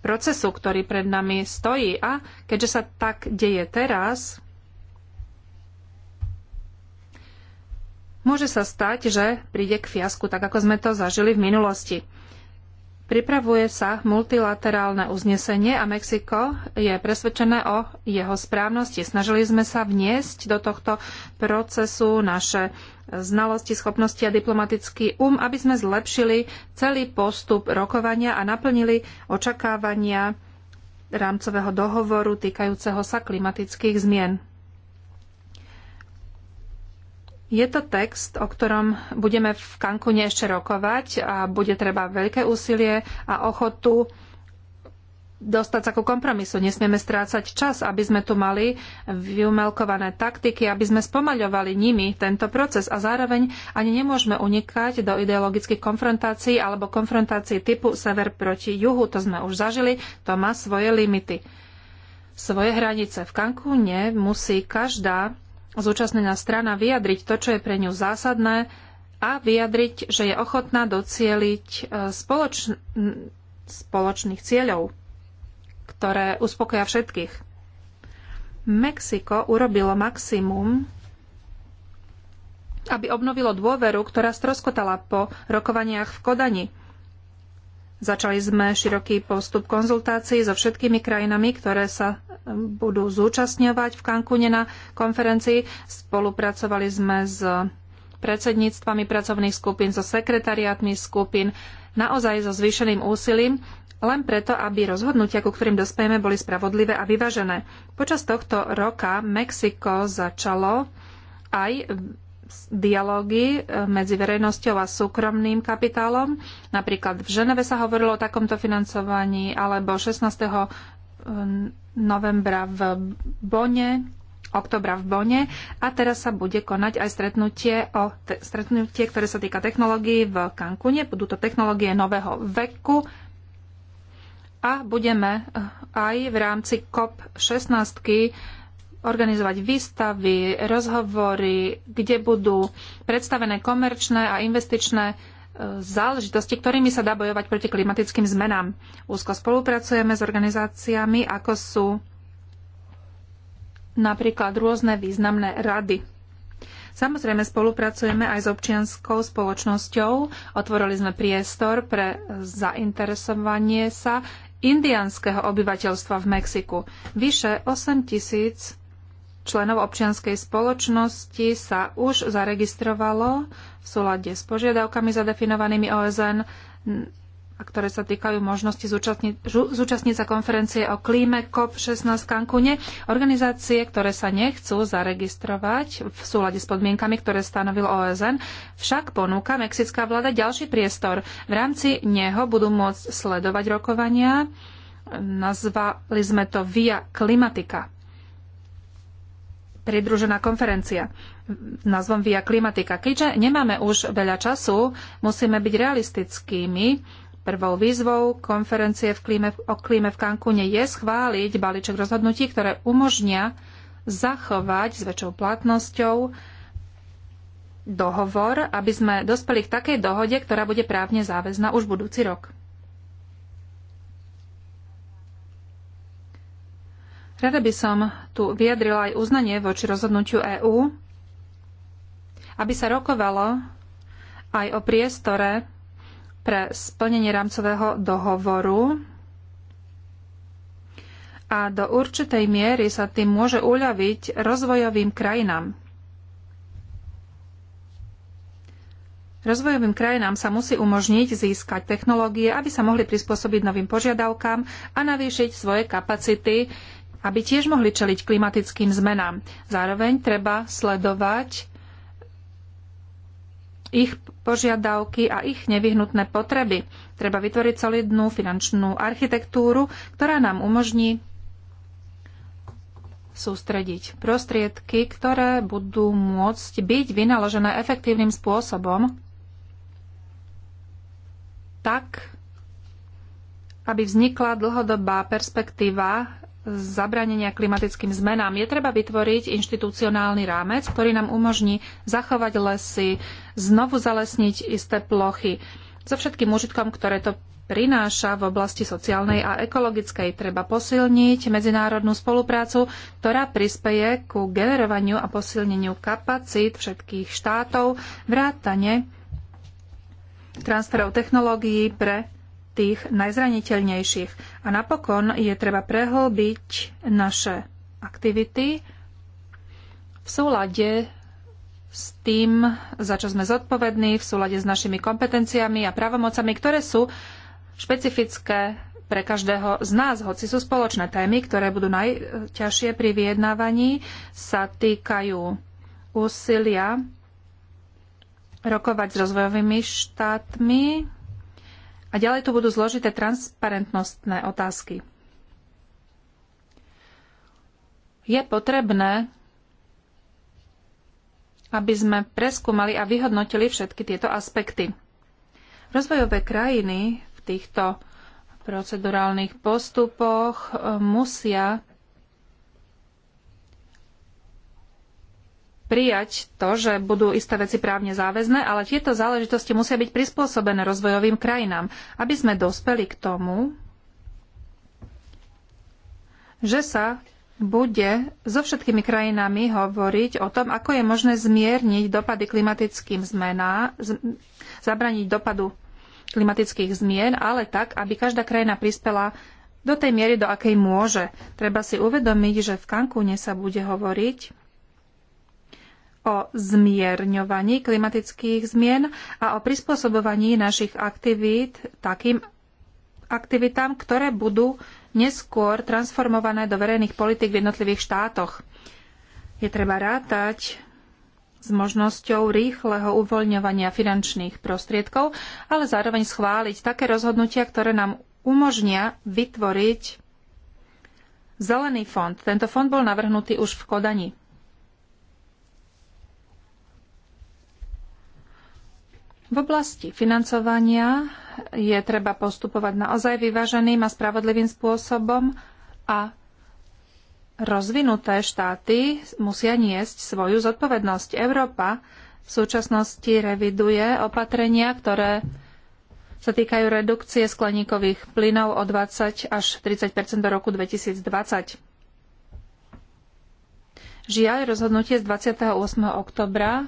procesu, ktorý pred nami stojí. A keďže sa tak deje teraz, môže sa stať, že príde k fiasku, tak ako sme to zažili v minulosti. Pripravuje sa multilaterálne uznesenie a Mexiko je presvedčené o jeho správnosti. Snažili sme sa vniesť do tohto procesu naše znalosti, schopnosti a diplomatický um, aby sme zlepšili celý postup rokovania a naplnili očakávania rámcového dohovoru týkajúceho sa klimatických zmien. Je to text, o ktorom budeme v Cancúne ešte rokovať a bude treba veľké úsilie a ochotu dostať sa ku kompromisu. Nesmieme strácať čas, aby sme tu mali vyumelkované taktiky, aby sme spomaľovali nimi tento proces a zároveň ani nemôžeme unikať do ideologických konfrontácií alebo konfrontácií typu sever proti juhu. To sme už zažili, to má svoje limity. Svoje hranice v Kankúne musí každá zúčastnená strana vyjadriť to, čo je pre ňu zásadné a vyjadriť, že je ochotná docieliť e, spoloč... spoločných cieľov, ktoré uspokoja všetkých. Mexiko urobilo maximum, aby obnovilo dôveru, ktorá stroskotala po rokovaniach v Kodani – Začali sme široký postup konzultácií so všetkými krajinami, ktoré sa e, budú zúčastňovať v Cancúne na konferencii. Spolupracovali sme s predsedníctvami pracovných skupín, so sekretariátmi skupín, naozaj so zvýšeným úsilím, len preto, aby rozhodnutia, ku ktorým dospejeme, boli spravodlivé a vyvážené. Počas tohto roka Mexiko začalo aj dialógy e, medzi verejnosťou a súkromným kapitálom. Napríklad v Ženeve sa hovorilo o takomto financovaní, alebo 16. E, novembra v Bone, oktobra v Bone. A teraz sa bude konať aj stretnutie, o te, stretnutie ktoré sa týka technológií v Cancune. Budú to technológie nového veku. A budeme e, aj v rámci COP16 organizovať výstavy, rozhovory, kde budú predstavené komerčné a investičné e, záležitosti, ktorými sa dá bojovať proti klimatickým zmenám. Úzko spolupracujeme s organizáciami, ako sú napríklad rôzne významné rady. Samozrejme spolupracujeme aj s občianskou spoločnosťou. Otvorili sme priestor pre zainteresovanie sa indianského obyvateľstva v Mexiku. Vyše 8 tisíc členov občianskej spoločnosti sa už zaregistrovalo v súlade s požiadavkami zadefinovanými OSN, a ktoré sa týkajú možnosti zúčastniť, zúčastniť sa konferencie o klíme COP16 v Cancúne. Organizácie, ktoré sa nechcú zaregistrovať v súlade s podmienkami, ktoré stanovil OSN, však ponúka mexická vláda ďalší priestor. V rámci neho budú môcť sledovať rokovania. Nazvali sme to Via Klimatika pridružená konferencia názvom Via Klimatika. Keďže nemáme už veľa času, musíme byť realistickými. Prvou výzvou konferencie v klíme, o klíme v Cancúne je schváliť balíček rozhodnutí, ktoré umožnia zachovať s väčšou platnosťou dohovor, aby sme dospeli k takej dohode, ktorá bude právne záväzná už budúci rok. Rada by som tu vyjadrila aj uznanie voči rozhodnutiu EÚ, aby sa rokovalo aj o priestore pre splnenie rámcového dohovoru a do určitej miery sa tým môže uľaviť rozvojovým krajinám. Rozvojovým krajinám sa musí umožniť získať technológie, aby sa mohli prispôsobiť novým požiadavkám a navýšiť svoje kapacity aby tiež mohli čeliť klimatickým zmenám. Zároveň treba sledovať ich požiadavky a ich nevyhnutné potreby. Treba vytvoriť solidnú finančnú architektúru, ktorá nám umožní sústrediť prostriedky, ktoré budú môcť byť vynaložené efektívnym spôsobom, tak, aby vznikla dlhodobá perspektíva zabranenia klimatickým zmenám. Je treba vytvoriť inštitucionálny rámec, ktorý nám umožní zachovať lesy, znovu zalesniť isté plochy. So všetkým užitkom, ktoré to prináša v oblasti sociálnej a ekologickej. Treba posilniť medzinárodnú spoluprácu, ktorá prispeje ku generovaniu a posilneniu kapacít všetkých štátov, vrátane transferov technológií pre tých najzraniteľnejších. A napokon je treba prehlbiť naše aktivity v súlade s tým, za čo sme zodpovední, v súlade s našimi kompetenciami a pravomocami, ktoré sú špecifické pre každého z nás, hoci sú spoločné témy, ktoré budú najťažšie pri vyjednávaní, sa týkajú úsilia rokovať s rozvojovými štátmi, a ďalej tu budú zložité transparentnostné otázky. Je potrebné, aby sme preskúmali a vyhodnotili všetky tieto aspekty. Rozvojové krajiny v týchto procedurálnych postupoch eh, musia prijať to, že budú isté veci právne záväzné, ale tieto záležitosti musia byť prispôsobené rozvojovým krajinám, aby sme dospeli k tomu, že sa bude so všetkými krajinami hovoriť o tom, ako je možné zmierniť dopady klimatickým zmenám, zabraniť dopadu klimatických zmien, ale tak, aby každá krajina prispela do tej miery, do akej môže. Treba si uvedomiť, že v Cancúne sa bude hovoriť o zmierňovaní klimatických zmien a o prispôsobovaní našich aktivít takým aktivitám, ktoré budú neskôr transformované do verejných politik v jednotlivých štátoch. Je treba rátať s možnosťou rýchleho uvoľňovania finančných prostriedkov, ale zároveň schváliť také rozhodnutia, ktoré nám umožnia vytvoriť Zelený fond. Tento fond bol navrhnutý už v Kodani. V oblasti financovania je treba postupovať naozaj vyváženým a spravodlivým spôsobom a rozvinuté štáty musia niesť svoju zodpovednosť. Európa v súčasnosti reviduje opatrenia, ktoré sa týkajú redukcie skleníkových plynov o 20 až 30 do roku 2020. Žiaľ, rozhodnutie z 28. oktobra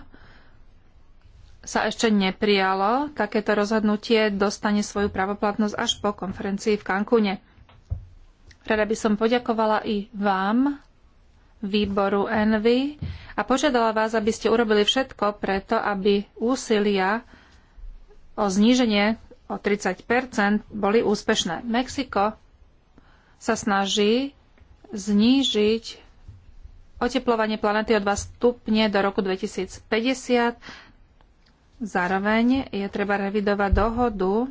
sa ešte neprijalo, takéto rozhodnutie dostane svoju pravoplatnosť až po konferencii v Cancúne. Rada by som poďakovala i vám, výboru Envy, a požiadala vás, aby ste urobili všetko preto, aby úsilia o zníženie o 30 boli úspešné. Mexiko sa snaží znížiť oteplovanie planety o 2 stupne do roku 2050 Zároveň je treba revidovať dohodu,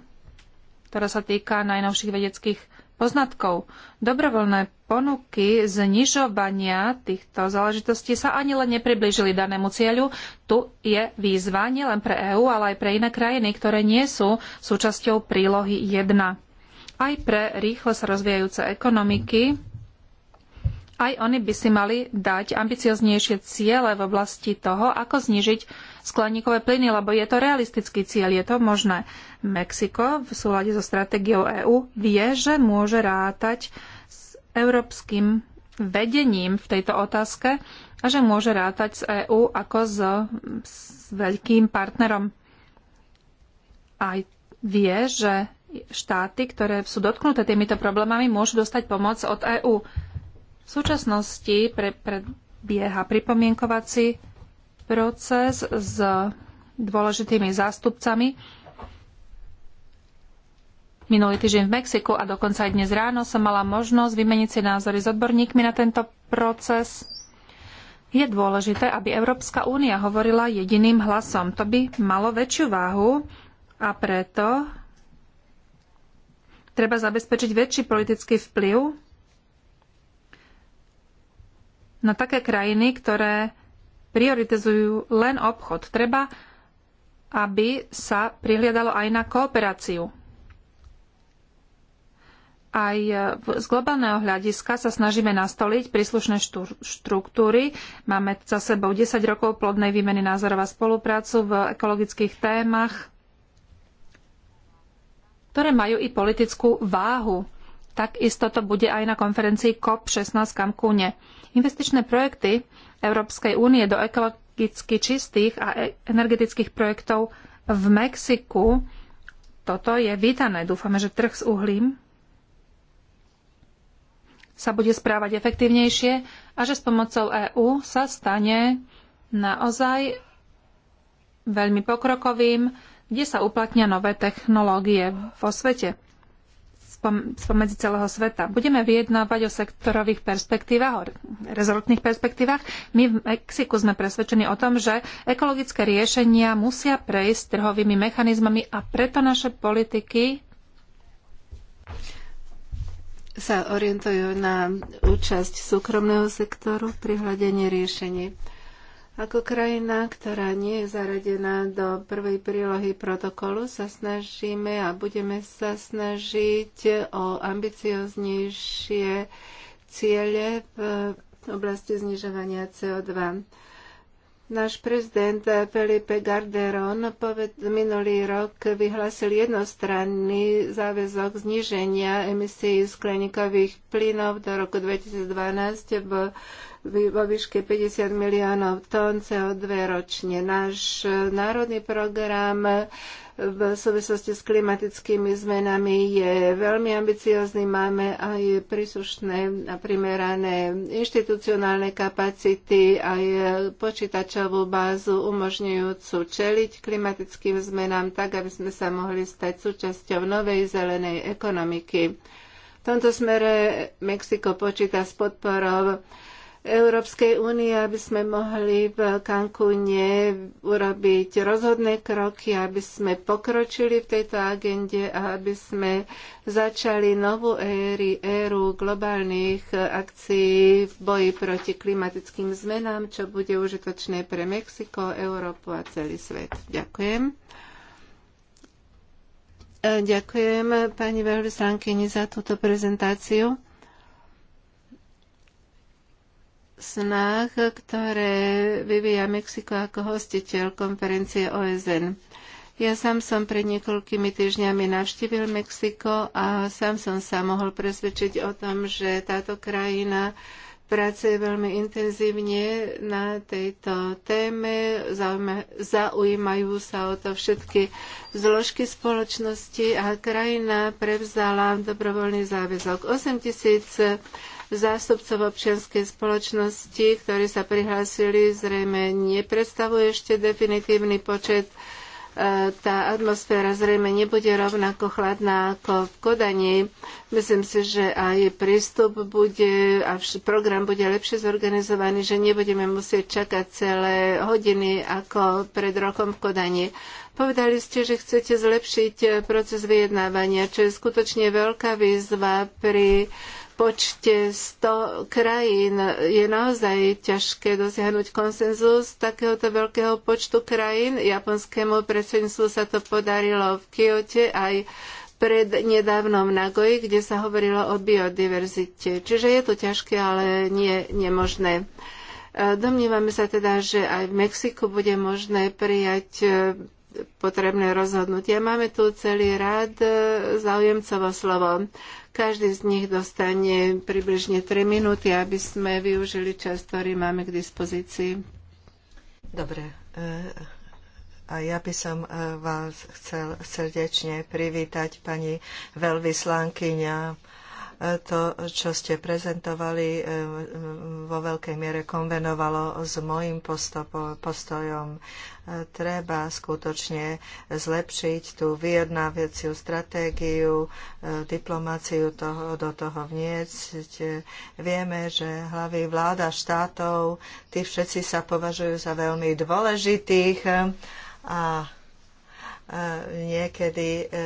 ktorá sa týka najnovších vedeckých poznatkov. Dobrovoľné ponuky znižovania týchto záležitostí sa ani len nepriblížili danému cieľu. Tu je výzva nielen pre EÚ, ale aj pre iné krajiny, ktoré nie sú súčasťou prílohy 1. Aj pre rýchlo sa rozvíjajúce ekonomiky, aj oni by si mali dať ambicioznejšie ciele v oblasti toho, ako znižiť skleníkové plyny, lebo je to realistický cieľ, je to možné. Mexiko v súlade so stratégiou EÚ vie, že môže rátať s európskym vedením v tejto otázke a že môže rátať s EÚ ako s, s veľkým partnerom. Aj vie, že štáty, ktoré sú dotknuté týmito problémami, môžu dostať pomoc od EÚ. V súčasnosti pre, bieha pripomienkovací proces s dôležitými zástupcami. Minulý týždeň v Mexiku a dokonca aj dnes ráno som mala možnosť vymeniť si názory s odborníkmi na tento proces. Je dôležité, aby Európska únia hovorila jediným hlasom. To by malo väčšiu váhu a preto treba zabezpečiť väčší politický vplyv na také krajiny, ktoré prioritizujú len obchod. Treba, aby sa prihliadalo aj na kooperáciu. Aj e, z globálneho hľadiska sa snažíme nastoliť príslušné štruktúry. Máme za sebou 10 rokov plodnej výmeny názorov a spoluprácu v ekologických témach, ktoré majú i politickú váhu Takisto to bude aj na konferencii COP16 v Cancúne. Investičné projekty Európskej únie do ekologicky čistých a e- energetických projektov v Mexiku, toto je vítané. Dúfame, že trh s uhlím sa bude správať efektívnejšie a že s pomocou EÚ sa stane naozaj veľmi pokrokovým, kde sa uplatnia nové technológie vo svete spom- spomedzi celého sveta. Budeme vyjednávať o sektorových perspektívach, o rezortných perspektívach. My v Mexiku sme presvedčení o tom, že ekologické riešenia musia prejsť trhovými mechanizmami a preto naše politiky sa orientujú na účasť súkromného sektoru pri hľadení riešení. Ako krajina, ktorá nie je zaradená do prvej prílohy protokolu, sa snažíme a budeme sa snažiť o ambicioznejšie ciele v oblasti znižovania CO2. Náš prezident Felipe Garderon poved, minulý rok vyhlásil jednostranný záväzok zníženia emisí skleníkových plynov do roku 2012 v vo výške 50 miliónov tón CO2 ročne. Náš e, národný program e, v súvislosti s klimatickými zmenami je veľmi ambiciózny. Máme aj príslušné a primerané inštitucionálne kapacity, aj e, počítačovú bázu umožňujúcu čeliť klimatickým zmenám tak, aby sme sa mohli stať súčasťou novej zelenej ekonomiky. V tomto smere Mexiko počíta s podporou Európskej únie, aby sme mohli v Cancúne urobiť rozhodné kroky, aby sme pokročili v tejto agende a aby sme začali novú éry, éru globálnych akcií v boji proti klimatickým zmenám, čo bude užitočné pre Mexiko, Európu a celý svet. Ďakujem. E, ďakujem pani veľvyslankyni za túto prezentáciu. snách, ktoré vyvíja Mexiko ako hostiteľ konferencie OSN. Ja sám som pred niekoľkými týždňami navštívil Mexiko a sám som sa mohol presvedčiť o tom, že táto krajina pracuje veľmi intenzívne na tejto téme, zaujímajú sa o to všetky zložky spoločnosti a krajina prevzala dobrovoľný záväzok. 8 tisíc zástupcov občianskej spoločnosti, ktorí sa prihlásili, zrejme nepredstavuje ešte definitívny počet e, tá atmosféra zrejme nebude rovnako chladná ako v Kodani. Myslím si, že aj prístup bude a program bude lepšie zorganizovaný, že nebudeme musieť čakať celé hodiny ako pred rokom v Kodani. Povedali ste, že chcete zlepšiť proces vyjednávania, čo je skutočne veľká výzva pri uh, počte 100 krajín je naozaj ťažké dosiahnuť konsenzus takéhoto veľkého počtu krajín. Japonskému predsedníctvu sa to podarilo v Kyote aj pred nedávnom Nagoji, kde sa hovorilo o biodiverzite. Čiže je to ťažké, ale nie nemožné. Domnívame sa teda, že aj v Mexiku bude možné prijať potrebné rozhodnutia. Máme tu celý rád e, zaujemcovo slovo. Každý z nich dostane približne 3 minúty, aby sme využili čas, ktorý máme k dispozícii. Dobre. E, a ja by som e, vás chcel srdečne privítať, pani veľvyslankyňa to, čo ste prezentovali, e, e, vo veľkej miere konvenovalo s mojim postojom. E, treba skutočne zlepšiť tú vyjednávaciu stratégiu, diplomáciu toho, do toho vnieť Vieme, že hlavy vláda štátov, tí všetci sa považujú za veľmi dôležitých a Niekedy e,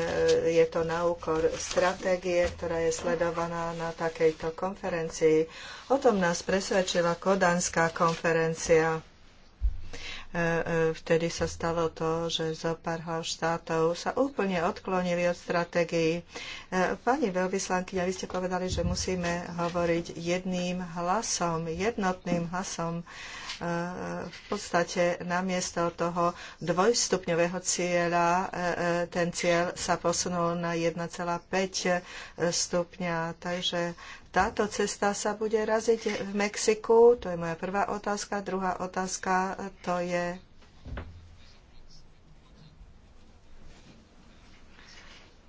je to na úkor stratégie, ktorá je sledovaná na takejto konferencii. O tom nás presvedčila Kodanská konferencia E, e, vtedy sa stalo to, že zo pár štátov sa úplne odklonili od stratégií. E, pani veľvyslankyňa, vy ste povedali, že musíme hovoriť jedným hlasom, jednotným hlasom v podstate namiesto toho dvojstupňového cieľa ten cieľ sa posunul na 1,5 stupňa. Takže táto cesta sa bude raziť v Mexiku? To je moja prvá otázka. Druhá otázka to je.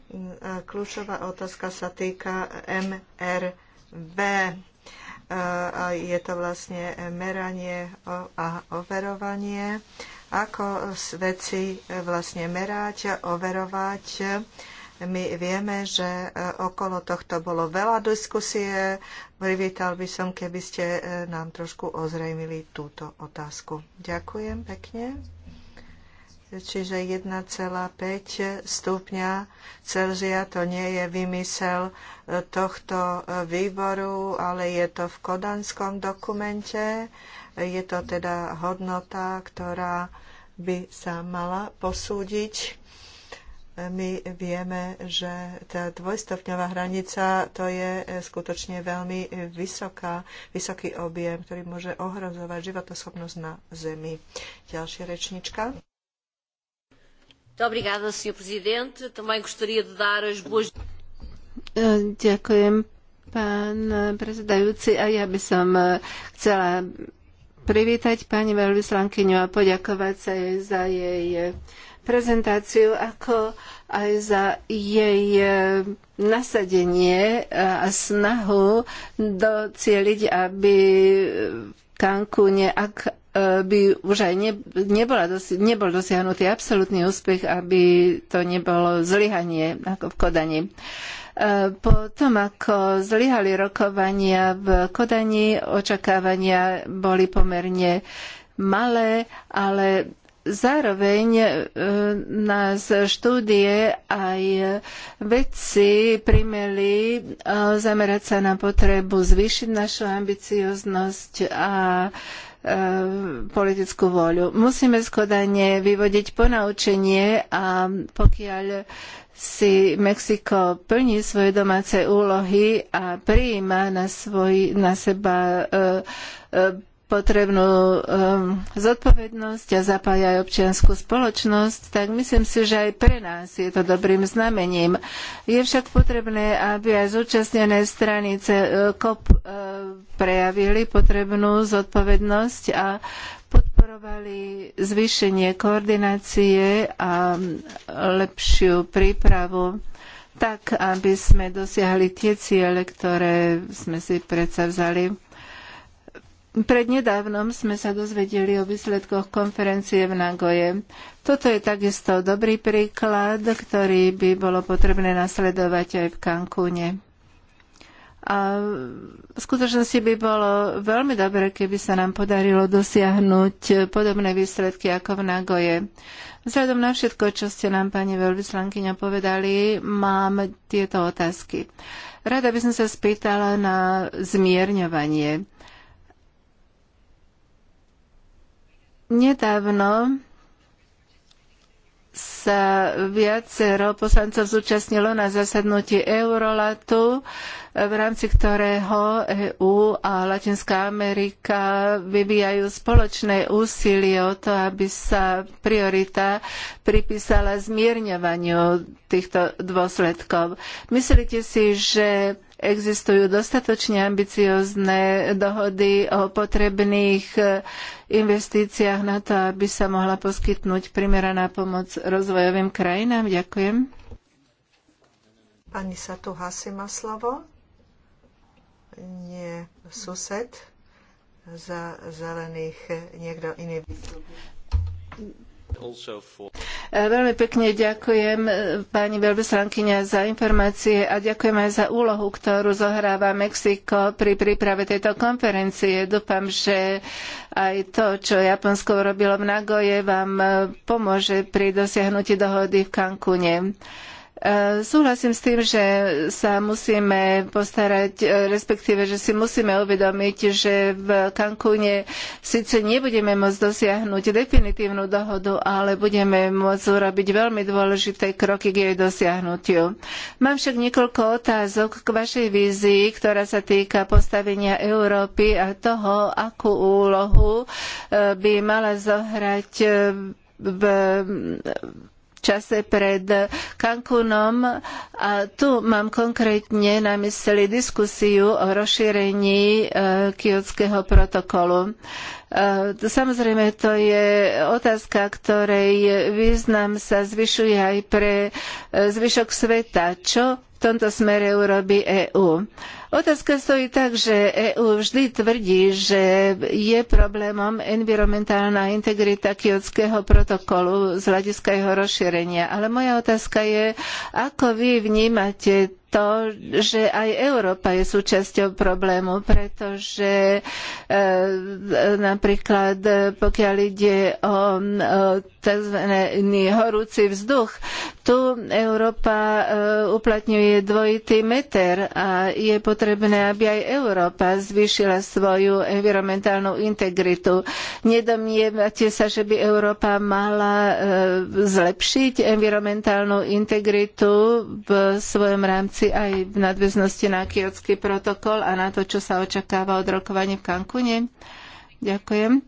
E, kľúčová otázka sa týka MRV. E, je to vlastne meranie a overovanie. Ako veci vlastne merať, overovať my vieme, že e, okolo tohto bolo veľa diskusie. Privítal by som, keby ste e, nám trošku ozrejmili túto otázku. Ďakujem pekne. Čiže 1,5 stupňa Celzia to nie je vymysel e, tohto výboru, ale je to v kodanskom dokumente. Je to teda hodnota, ktorá by sa mala posúdiť my vieme, že tá dvojstupňová hranica to je e, skutočne veľmi e, vysoká, vysoký objem, ktorý môže ohrozovať životoschopnosť na Zemi. Ďalšia rečnička. E, ďakujem, pán prezidajúci. A ja by som chcela privítať pani veľvyslankyňu a poďakovať sa jej za jej prezentáciu, ako aj za jej e, nasadenie a snahu docieliť, aby Cancúne, ak e, by už aj ne, nebola dosi, nebol dosiahnutý absolútny úspech, aby to nebolo zlyhanie ako v Kodani. E, po tom, ako zlyhali rokovania v Kodani, očakávania boli pomerne malé, ale Zároveň e, nás štúdie aj vedci primeli e, zamerať sa na potrebu zvýšiť našu ambicioznosť a e, politickú voľu. Musíme skodanie vyvodiť ponaučenie a pokiaľ si Mexiko plní svoje domáce úlohy a prijíma na, svoj, na seba e, e, potrebnú um, zodpovednosť a zapája aj občianskú spoločnosť, tak myslím si, že aj pre nás je to dobrým znamením. Je však potrebné, aby aj zúčastnené strany COP e, uh, e, prejavili potrebnú zodpovednosť a podporovali zvýšenie koordinácie a lepšiu prípravu tak, aby sme dosiahli tie ciele, ktoré sme si predsa vzali Prednedávnom sme sa dozvedeli o výsledkoch konferencie v Nagoje. Toto je takisto dobrý príklad, ktorý by bolo potrebné nasledovať aj v Cancúne. A v skutočnosti by bolo veľmi dobré, keby sa nám podarilo dosiahnuť podobné výsledky ako v Nagoje. Vzhľadom na všetko, čo ste nám, pani veľvyslankyňa, povedali, mám tieto otázky. Rada by som sa spýtala na zmierňovanie Nedávno sa viacero poslancov zúčastnilo na zasadnutí Eurolatu, v rámci ktorého EÚ a Latinská Amerika vyvíjajú spoločné úsilie o to, aby sa priorita pripísala zmierňovaniu týchto dôsledkov. Myslíte si, že existujú dostatočne ambiciozne dohody o potrebných e, investíciách na to, aby sa mohla poskytnúť primeraná pomoc rozvojovým krajinám? Ďakujem. Pani Satu Hasi má slovo. Nie sused za zelených niekto iný E, veľmi pekne ďakujem e, pani veľvyslankyňa za informácie a ďakujem aj za úlohu, ktorú zohráva Mexiko pri príprave tejto konferencie. Dúfam, že aj to, čo Japonsko urobilo v Nagoje, vám e, pomôže pri dosiahnutí dohody v Cancúne. E, súhlasím s tým, že sa musíme postarať, e, respektíve, že si musíme uvedomiť, že v Cancúne síce nebudeme môcť dosiahnuť definitívnu dohodu, ale budeme môcť urobiť veľmi dôležité kroky k jej dosiahnutiu. Mám však niekoľko otázok k vašej vízii, ktorá sa týka postavenia Európy a toho, akú úlohu e, by mala zohrať v čase pred Cancúnom. a tu mám konkrétne na mysli diskusiu o rozšírení e, kiotského protokolu. E, samozrejme, to je otázka, ktorej význam sa zvyšuje aj pre e, zvyšok sveta. Čo v tomto smere urobí EÚ. Otázka stojí tak, že EÚ vždy tvrdí, že je problémom environmentálna integrita kiotského protokolu z hľadiska jeho rozšírenia. Ale moja otázka je, ako vy vnímate to, že aj Európa je súčasťou problému, pretože e, napríklad pokiaľ ide o tzv. horúci vzduch, tu Európa e, uplatňuje dvojitý meter a je potrebné, aby aj Európa zvýšila svoju environmentálnu integritu. Nedomnievate sa, že by Európa mala e, zlepšiť environmentálnu integritu v svojom rámci veci aj v nadväznosti na kiotský protokol a na to, čo sa očakáva od rokovania v Kankune? Ďakujem.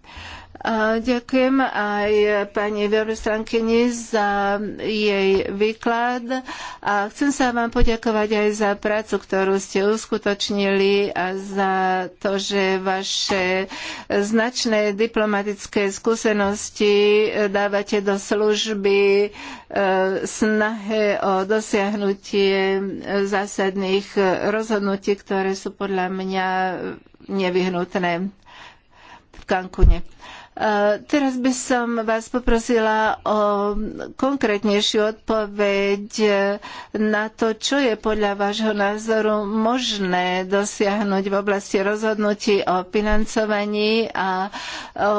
A ďakujem aj pani veľvyslankyni za jej výklad a chcem sa vám poďakovať aj za prácu, ktorú ste uskutočnili a za to, že vaše značné diplomatické skúsenosti dávate do služby e, snahe o dosiahnutie zásadných rozhodnutí, ktoré sú podľa mňa nevyhnutné. Cancune. E, teraz by som vás poprosila o konkrétnejšiu odpoveď na to, čo je podľa vášho názoru možné dosiahnuť v oblasti rozhodnutí o financovaní a o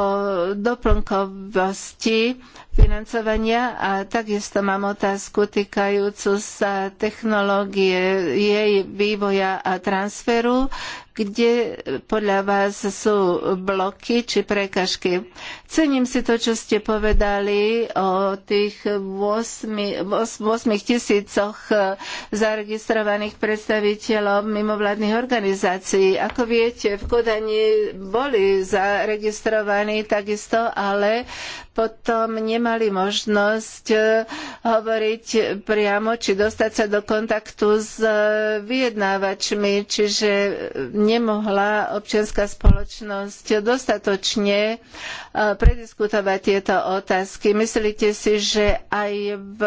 doplnkovosti financovania a takisto mám otázku týkajúcu sa technológie jej vývoja a transferu, kde podľa vás sú bloky či prekažky. Cením si to, čo ste povedali o tých 8, 8 tisícoch eh, zaregistrovaných predstaviteľov mimovládnych organizácií. Ako viete, v Kodani boli zaregistrovaní takisto, ale potom nemali možnosť eh, hovoriť priamo či dostať sa do kontaktu s eh, vyjednávačmi, čiže eh, nemohla občianská spoločnosť dostatočne prediskutovať tieto otázky. Myslíte si, že aj v,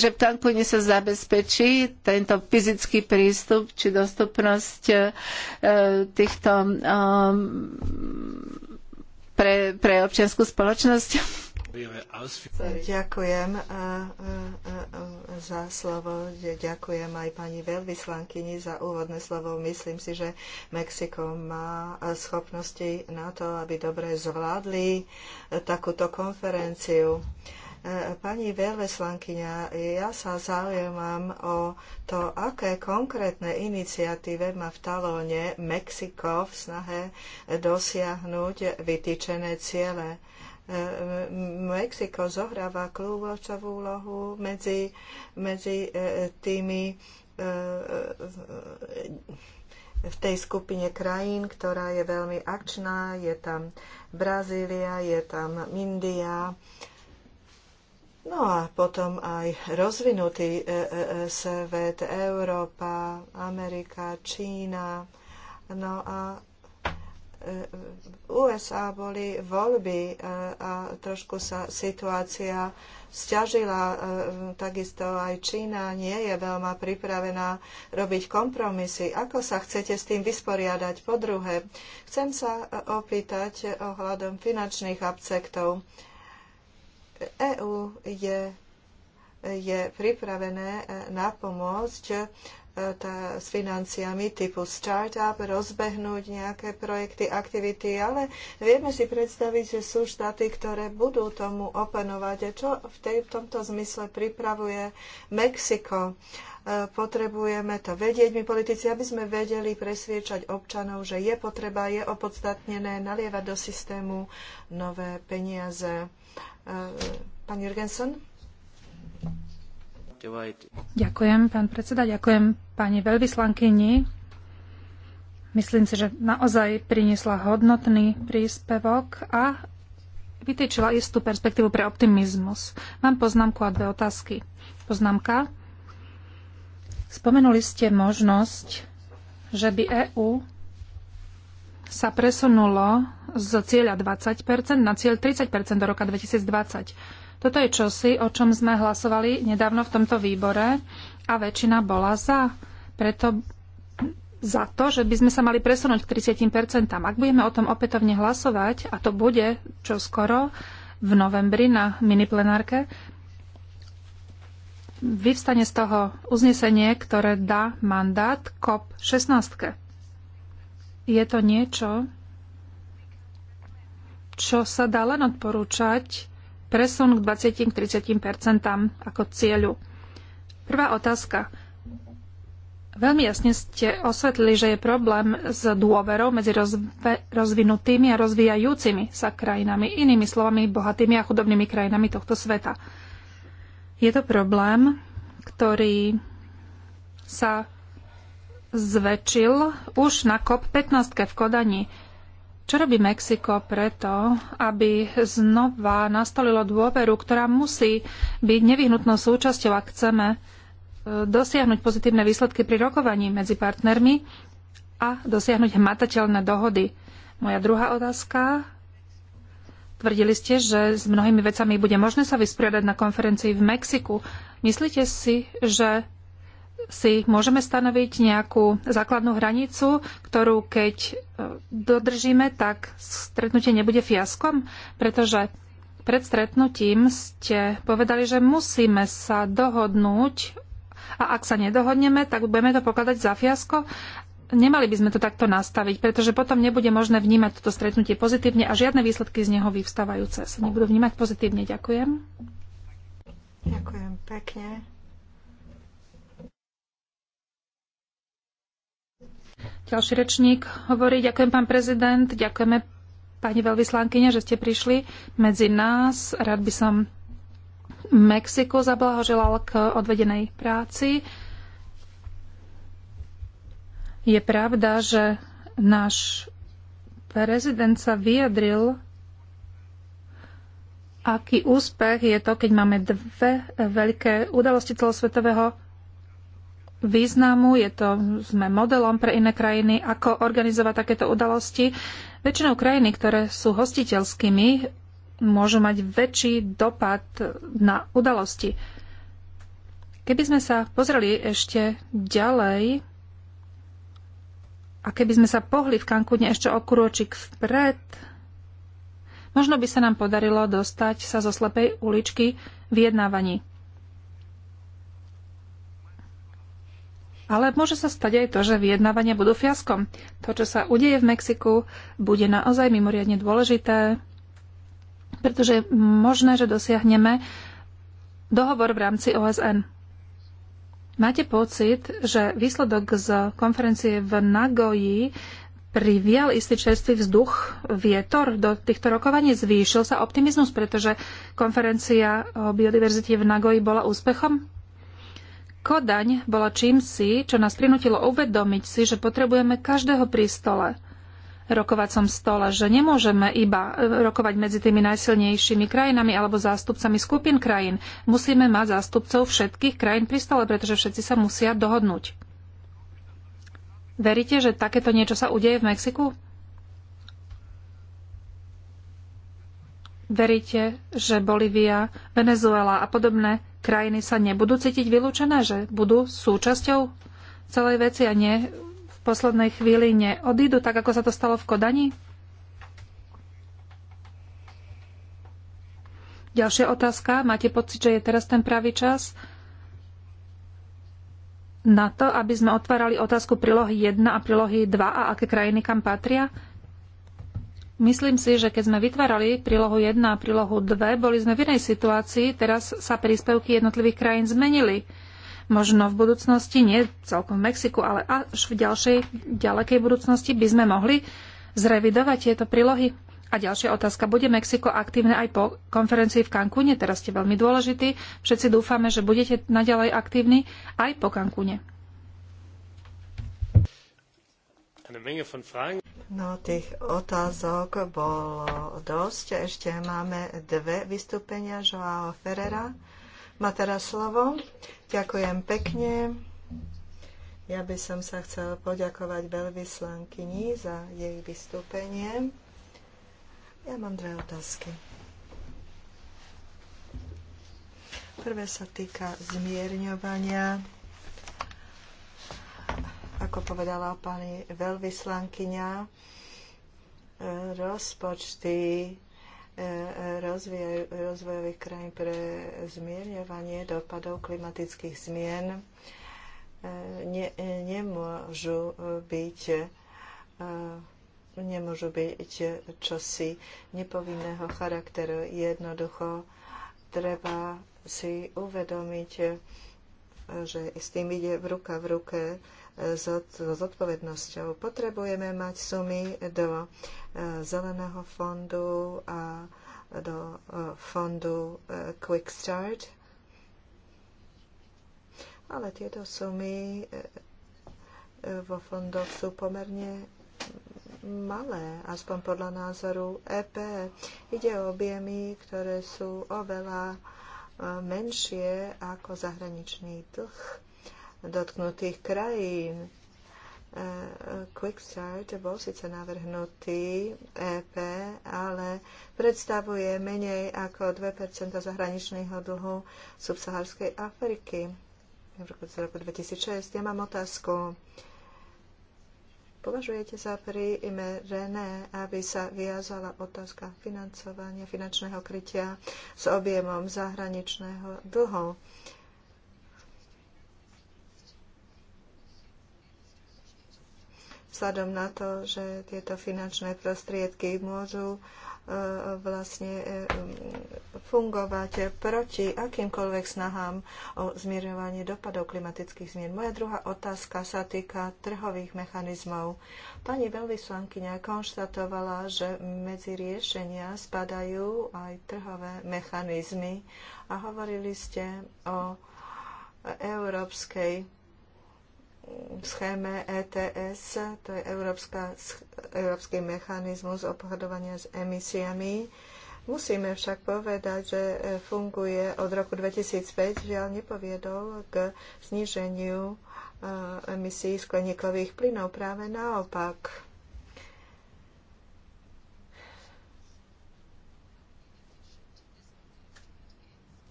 že v Cancúne sa zabezpečí tento fyzický prístup či dostupnosť týchto um, pre, pre občianskú spoločnosť? Ďakujem za slovo. Ďakujem aj pani veľvyslankyni za úvodné slovo. Myslím si, že Mexiko má schopnosti na to, aby dobre zvládli e, takúto konferenciu. Pani veľveslankyňa, ja sa zaujímam o to, aké konkrétne iniciatíve má v Talóne Mexiko v snahe dosiahnuť vytýčené ciele. Mexiko zohráva kľúčovú úlohu medzi, medzi e, tými e, v tej skupine krajín, ktorá je veľmi akčná. Je tam Brazília, je tam India, No a potom aj rozvinutý e, e, e, svet, Európa, Amerika, Čína. No a USA boli voľby a trošku sa situácia stiažila. Takisto aj Čína nie je veľmi pripravená robiť kompromisy. Ako sa chcete s tým vysporiadať? Po druhé, chcem sa opýtať ohľadom finančných abcektov. EÚ je, je pripravené e, na pomôcť e, tá, s financiami typu startup, rozbehnúť nejaké projekty, aktivity, ale vieme si predstaviť, že sú štáty, ktoré budú tomu opanovať. A čo v, tej, v tomto zmysle pripravuje Mexiko? E, potrebujeme to vedieť, my politici, aby sme vedeli presviečať občanov, že je potreba, je opodstatnené nalievať do systému nové peniaze Ďakujem, pán predseda, ďakujem pani veľvyslankyni. Myslím si, že naozaj priniesla hodnotný príspevok a vytýčila istú perspektívu pre optimizmus. Mám poznámku a dve otázky. Poznámka. Spomenuli ste možnosť, že by EÚ sa presunulo z cieľa 20 na cieľ 30 do roka 2020. Toto je čosi, o čom sme hlasovali nedávno v tomto výbore a väčšina bola za. Preto za to, že by sme sa mali presunúť k 30 Ak budeme o tom opätovne hlasovať, a to bude čo skoro, v novembri na miniplenárke, vyvstane z toho uznesenie, ktoré dá mandát COP16. Je to niečo, čo sa dá len odporúčať, presun k 20-30 ako cieľu. Prvá otázka. Veľmi jasne ste osvetlili, že je problém s dôverou medzi rozvinutými a rozvíjajúcimi sa krajinami, inými slovami bohatými a chudobnými krajinami tohto sveta. Je to problém, ktorý sa zväčšil už na COP15 v Kodani čo robí Mexiko preto, aby znova nastolilo dôveru, ktorá musí byť nevyhnutnou súčasťou, ak chceme e, dosiahnuť pozitívne výsledky pri rokovaní medzi partnermi a dosiahnuť hmatateľné dohody? Moja druhá otázka. Tvrdili ste, že s mnohými vecami bude možné sa vysporiadať na konferencii v Mexiku. Myslíte si, že si môžeme stanoviť nejakú základnú hranicu, ktorú keď e, dodržíme, tak stretnutie nebude fiaskom? Pretože pred stretnutím ste povedali, že musíme sa dohodnúť a ak sa nedohodneme, tak budeme to pokladať za fiasko. Nemali by sme to takto nastaviť, pretože potom nebude možné vnímať toto stretnutie pozitívne a žiadne výsledky z neho vyvstávajúce sa nebudú vnímať pozitívne. Ďakujem. Ďakujem pekne. Ďalší rečník hovorí. Ďakujem, pán prezident. Ďakujeme, pani veľvyslankyne, že ste prišli medzi nás. Rád by som Mexiku zablahoželal k odvedenej práci. Je pravda, že náš prezident sa vyjadril, aký úspech je to, keď máme dve veľké udalosti celosvetového významu, je to, sme modelom pre iné krajiny, ako organizovať takéto udalosti. Väčšinou krajiny, ktoré sú hostiteľskými, môžu mať väčší dopad na udalosti. Keby sme sa pozreli ešte ďalej a keby sme sa pohli v Cancúne ešte o krôčik vpred, možno by sa nám podarilo dostať sa zo slepej uličky vyjednávaní. Ale môže sa stať aj to, že vyjednávania budú fiaskom. To, čo sa udeje v Mexiku, bude naozaj mimoriadne dôležité, pretože je možné, že dosiahneme dohovor v rámci OSN. Máte pocit, že výsledok z konferencie v Nagoji privial istý čerstvý vzduch, vietor do týchto rokovaní, zvýšil sa optimizmus, pretože konferencia o biodiverzite v Nagoji bola úspechom? Kodaň bola čímsi, čo nás prinútilo uvedomiť si, že potrebujeme každého pri stole – rokovacom stole, že nemôžeme iba e, rokovať medzi tými najsilnejšími krajinami alebo zástupcami skupín krajín. Musíme mať zástupcov všetkých krajín pri stole, pretože všetci sa musia dohodnúť. Veríte, že takéto niečo sa udeje v Mexiku? Veríte, že Bolívia, Venezuela a podobné krajiny sa nebudú cítiť vylúčené, že budú súčasťou celej veci a nie v poslednej chvíli neodídu, tak ako sa to stalo v Kodani? Ďalšia otázka. Máte pocit, že je teraz ten pravý čas na to, aby sme otvárali otázku prílohy 1 a prílohy 2 a aké krajiny kam patria? Myslím si, že keď sme vytvárali prílohu 1 a prílohu 2, boli sme v inej situácii, teraz sa príspevky jednotlivých krajín zmenili. Možno v budúcnosti, nie celkom v Mexiku, ale až v ďalšej, ďalekej budúcnosti by sme mohli zrevidovať tieto prílohy. A ďalšia otázka. Bude Mexiko aktívne aj po konferencii v Cancúne? Teraz ste veľmi dôležití. Všetci dúfame, že budete naďalej aktívni aj po Cancúne. No, tých otázok bolo dosť. Ešte máme dve vystúpenia Joao Ferrera. Má teraz slovo. Ďakujem pekne. Ja by som sa chcela poďakovať veľvyslankyni za jej vystúpenie. Ja mám dve otázky. Prvé sa týka zmierňovania ako povedala pani veľvyslankyňa, e, rozpočty e, rozvojových krajín pre zmierňovanie dopadov klimatických zmien e, ne, nemôžu byť nemôžu byť čosi nepovinného charakteru. Jednoducho treba si uvedomiť, že s tým ide v ruka v ruke so zodpovednosťou. Potrebujeme mať sumy do e, zeleného fondu a do e, fondu e, Quick Start, ale tieto sumy vo fondoch sú pomerne malé, aspoň podľa názoru EP. Ide o objemy, ktoré sú oveľa menšie ako zahraničný dlh dotknutých krajín. E, Quickstart bol síce navrhnutý EP, ale predstavuje menej ako 2 zahraničného dlhu subsaharskej Afriky v roku, 2006. Ja mám otázku. Považujete za primerené, aby sa viazala otázka financovania, finančného krytia s objemom zahraničného dlhu? vzhľadom na to, že tieto finančné prostriedky môžu e, vlastne e, fungovať proti akýmkoľvek snahám o zmierňovanie dopadov klimatických zmien. Moja druhá otázka sa týka trhových mechanizmov. Pani veľvyslankyňa konštatovala, že medzi riešenia spadajú aj trhové mechanizmy a hovorili ste o e, európskej schéme ETS, to je Európska, Európsky mechanizmus obchodovania s emisiami. Musíme však povedať, že e, funguje od roku 2005, žiaľ nepoviedol k zníženiu e, emisí skleníkových plynov. Práve naopak.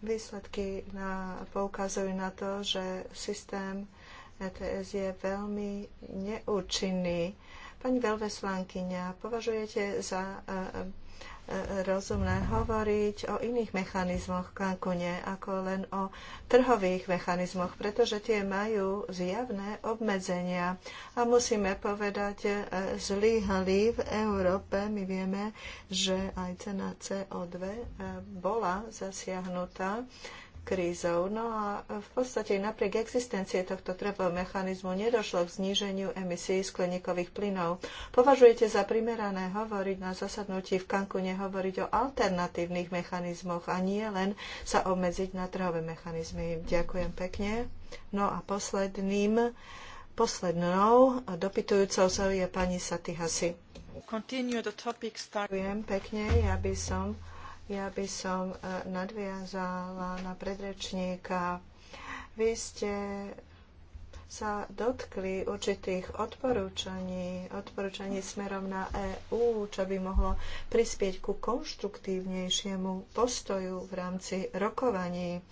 Výsledky na, poukazujú na to, že systém ETS je veľmi neúčinný. Pani veľveslankyňa, považujete za e, e, rozumné hovoriť o iných mechanizmoch v Cancune ako len o trhových mechanizmoch, pretože tie majú zjavné obmedzenia. A musíme povedať, e, zlyhali v Európe. My vieme, že aj cena CO2 bola zasiahnutá krízou. No a v podstate napriek existencie tohto trhového mechanizmu nedošlo k zníženiu emisí skleníkových plynov. Považujete za primerané hovoriť na zasadnutí v kankune hovoriť o alternatívnych mechanizmoch a nie len sa obmedziť na trhové mechanizmy. Ďakujem pekne. No a posledným, poslednou dopytujúcou sa je pani Satihasi. Ďakujem pekne. Ja by som ja by som e, nadviazala na predrečníka. Vy ste sa dotkli určitých odporúčaní, odporúčaní smerom na EÚ, čo by mohlo prispieť ku konštruktívnejšiemu postoju v rámci rokovaní.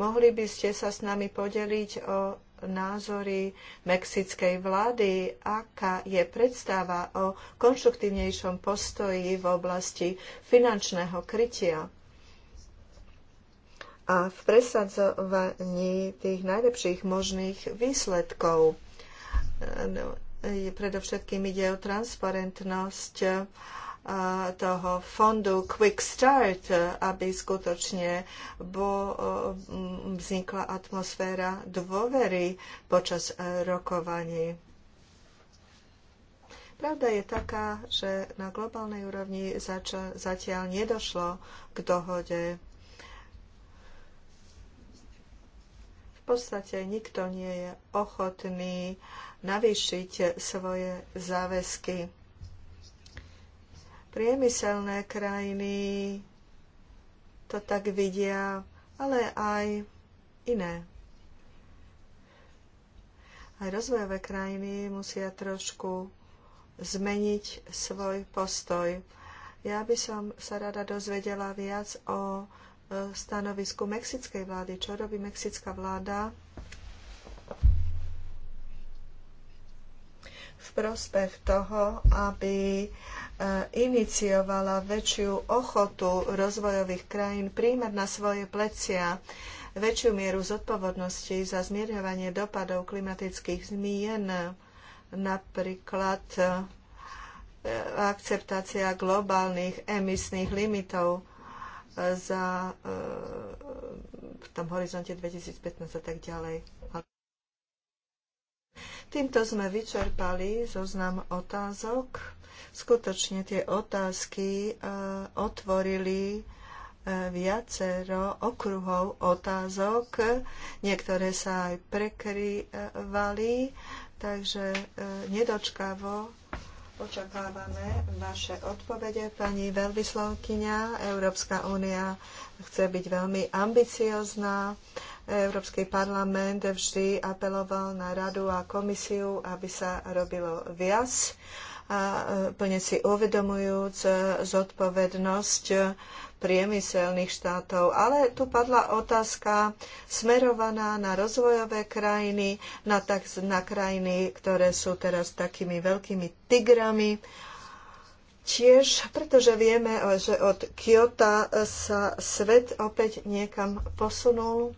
Mohli by ste sa s nami podeliť o názory mexickej vlády, aká je predstava o konštruktívnejšom postoji v oblasti finančného krytia a v presadzovaní tých najlepších možných výsledkov. No, predovšetkým ide o transparentnosť toho fondu Quick Start, aby skutočne bo, vznikla atmosféra dôvery počas e, rokovaní. Pravda je taká, že na globálnej úrovni zača- zatiaľ nedošlo k dohode. V podstate nikto nie je ochotný navýšiť svoje záväzky priemyselné krajiny to tak vidia, ale aj iné. Aj rozvojové krajiny musia trošku zmeniť svoj postoj. Ja by som sa rada dozvedela viac o e, stanovisku mexickej vlády. Čo robí mexická vláda v prospech toho, aby Eh, iniciovala väčšiu ochotu rozvojových krajín príjmať na svoje plecia väčšiu mieru zodpovednosti za zmierňovanie dopadov klimatických zmien, napríklad eh, akceptácia globálnych emisných limitov eh, za, v tom horizonte 2015 a tak ďalej. Týmto sme vyčerpali zoznam otázok skutočne tie otázky e, otvorili e, viacero okruhov otázok. Niektoré sa aj prekryvali, takže e, nedočkavo očakávame vaše odpovede. Pani veľvyslankyňa, Európska únia chce byť veľmi ambiciozná. Európsky parlament vždy apeloval na radu a komisiu, aby sa robilo viac a e, plne si uvedomujúc e, zodpovednosť e, priemyselných štátov. Ale tu padla otázka smerovaná na rozvojové krajiny, na, tak, na krajiny, ktoré sú teraz takými veľkými tigrami. Tiež, pretože vieme, že od Kyoto sa svet opäť niekam posunul.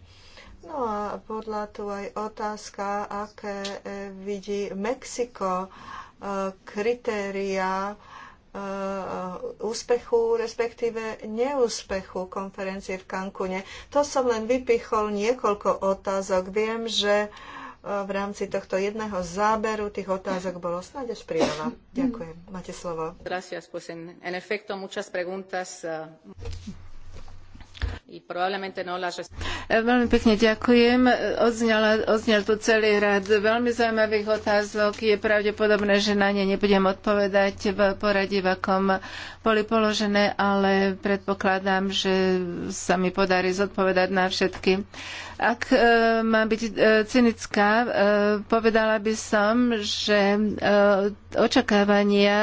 No a podľa tu aj otázka, aké vidí Mexiko kritéria e, úspechu, respektíve neúspechu konferencie v Cancune. To som len vypichol niekoľko otázok. Viem, že e, v rámci tohto jedného záberu tých otázok bolo snáď až priveľa. Ďakujem. Máte slovo. No eh, veľmi pekne ďakujem. odznel tu celý rad veľmi zaujímavých otázok. Je pravdepodobné, že na ne nebudem odpovedať v poradí, v akom boli položené, ale predpokladám, že sa mi podarí zodpovedať na všetky. Ak e, mám byť e, cynická, e, povedala by som, že očakávania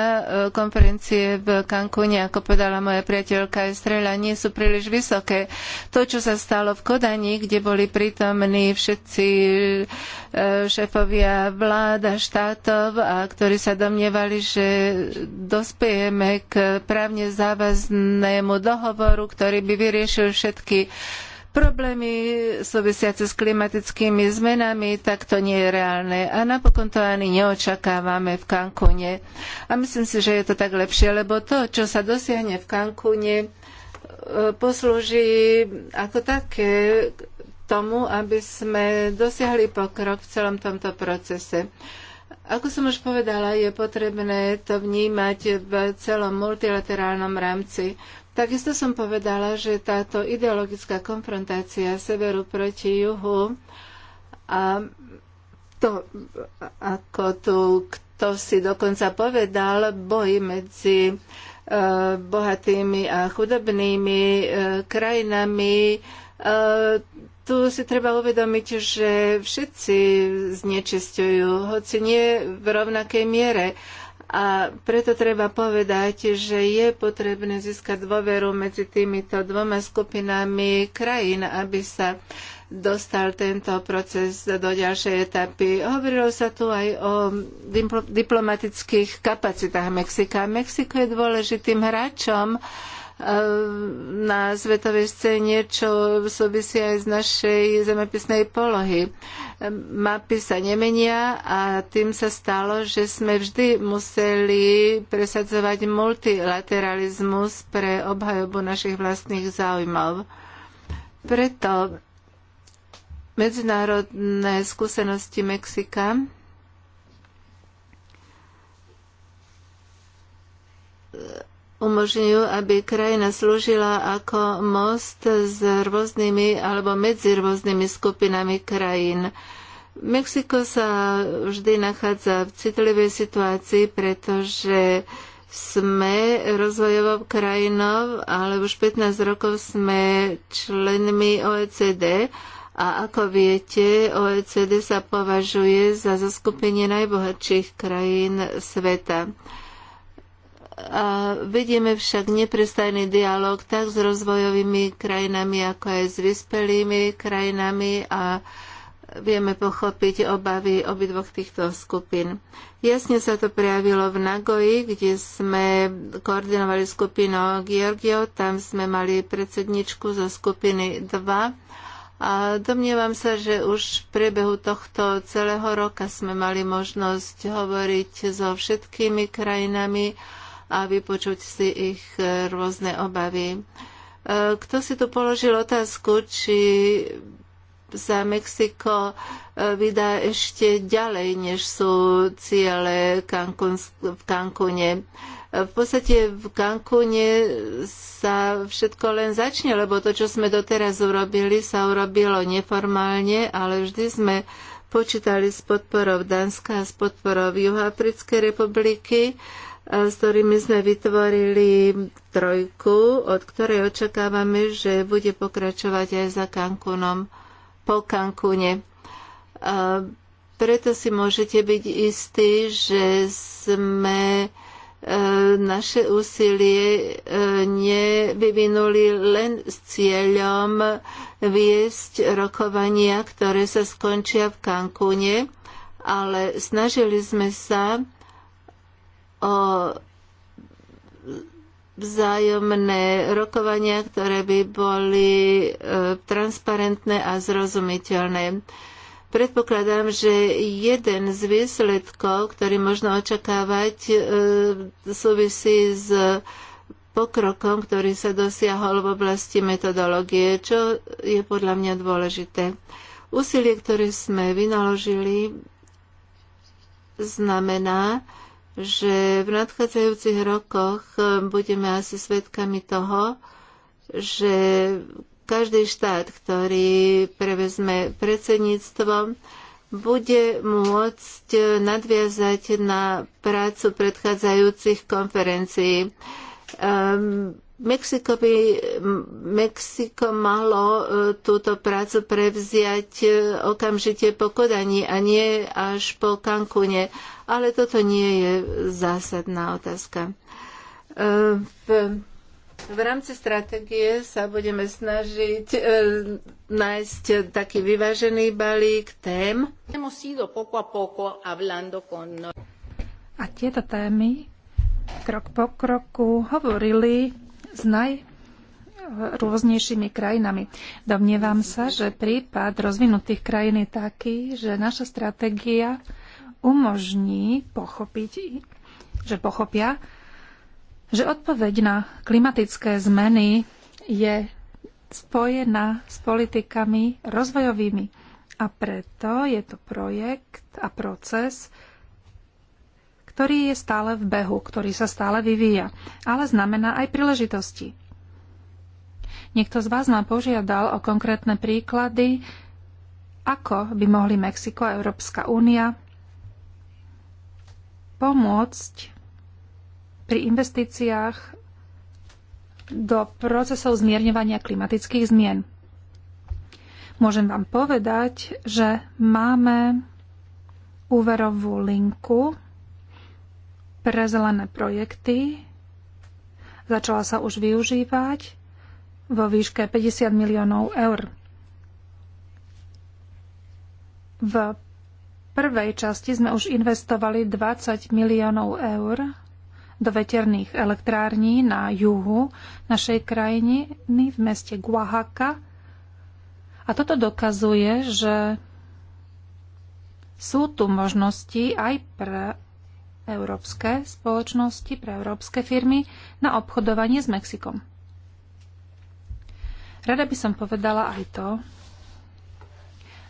konferencie v Cancúne, ako povedala moja priateľka Estrela, nie sú príliš vysoké to, čo sa stalo v Kodani, kde boli prítomní všetci e, šéfovia vlád a štátov, a ktorí sa domnievali, že dospejeme k právne záväznému dohovoru, ktorý by vyriešil všetky problémy súvisiace s klimatickými zmenami, tak to nie je reálne. A napokon to ani neočakávame v Cancúne. A myslím si, že je to tak lepšie, lebo to, čo sa dosiahne v Cancúne, poslúži ako také tomu, aby sme dosiahli pokrok v celom tomto procese. Ako som už povedala, je potrebné to vnímať v celom multilaterálnom rámci. Takisto som povedala, že táto ideologická konfrontácia severu proti juhu a to, ako tu kto si dokonca povedal, boj medzi Eh, bohatými a chudobnými eh, krajinami, eh, tu si treba uvedomiť, že všetci znečistujú, hoci nie v rovnakej miere. A preto treba povedať, že je potrebné získať dôveru medzi týmito dvoma skupinami krajín, aby sa dostal tento proces do ďalšej etapy. Hovorilo sa tu aj o diplomatických kapacitách Mexika. Mexiko je dôležitým hráčom e, na svetovej scéne, čo súvisí aj z našej zemepisnej polohy. Mapy sa nemenia a tým sa stalo, že sme vždy museli presadzovať multilateralizmus pre obhajobu našich vlastných záujmov. Preto medzinárodné skúsenosti Mexika umožňujú, aby krajina slúžila ako most s rôznymi alebo medzi rôznymi skupinami krajín. Mexiko sa vždy nachádza v citlivej situácii, pretože sme rozvojovou krajinou, ale už 15 rokov sme členmi OECD a ako viete, OECD sa považuje za zoskupenie najbohatších krajín sveta. A vidíme však neprestajný dialog tak s rozvojovými krajinami, ako aj s vyspelými krajinami a vieme pochopiť obavy obidvoch týchto skupín. Jasne sa to prejavilo v Nagoji, kde sme koordinovali skupinu Georgio, tam sme mali predsedničku zo skupiny 2 a domnievam sa, že už v priebehu tohto celého roka sme mali možnosť hovoriť so všetkými krajinami a vypočuť si ich rôzne obavy. E, kto si tu položil otázku, či sa Mexiko e, vydá ešte ďalej, než sú ciele v Cancúne. V podstate v Cancúne sa všetko len začne, lebo to, čo sme doteraz urobili, sa urobilo neformálne, ale vždy sme počítali s podporou Danska a s podporou Juhoafrickej republiky, s ktorými sme vytvorili trojku, od ktorej očakávame, že bude pokračovať aj za Cancúnom, po Cancúne. Preto si môžete byť istí, že sme E, naše úsilie e, nevyvinuli len s cieľom viesť rokovania, ktoré sa skončia v Cancúne, ale snažili sme sa o vzájomné rokovania, ktoré by boli e, transparentné a zrozumiteľné. Predpokladám, že jeden z výsledkov, ktorý možno očakávať, e, súvisí s pokrokom, ktorý sa dosiahol v oblasti metodológie, čo je podľa mňa dôležité. Úsilie, ktoré sme vynaložili, znamená, že v nadchádzajúcich rokoch e, budeme asi svedkami toho, že každý štát, ktorý prevezme predsedníctvo, bude môcť nadviazať na prácu predchádzajúcich konferencií. Um, Mexiko by Mexiko malo e, túto prácu prevziať e, okamžite po Kodani a nie až po Cancúne. Ale toto nie je zásadná otázka. Ehm, v v rámci stratégie sa budeme snažiť e, nájsť taký vyvážený balík tém. A tieto témy krok po kroku hovorili s najrôznejšími krajinami. Domnievam sa, že prípad rozvinutých krajín je taký, že naša stratégia umožní pochopiť, že pochopia, že odpoveď na klimatické zmeny je spojená s politikami rozvojovými. A preto je to projekt a proces, ktorý je stále v behu, ktorý sa stále vyvíja, ale znamená aj príležitosti. Niekto z vás nám požiadal o konkrétne príklady, ako by mohli Mexiko a Európska únia pomôcť pri investíciách do procesov zmierňovania klimatických zmien. Môžem vám povedať, že máme úverovú linku pre zelené projekty. Začala sa už využívať vo výške 50 miliónov eur. V prvej časti sme už investovali 20 miliónov eur do veterných elektrární na juhu našej krajiny v meste Guahaka. A toto dokazuje, že sú tu možnosti aj pre európske spoločnosti, pre európske firmy na obchodovanie s Mexikom. Rada by som povedala aj to,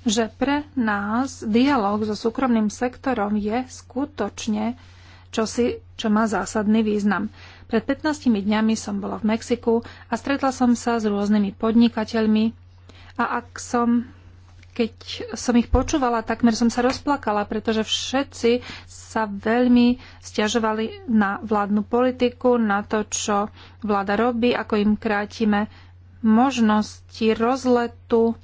že pre nás dialog so súkromným sektorom je skutočne čosi, čo má zásadný význam. Pred 15 dňami som bola v Mexiku a stretla som sa s rôznymi podnikateľmi a ak som keď som ich počúvala, takmer som sa rozplakala, pretože všetci sa veľmi stiažovali na vládnu politiku, na to, čo vláda robí, ako im krátime možnosti rozletu,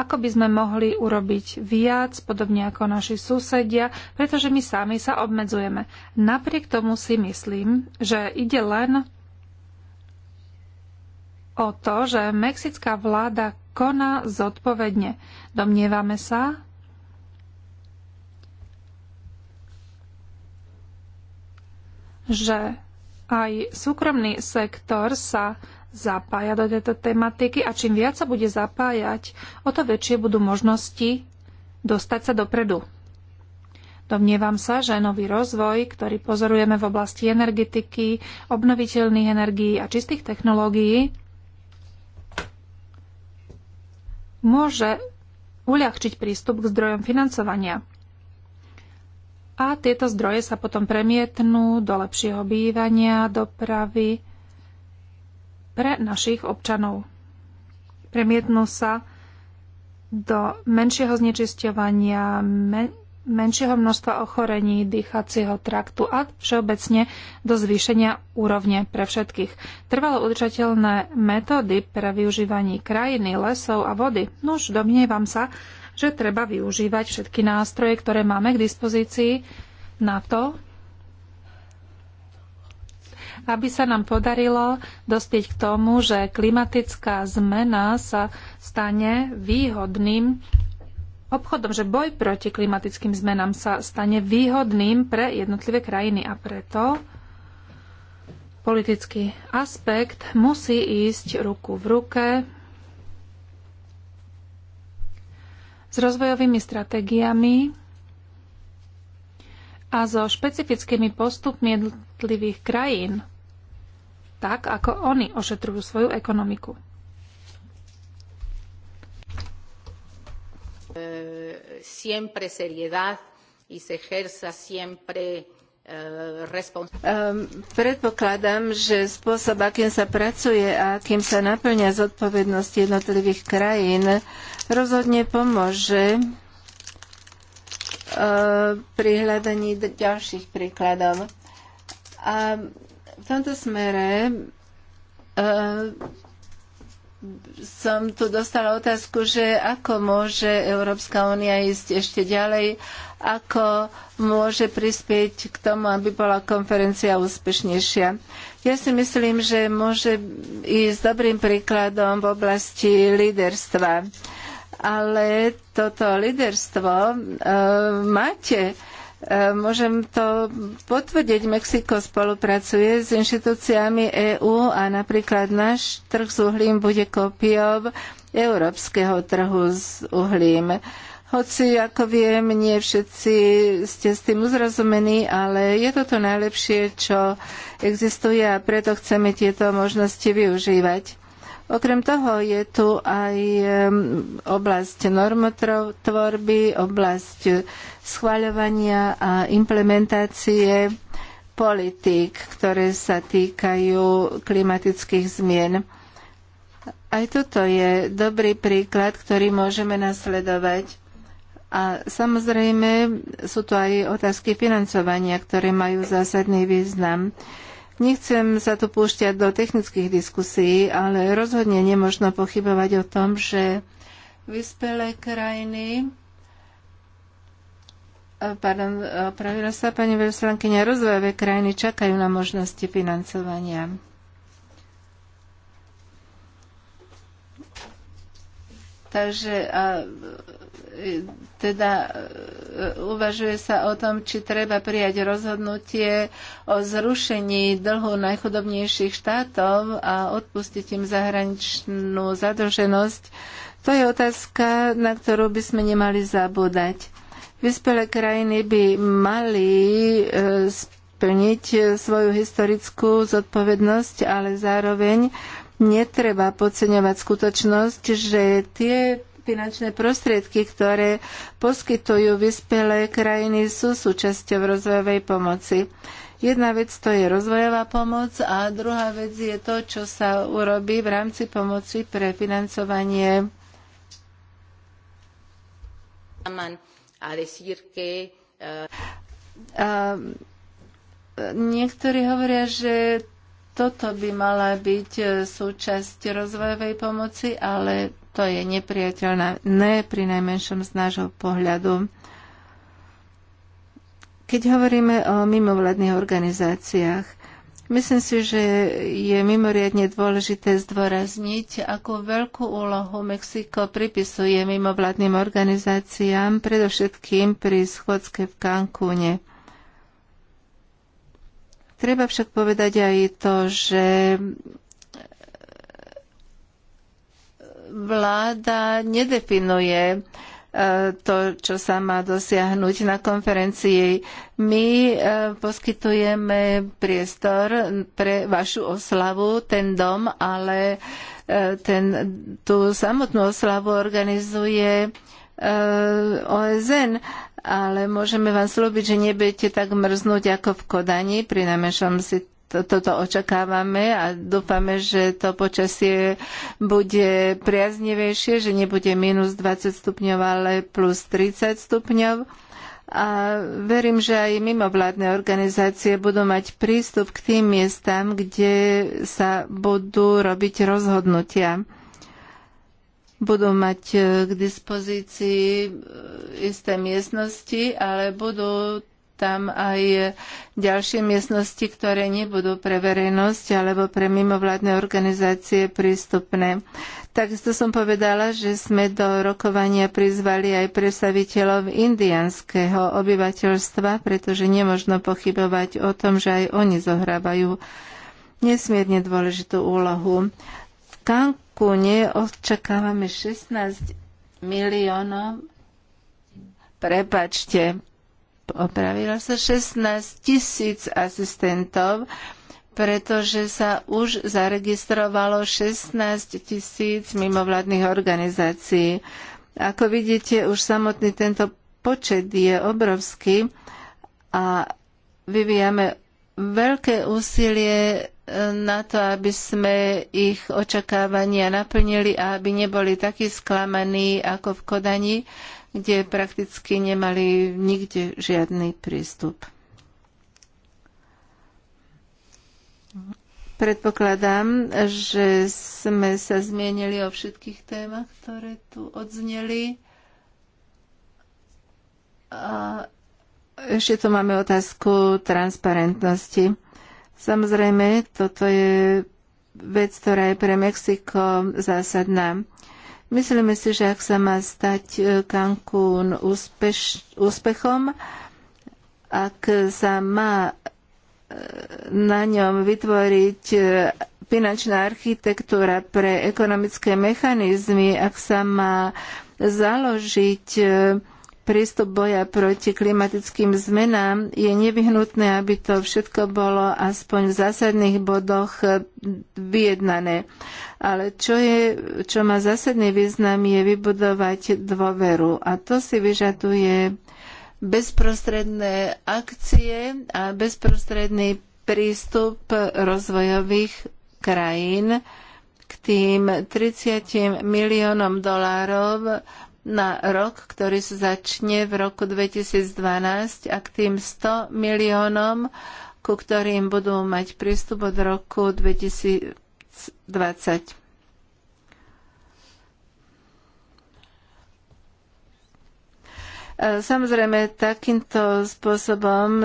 ako by sme mohli urobiť viac, podobne ako naši susedia, pretože my sami sa obmedzujeme. Napriek tomu si myslím, že ide len o to, že mexická vláda koná zodpovedne. Domnievame sa, že aj súkromný sektor sa zapája do tejto tematiky a čím viac sa bude zapájať, o to väčšie budú možnosti dostať sa dopredu. Domnievam sa, že nový rozvoj, ktorý pozorujeme v oblasti energetiky, obnoviteľných energií a čistých technológií, môže uľahčiť prístup k zdrojom financovania. A tieto zdroje sa potom premietnú do lepšieho bývania, dopravy, pre našich občanov. Premietnú sa do menšieho znečisťovania, men- menšieho množstva ochorení dýchacieho traktu a všeobecne do zvýšenia úrovne pre všetkých. Trvalo udržateľné metódy pre využívanie krajiny, lesov a vody. Nuž, domnievam sa, že treba využívať všetky nástroje, ktoré máme k dispozícii na to, aby sa nám podarilo dospieť k tomu, že klimatická zmena sa stane výhodným obchodom, že boj proti klimatickým zmenám sa stane výhodným pre jednotlivé krajiny a preto politický aspekt musí ísť ruku v ruke s rozvojovými stratégiami a so špecifickými postupmi jednotlivých krajín, tak ako oni ošetrujú svoju ekonomiku. Eh, siempre seriedad y se ejerza siempre eh, predpokladám, že spôsob, akým sa pracuje a akým sa naplňa zodpovednosť jednotlivých krajín, rozhodne pomôže E, pri hľadaní ďalších príkladov. A v tomto smere e, som tu dostala otázku, že ako môže Európska únia ísť ešte ďalej, ako môže prispieť k tomu, aby bola konferencia úspešnejšia. Ja si myslím, že môže ísť dobrým príkladom v oblasti líderstva. Uh, ale toto liderstvo e, máte. E, môžem to potvrdiť. Mexiko spolupracuje s inštitúciami EÚ a napríklad náš trh s uhlím bude kópiou európskeho trhu s uhlím. Hoci, ako viem, nie všetci ste s tým uzrozumení, ale je to to najlepšie, čo existuje a preto chceme tieto možnosti využívať. Okrem toho je tu aj oblasť normotvorby, oblasť schváľovania a implementácie politík, ktoré sa týkajú klimatických zmien. Aj toto je dobrý príklad, ktorý môžeme nasledovať. A samozrejme sú tu aj otázky financovania, ktoré majú zásadný význam. Nechcem sa tu púšťať do technických diskusí, ale rozhodne nemožno pochybovať o tom, že vyspelé krajiny pardon, pravila sa pani veľslankyňa, rozvojové krajiny čakajú na možnosti financovania. Takže a, e, teda uvažuje sa o tom, či treba prijať rozhodnutie o zrušení dlhu najchudobnejších štátov a odpustiť im zahraničnú zadlženosť. To je otázka, na ktorú by sme nemali zabúdať. Vyspelé krajiny by mali e, splniť svoju historickú zodpovednosť, ale zároveň netreba podceňovať skutočnosť, že tie finančné prostriedky, ktoré poskytujú vyspelé krajiny, sú súčasťou rozvojovej pomoci. Jedna vec to je rozvojová pomoc a druhá vec je to, čo sa urobí v rámci pomoci pre financovanie. A niektorí hovoria, že toto by mala byť súčasť rozvojovej pomoci, ale to je nepriateľné, ne pri najmenšom z nášho pohľadu. Keď hovoríme o mimovládnych organizáciách, myslím si, že je mimoriadne dôležité zdôrazniť, akú veľkú úlohu Mexiko pripisuje mimovládnym organizáciám, predovšetkým pri schodske v Cancúne. Treba však povedať aj to, že vláda nedefinuje e, to, čo sa má dosiahnuť na konferencii. My e, poskytujeme priestor pre vašu oslavu, ten dom, ale e, ten, tú samotnú oslavu organizuje OSN, ale môžeme vám slúbiť, že nebudete tak mrznúť ako v Kodani, pri najmenšom si to, toto očakávame a dúfame, že to počasie bude priaznivejšie, že nebude minus 20 stupňov, ale plus 30 stupňov. A verím, že aj mimovládne organizácie budú mať prístup k tým miestam, kde sa budú robiť rozhodnutia budú mať eh, k dispozícii eh, isté miestnosti, ale budú tam aj ďalšie miestnosti, ktoré nebudú pre verejnosť alebo pre mimovládne organizácie prístupné. Takisto som povedala, že sme do rokovania prizvali aj predstaviteľov indianského obyvateľstva, pretože nemožno pochybovať o tom, že aj oni zohrávajú nesmierne dôležitú úlohu. V Cancúne očakávame 16 miliónov Prepačte, Opravilo sa 16 tisíc asistentov, pretože sa už zaregistrovalo 16 tisíc mimovládnych organizácií. Ako vidíte, už samotný tento počet je obrovský a vyvíjame veľké úsilie e, na to, aby sme ich očakávania naplnili a aby neboli takí sklamaní ako v Kodani, kde prakticky nemali nikde žiadny prístup. Predpokladám, že sme sa zmienili o všetkých témach, ktoré tu odzneli. A ešte tu máme otázku transparentnosti. Samozrejme, toto je vec, ktorá je pre Mexiko zásadná. Myslíme si, že ak sa má stať e, Cancún úspeš, úspechom, ak sa má e, na ňom vytvoriť e, finančná architektúra pre ekonomické mechanizmy, ak sa má založiť prístup boja proti klimatickým zmenám, je nevyhnutné, aby to všetko bolo aspoň v zásadných bodoch vyjednané. Ale čo, je, čo má zásadný význam, je vybudovať dôveru. A to si vyžaduje bezprostredné akcie a bezprostredný prístup rozvojových krajín k tým 30 miliónom dolárov na rok, ktorý sa začne v roku 2012 a k tým 100 miliónom, ku ktorým budú mať prístup od roku 2020. E, samozrejme, takýmto spôsobom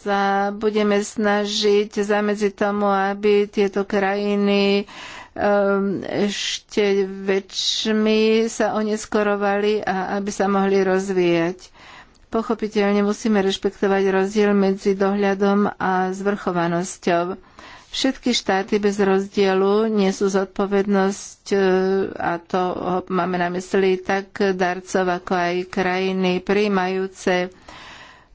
sa budeme snažiť zamedziť tomu, aby tieto krajiny Ehm, ešte väčšmi sa oneskorovali a aby sa mohli rozvíjať. Pochopiteľne musíme rešpektovať rozdiel medzi dohľadom a zvrchovanosťou. Všetky štáty bez rozdielu nesú zodpovednosť, e, a to máme na mysli tak darcov, ako aj krajiny prijímajúce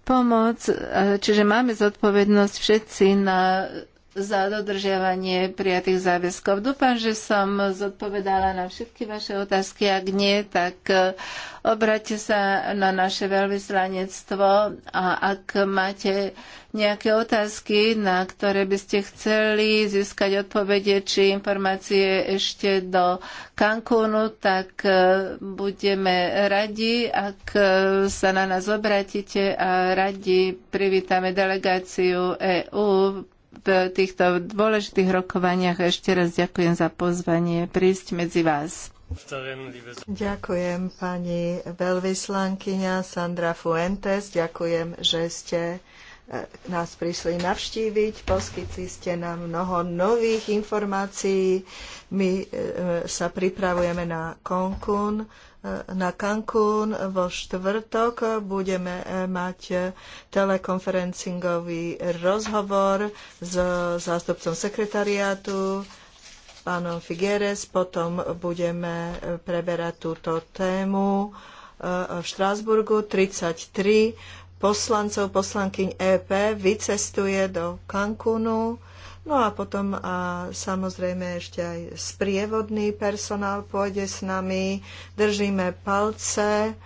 pomoc, e, čiže máme zodpovednosť všetci na za dodržiavanie prijatých záväzkov. Dúfam, že som zodpovedala na všetky vaše otázky. Ak nie, tak e, obráťte sa na naše veľvyslanectvo a ak máte nejaké otázky, na ktoré by ste chceli získať odpovede či informácie ešte do Cancúnu, tak e, budeme radi, ak e, sa na nás obratíte a radi privítame delegáciu EÚ v týchto dôležitých rokovaniach ešte raz ďakujem za pozvanie prísť medzi vás. Ďakujem pani veľvyslankyňa Sandra Fuentes, ďakujem, že ste e, nás prišli navštíviť, poskytli ste nám mnoho nových informácií. My e, e, sa pripravujeme na Konkún na Cancún. Vo štvrtok budeme mať telekonferencingový rozhovor s zástupcom sekretariátu pánom Figueres. Potom budeme preberať túto tému eh, v Štrásburgu. 33 poslancov, poslankyň EP vycestuje do Cancúnu No a potom a samozrejme ešte aj sprievodný personál pôjde s nami. Držíme palce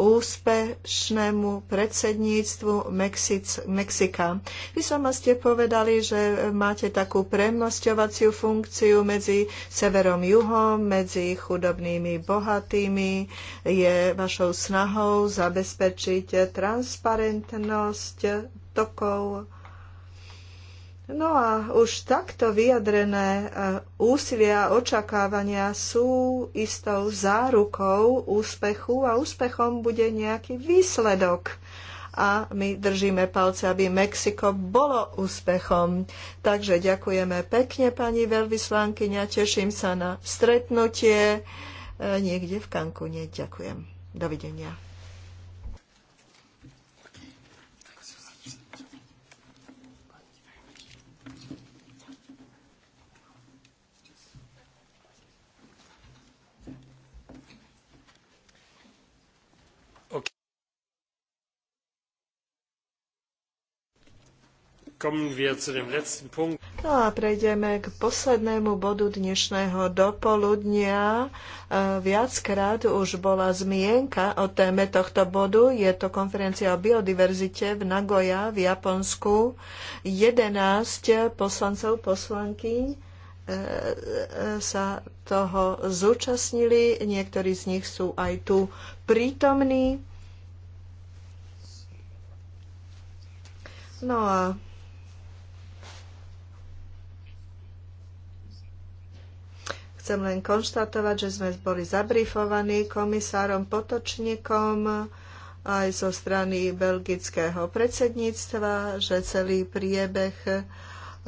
úspešnému predsedníctvu Mexic, Mexika. Vy sama ste povedali, že máte takú premnosťovaciu funkciu medzi severom juhom, medzi chudobnými bohatými. Je vašou snahou zabezpečiť transparentnosť tokov No a už takto vyjadrené e, úsilia a očakávania sú istou zárukou úspechu a úspechom bude nejaký výsledok. A my držíme palce, aby Mexiko bolo úspechom. Takže ďakujeme pekne, pani veľvyslankyňa. Teším sa na stretnutie e, niekde v Kankune. Ďakujem. Dovidenia. No a prejdeme k poslednému bodu dnešného dopoludnia. E, viackrát už bola zmienka o téme tohto bodu. Je to konferencia o biodiverzite v Nagoya v Japonsku. 11 poslancov, poslanky. E, e, sa toho zúčastnili. Niektorí z nich sú aj tu prítomní. No a Chcem len konštatovať, že sme boli zabrifovaní komisárom Potočníkom aj zo strany belgického predsedníctva, že celý priebeh eh, eh,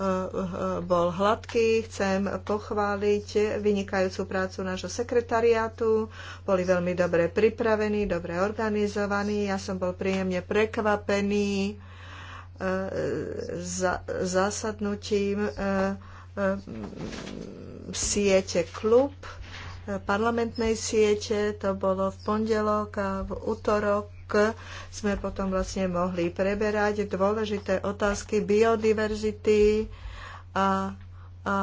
bol hladký. Chcem pochváliť vynikajúcu prácu nášho sekretariátu. Boli veľmi dobre pripravení, dobre organizovaní. Ja som bol príjemne prekvapený eh, zasadnutím siete klub, parlamentnej siete, to bolo v pondelok a v útorok sme potom vlastne mohli preberať dôležité otázky biodiverzity a, a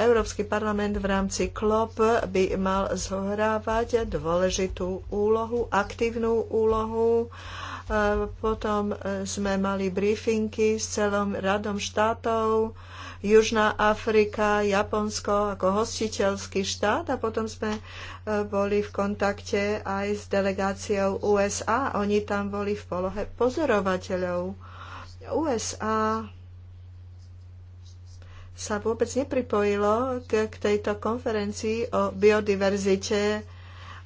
Európsky parlament v rámci KLOP by mal zohrávať dôležitú úlohu, aktívnu úlohu. Potom sme mali briefingy s celým radom štátov, Južná Afrika, Japonsko ako hostiteľský štát a potom sme e, boli v kontakte aj s delegáciou USA. Oni tam boli v polohe pozorovateľov. USA sa vôbec nepripojilo k, tejto konferencii o biodiverzite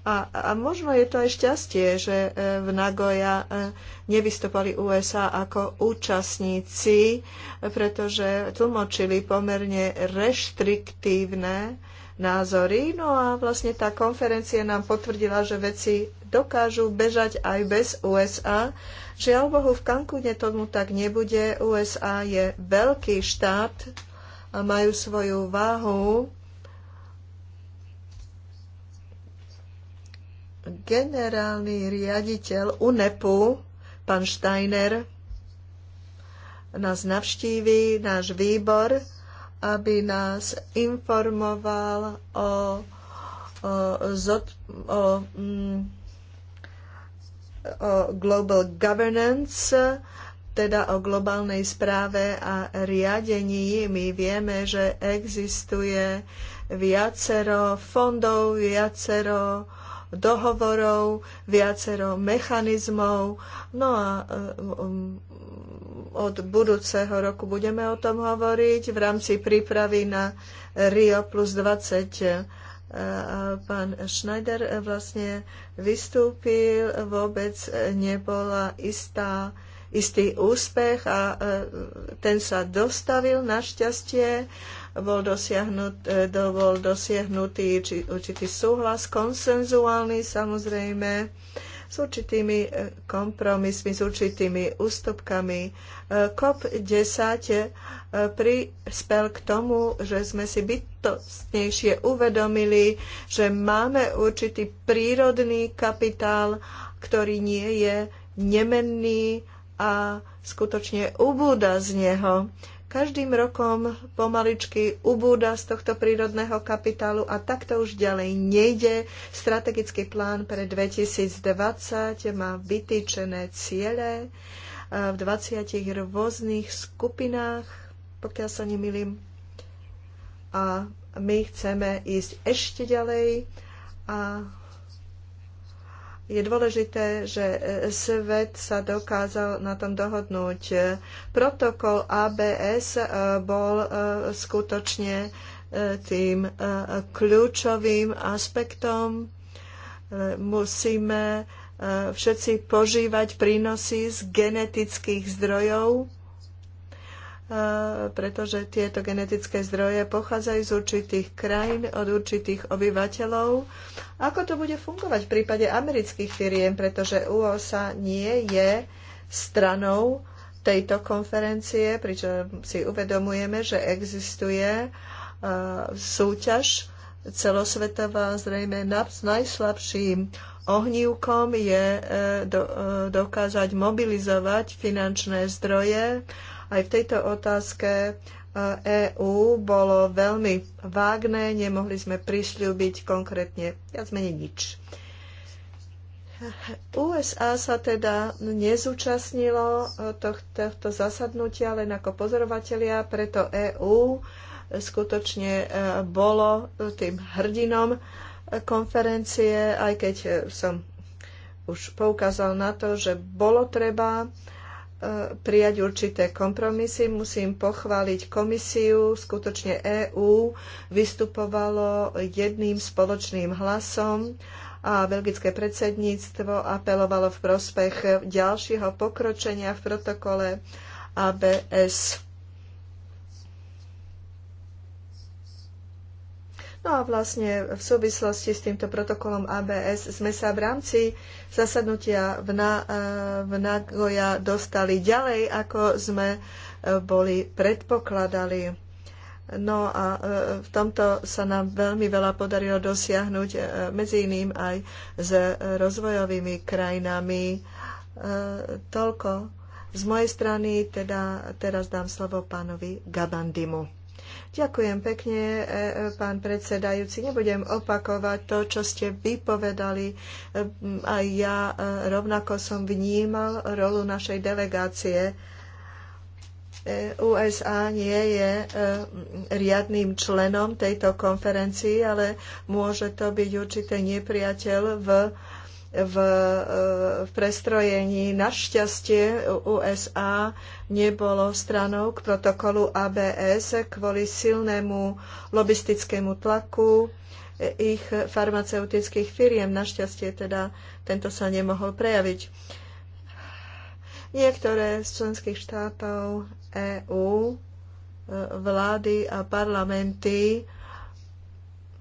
a, a možno je to aj šťastie, že e, v Nagoja e, nevystupali USA ako účastníci, pretože tlmočili pomerne reštriktívne názory. No a vlastne tá konferencia nám potvrdila, že veci dokážu bežať aj bez USA. Žiaľ Bohu, v Kankune tomu tak nebude. USA je veľký štát, majú svoju váhu Generálny riaditeľ UNEPu, pán Steiner, nás navštíví, náš výbor, aby nás informoval o, o, zod, o, mm, o global governance, teda o globálnej správe a riadení. My vieme, že existuje viacero fondov, viacero uh, dohovorov, viacero mechanizmov. No a um, od budúceho roku budeme o tom hovoriť v rámci prípravy na Rio plus 20 pán Schneider vlastne vystúpil, vôbec nebola istá, istý úspech a ten sa dostavil našťastie. šťastie bol, dosiahnut, e, bol dosiahnutý či, určitý súhlas, konsenzuálny samozrejme, s určitými e, kompromismi, s určitými ústupkami. COP10 e, prispel k tomu, že sme si bytostnejšie uvedomili, že máme určitý prírodný kapitál, ktorý nie je nemenný a skutočne ubúda z neho. Každým rokom pomaličky ubúda z tohto prírodného kapitálu a takto už ďalej nejde. Strategický plán pre 2020 má vytýčené ciele v 20 rôznych skupinách, pokiaľ sa nemýlim. A my chceme ísť ešte ďalej a je dôležité, že e, svet sa dokázal na tom dohodnúť. Protokol ABS e, bol e, skutočne tým kľúčovým aspektom. Musíme všetci požívať prínosy z genetických zdrojov pretože tieto genetické zdroje pochádzajú z určitých krajín, od určitých obyvateľov. Ako to bude fungovať v prípade amerických firiem, pretože USA nie je stranou tejto konferencie, pričom si uvedomujeme, že existuje súťaž celosvetová, zrejme s najslabším ohnívkom je e, e, dokázať mobilizovať finančné zdroje aj v tejto otázke EÚ eh, e bolo veľmi vágne, nemohli sme prisľúbiť konkrétne viac menej nič. USA sa teda nezúčastnilo eh, tohto zasadnutia len ako pozorovatelia, preto EÚ eh, skutočne bolo tým hrdinom konferencie, aj keď som už poukázal na to, že bolo treba prijať určité kompromisy. Musím pochváliť komisiu. Skutočne EÚ vystupovalo jedným spoločným hlasom a belgické predsedníctvo apelovalo v prospech ďalšieho pokročenia v protokole ABS. No a vlastne v súvislosti s týmto protokolom ABS sme sa v rámci zasadnutia v, Na, e, v Nagoja dostali ďalej, ako sme e, boli predpokladali. No a e, v tomto sa nám veľmi veľa podarilo dosiahnuť, medzi iným aj s rozvojovými krajinami. Toľko z mojej strany, teda teraz dám slovo pánovi Gabandimu. Ďakujem pekne, e, e, pán predsedajúci. Nebudem opakovať to, čo ste vy povedali. E, aj ja rovnako som vnímal rolu našej delegácie. USA nie je riadným členom tejto konferencii, ale môže to byť určité nepriateľ v v, eh, v prestrojení. Našťastie USA nebolo stranou k protokolu ABS kvôli silnému lobistickému tlaku ich farmaceutických firiem. Našťastie teda tento sa nemohol prejaviť. Niektoré z členských štátov EÚ, eh, vlády a parlamenty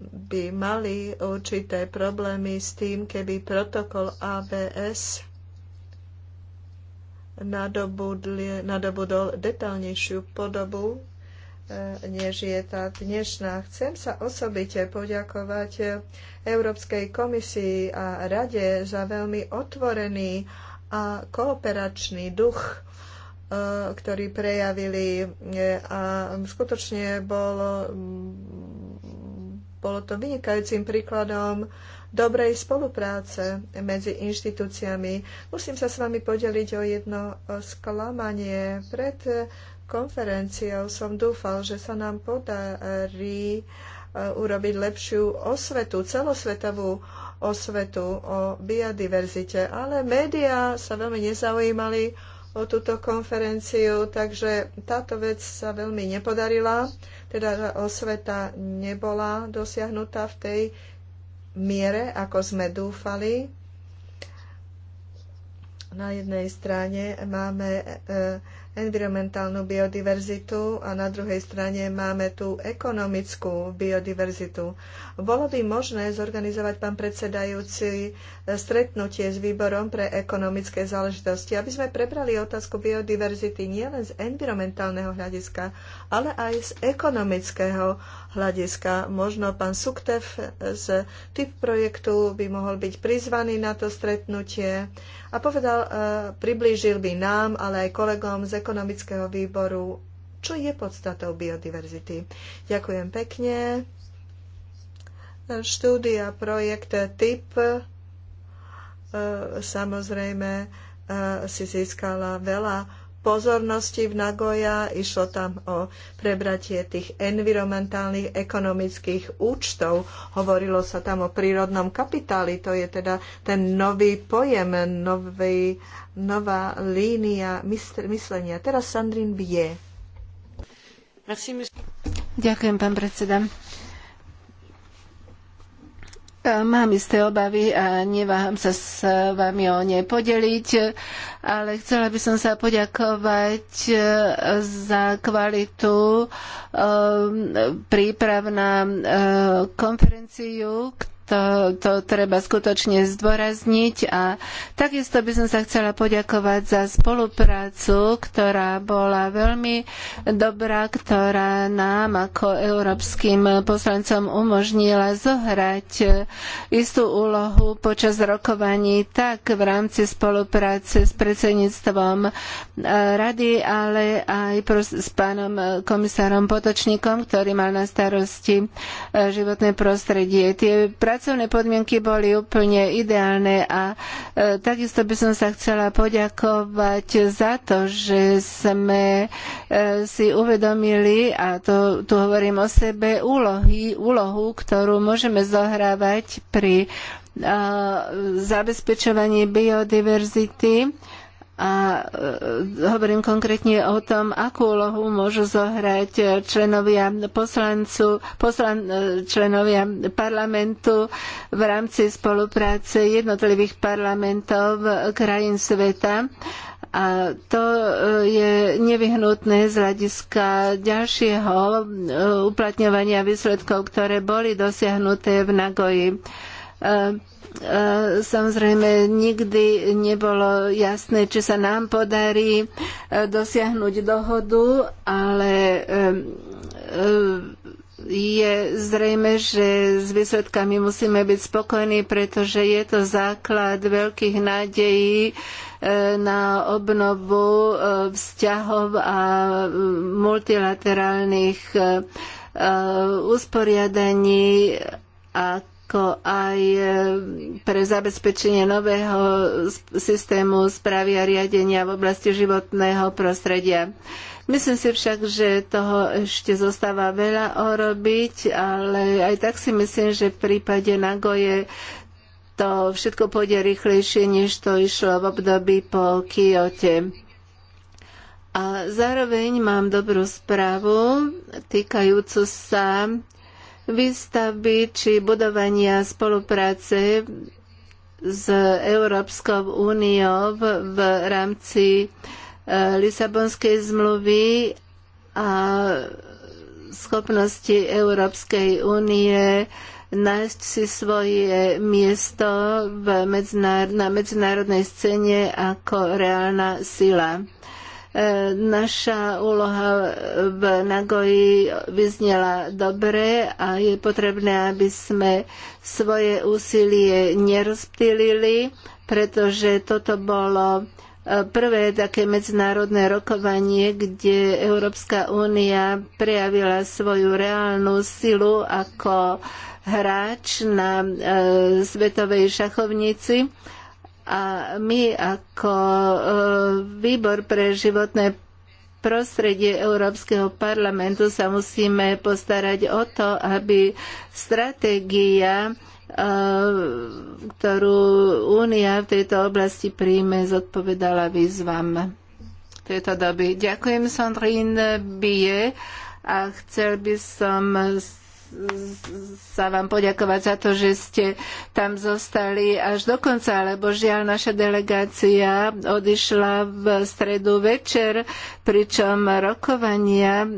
by mali určité problémy s tým, keby protokol ABS nadobudol detálnejšiu podobu, e, než je tá dnešná. Chcem sa osobite poďakovať Európskej komisii a Rade za veľmi otvorený a kooperačný duch e, ktorý prejavili e, a skutočne bolo, bolo to vynikajúcim príkladom dobrej spolupráce medzi inštitúciami. Musím sa s vami podeliť o jedno sklamanie. Pred e, konferenciou som dúfal, že sa nám podarí e, urobiť lepšiu osvetu, celosvetovú osvetu o biodiverzite. Ale médiá sa veľmi nezaujímali o túto konferenciu, takže táto vec sa veľmi nepodarila teda osveta nebola dosiahnutá v tej miere, ako sme dúfali. Na jednej strane máme e, environmentálnu biodiverzitu a na druhej strane máme tú ekonomickú biodiverzitu. Bolo by možné zorganizovať, pán predsedajúci, stretnutie s výborom pre ekonomické záležitosti, aby sme prebrali otázku biodiverzity nielen z environmentálneho hľadiska, ale aj z ekonomického hľadiska. Možno pán Suktev z typ projektu by mohol byť prizvaný na to stretnutie a povedal, e, priblížil by nám, ale aj kolegom z ekonomického výboru, čo je podstatou biodiverzity. Ďakujem pekne. Štúdia, projekt, typ e, samozrejme e, si získala veľa pozornosti v Nagoja. Išlo tam o prebratie tých environmentálnych ekonomických účtov. Hovorilo sa tam o prírodnom kapitáli. To je teda ten nový pojem, nový, nová línia myslenia. Teraz Sandrine Bie. Ďakujem, pán predseda. Mám isté obavy a neváham sa s vami o ne podeliť, ale chcela by som sa poďakovať e, za kvalitu e, príprav na e, konferenciu, to, to treba skutočne zdôrazniť a takisto by som sa chcela poďakovať za spoluprácu, ktorá bola veľmi dobrá, ktorá nám ako európskym poslancom umožnila zohrať istú úlohu počas rokovaní tak v rámci spolupráce s predsedníctvom e, rady, ale aj s pánom komisárom Potočníkom, ktorý mal na starosti e, životné prostredie. Tie pracovné podmienky boli úplne ideálne a e, takisto by som sa chcela poďakovať za to, že sme e, si uvedomili, a to, tu hovorím o sebe, úlohy, úlohu, ktorú môžeme zohrávať pri zabezpečovaní biodiverzity a e, hovorím konkrétne o tom, akú úlohu môžu zohrať členovia poslancu, poslan, e, členovia parlamentu v rámci spolupráce jednotlivých parlamentov krajín sveta. A to e, je nevyhnutné z hľadiska ďalšieho uplatňovania výsledkov, ktoré boli dosiahnuté v Nagoji. E, e, samozrejme nikdy nebolo jasné, či sa nám podarí e, dosiahnuť dohodu, ale je zrejme, že s výsledkami musíme byť spokojní, pretože je to základ veľkých nádejí na obnovu vzťahov a multilaterálnych usporiadaní a ako aj eh, pre zabezpečenie nového systému správy a riadenia v oblasti životného prostredia. Myslím si však, že toho ešte zostáva veľa urobiť, ale aj tak si myslím, že v prípade Nagoje to všetko pôjde rýchlejšie, než to išlo v období po Kyote. A zároveň mám dobrú správu týkajúcu sa výstavby či budovania spolupráce s Európskou úniou v rámci e, Lisabonskej zmluvy a schopnosti Európskej únie nájsť si svoje miesto v medzinár- na medzinárodnej scéne ako reálna sila. Naša úloha v Nagoji vyznela dobre a je potrebné, aby sme svoje úsilie nerozptýlili, pretože toto bolo e, prvé také medzinárodné rokovanie, kde Európska únia prejavila svoju reálnu silu ako hráč na e, svetovej šachovnici a my ako e, výbor pre životné prostredie Európskeho parlamentu sa musíme postarať o to, aby stratégia, e, ktorú Únia v tejto oblasti príjme, zodpovedala výzvam tejto doby. Ďakujem, Sandrine Bie, a chcel by som sa vám poďakovať za to, že ste tam zostali až do konca, lebo žiaľ naša delegácia odišla v stredu večer, pričom rokovania e,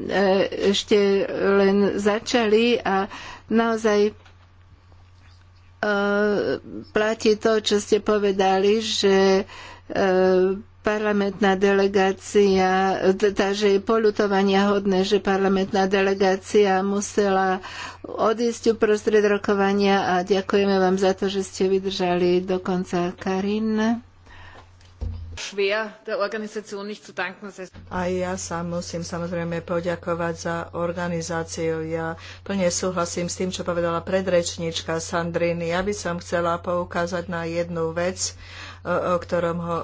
ešte len začali a naozaj e, platí to, čo ste povedali, že e, parlamentná delegácia, že je polutovania hodné, že parlamentná delegácia musela odísť uprostred rokovania a ďakujeme vám za to, že ste vydržali do konca Karin. Aj ja sa musím samozrejme poďakovať za organizáciu. Ja plne súhlasím s tým, čo povedala predrečníčka Sandriny. Ja by som chcela poukázať na jednu vec, o, ktorom ho,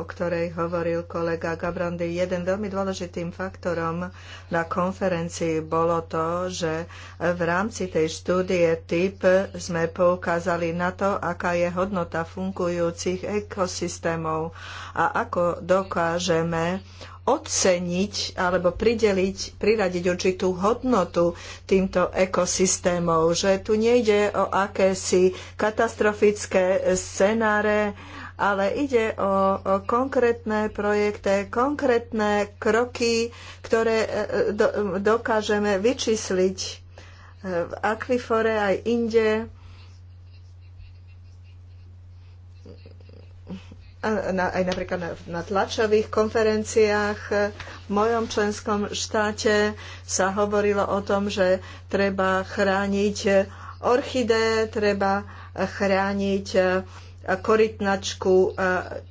o ktorej hovoril kolega Gabrandy. Jeden veľmi dôležitým faktorom na konferencii bolo to, že v rámci tej štúdie TIP sme poukázali na to, aká je hodnota fungujúcich ekosystémov a ako dokážeme oceniť alebo prideliť, priradiť určitú hodnotu týmto ekosystémov, že tu nejde o akési katastrofické scenáre, ale ide o, o konkrétne projekty, konkrétne kroky, ktoré e, e, do, dokážeme vyčísliť e, v Aquifore aj inde aj napríklad na, na tlačových konferenciách v mojom členskom štáte sa hovorilo o tom, že treba chrániť orchidé, treba chrániť e, korytnačku e,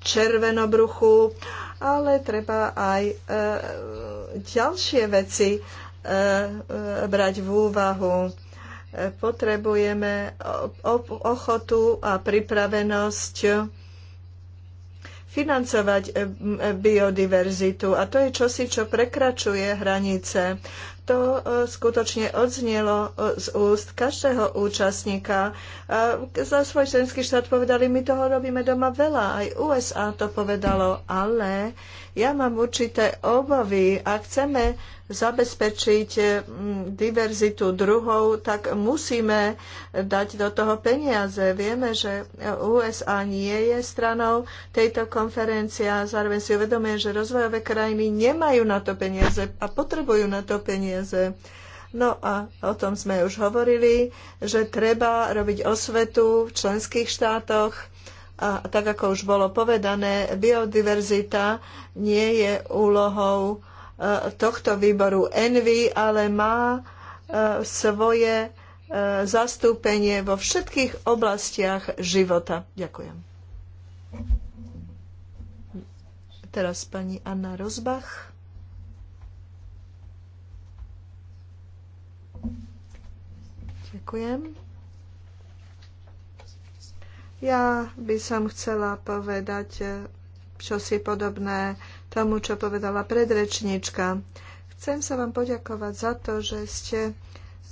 červenobruchu, ale treba aj e, ďalšie veci brať v úvahu potrebujeme ochotu a pripravenosť financovať eh, eh, biodiverzitu a to je čosi, čo prekračuje hranice. To eh, skutočne odznielo z úst každého účastníka. Za svoj členský štát povedali, my toho robíme doma veľa, aj USA to povedalo, ale ja mám určité obavy. Ak chceme zabezpečiť eh, diverzitu druhov, tak musíme dať do toho peniaze. Vieme, že USA nie je stranou tejto konferencie a zároveň si uvedomuje, že rozvojové krajiny nemajú na to peniaze a potrebujú na to peniaze. No a o tom sme už hovorili, že treba robiť osvetu v členských štátoch, a tak ako už bolo povedané, biodiverzita nie je úlohou e, tohto výboru Envy, ale má e, svoje e, zastúpenie vo všetkých oblastiach života. Ďakujem. Teraz pani Anna Rozbach. Ďakujem. Ja by som chcela povedať čosi podobné tomu, čo povedala predrečnička. Chcem sa vám poďakovať za to, že ste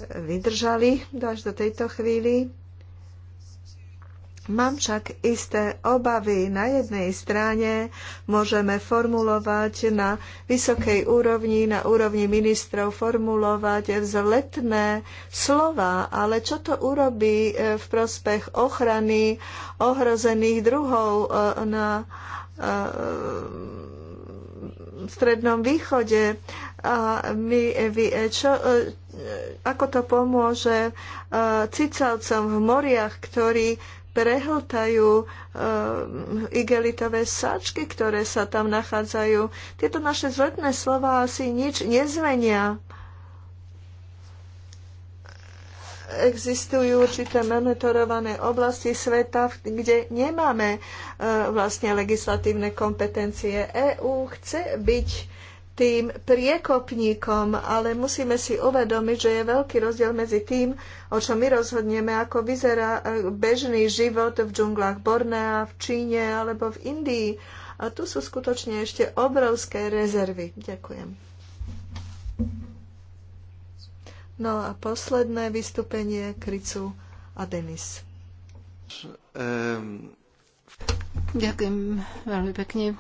vydržali až do tejto chvíli. Mám však isté obavy. Na jednej strane môžeme formulovať na vysokej úrovni, na úrovni ministrov, formulovať vzletné slova, ale čo to urobí e, v prospech ochrany ohrozených druhov e, na e, v Strednom východe a my, čo, ako to pomôže cicavcom v moriach, ktorí prehltajú eh, igelitové sačky, ktoré sa tam nachádzajú. Tieto naše zletné slova asi nič nezvenia. Existujú určité monitorované oblasti sveta, kde nemáme eh, vlastne legislatívne kompetencie. EÚ chce byť tým priekopníkom, ale musíme si uvedomiť, že je veľký rozdiel medzi tým, o čom my rozhodneme, ako vyzerá e, bežný život v džunglách Bornea, v Číne alebo v Indii. A tu sú skutočne ešte obrovské rezervy. Ďakujem. No a posledné vystúpenie Kricu a Denis. Ehm. Ďakujem veľmi pekne.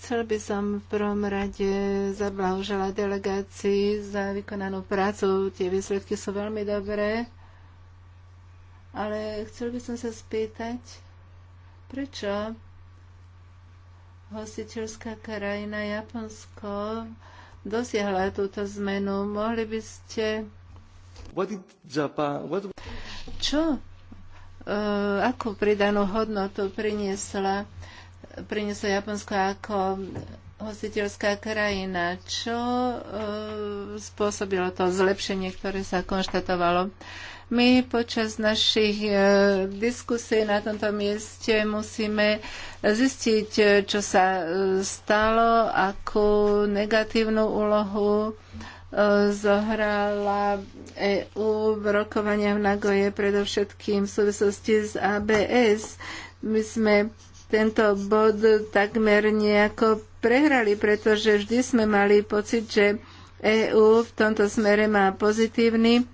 Chcel by som v prvom rade zablahožela delegácii za vykonanú prácu. Tie výsledky sú veľmi dobré. Ale chcel by som sa spýtať, prečo hostiteľská krajina Japonsko dosiahla túto zmenu. Mohli by ste... What Japan... What... Čo? E, akú pridanú hodnotu priniesla prinieslo Japonsko ako hostiteľská krajina. Čo e, spôsobilo to zlepšenie, ktoré sa konštatovalo? My počas našich e, diskusí na tomto mieste musíme zistiť, e, čo sa e, stalo, akú negatívnu úlohu e, zohrala EU v rokovaniach v Nagoje, predovšetkým v súvislosti s ABS. My sme tento bod takmer nejako prehrali, pretože vždy sme mali pocit, že EÚ v tomto smere má pozitívny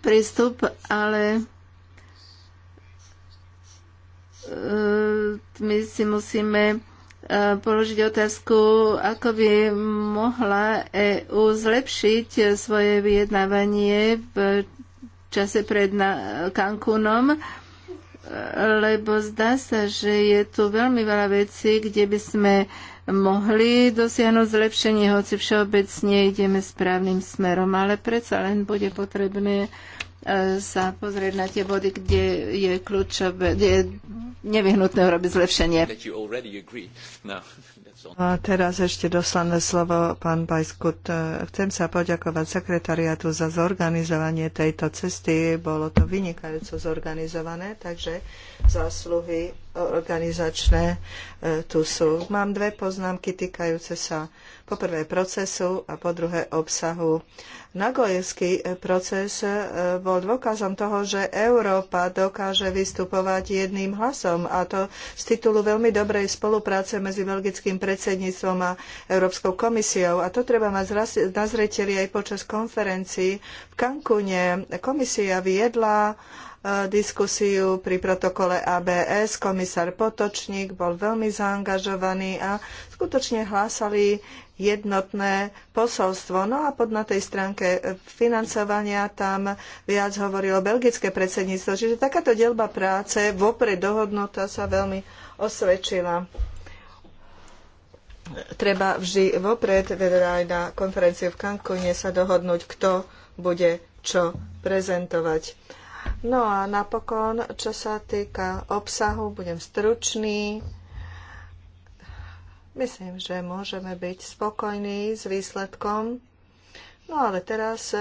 prístup, ale e, my si musíme e, položiť otázku, ako by mohla EÚ zlepšiť svoje vyjednávanie v čase pred Cancúnom. Na- lebo zdá sa, že je tu veľmi veľa vecí, kde by sme mohli dosiahnuť zlepšenie, hoci všeobecne ideme správnym smerom, ale predsa len bude potrebné e, sa pozrieť na tie body, kde je kľúčové, kde je nevyhnutné urobiť zlepšenie. A teraz ešte dostané slovo pán Bajskut. E, chcem sa poďakovať sekretariatu za zorganizovanie tejto cesty. Bolo to vynikajúco zorganizované, takže zásluhy organizačné e, tu sú. Mám dve poznámky týkajúce sa po prvé procesu a po druhé obsahu. Nagojevský e, proces e, bol dôkazom toho, že Európa dokáže vystupovať jedným hlasom a to z titulu veľmi dobrej spolupráce medzi belgickým predsedníctvom a Európskou komisiou. A to treba mať na zreteli aj počas konferencií v Cancúne. Komisia viedla diskusiu pri protokole ABS. Komisár Potočník bol veľmi zaangažovaný a skutočne hlásali jednotné posolstvo. No a pod na tej stránke financovania tam viac hovorilo belgické predsedníctvo, čiže takáto delba práce vopred dohodnutá sa veľmi osvedčila. Treba vždy vopred, teda aj na konferenciu v Cancúne sa dohodnúť, kto bude čo prezentovať. No a napokon, čo sa týka obsahu, budem stručný. Myslím, že môžeme byť spokojní s výsledkom. No ale teraz e,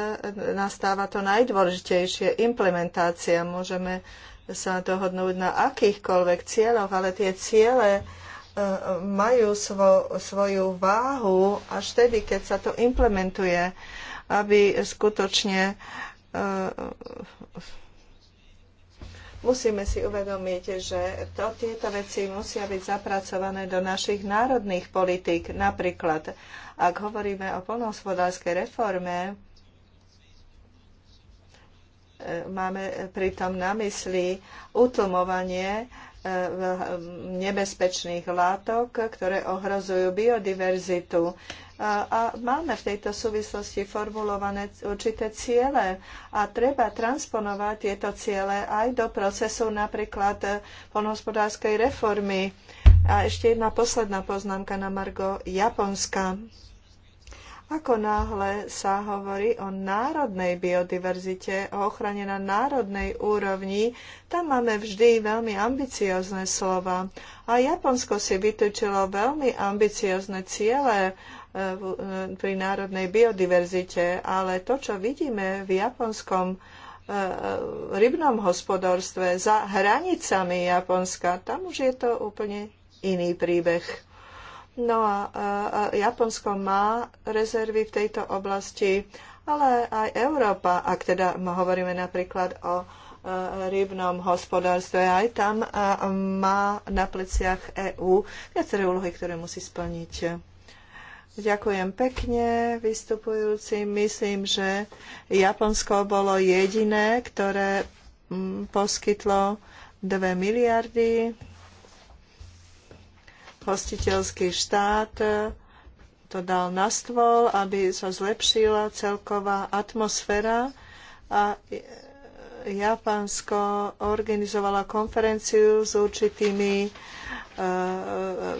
nastáva to najdôležitejšie, implementácia. Môžeme sa dohodnúť na akýchkoľvek cieľoch, ale tie ciele e, majú svo, svoju váhu až tedy, keď sa to implementuje, aby skutočne e, Musíme si uvedomiť, že to, tieto veci musia byť zapracované do našich národných politík. Napríklad, ak hovoríme o polnohospodárskej reforme, e, máme pritom na mysli utlmovanie nebezpečných látok, ktoré ohrozujú biodiverzitu. A máme v tejto súvislosti formulované určité ciele a treba transponovať tieto ciele aj do procesu napríklad eh, poľnohospodárskej reformy. A ešte jedna posledná poznámka na Margo Japonska. Ako náhle sa hovorí o národnej biodiverzite, o ochrane na národnej úrovni, tam máme vždy veľmi ambiciozne slova. A Japonsko si vytúčilo veľmi ambiciozne ciele e, e, pri národnej biodiverzite, ale to, čo vidíme v japonskom e, rybnom hospodárstve za hranicami Japonska, tam už je to úplne iný príbeh. No a, Japonsko má rezervy v tejto oblasti, ale aj Európa, ak teda hovoríme napríklad o e, rybnom hospodárstve, aj tam má na pleciach EÚ viaceré úlohy, ktoré musí splniť. Ďakujem pekne vystupujúcim. Myslím, že Japonsko bolo jediné, ktoré mm, poskytlo 2 miliardy hostiteľský štát e, to dal na stôl, aby sa zlepšila celková atmosféra a e, Japansko organizovala konferenciu s určitými e,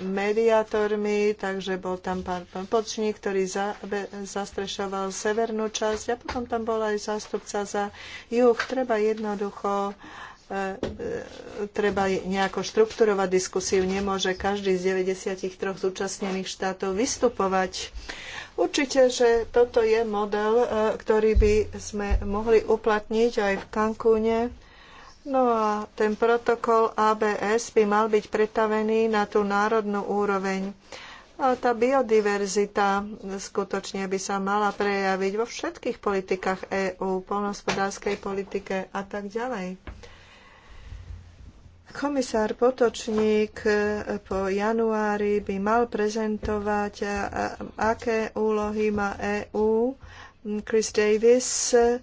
mediátormi, takže bol tam pán, pán Počník, ktorý za, be, zastrešoval severnú časť a potom tam bol aj zástupca za juh. Treba jednoducho uh, E, e, treba nejako štrukturovať diskusiu. Nemôže každý z 93 zúčastnených štátov vystupovať. Určite, že toto je model, e, ktorý by sme mohli uplatniť aj v Cancúne. No a ten protokol ABS by mal byť pretavený na tú národnú úroveň. A tá biodiverzita skutočne by sa mala prejaviť vo všetkých politikách EÚ, polnospodárskej politike a tak ďalej. Komisár Potočník eh, po januári by mal prezentovať, eh, aké úlohy má EÚ. Mm, Chris Davis eh,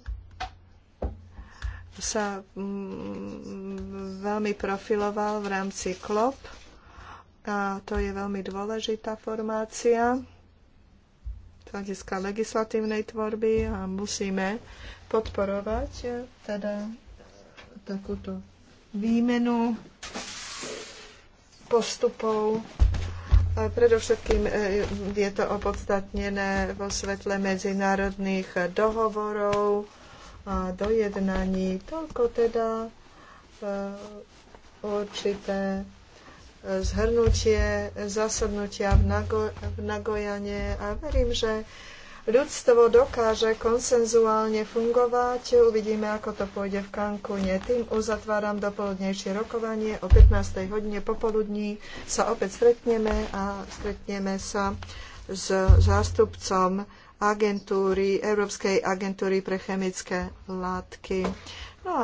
sa mm, veľmi profiloval v rámci KLOP a to je veľmi dôležitá formácia z hľadiska legislatívnej tvorby a musíme podporovať teda takúto výmenu postupov. predovšetkým e, je to opodstatnené vo svetle medzinárodných dohovorov a dojednaní. Toľko teda e, určité e, zhrnutie zasadnutia v, Nago- v Nagojane a verím, že ľudstvo dokáže konsenzuálne fungovať. Uvidíme, ako to pôjde v Cancúne. Tým uzatváram dopoludnejšie rokovanie. O 15. hodine popoludní sa opäť stretneme a stretneme sa s zástupcom agentúry, Európskej agentúry pre chemické látky. No a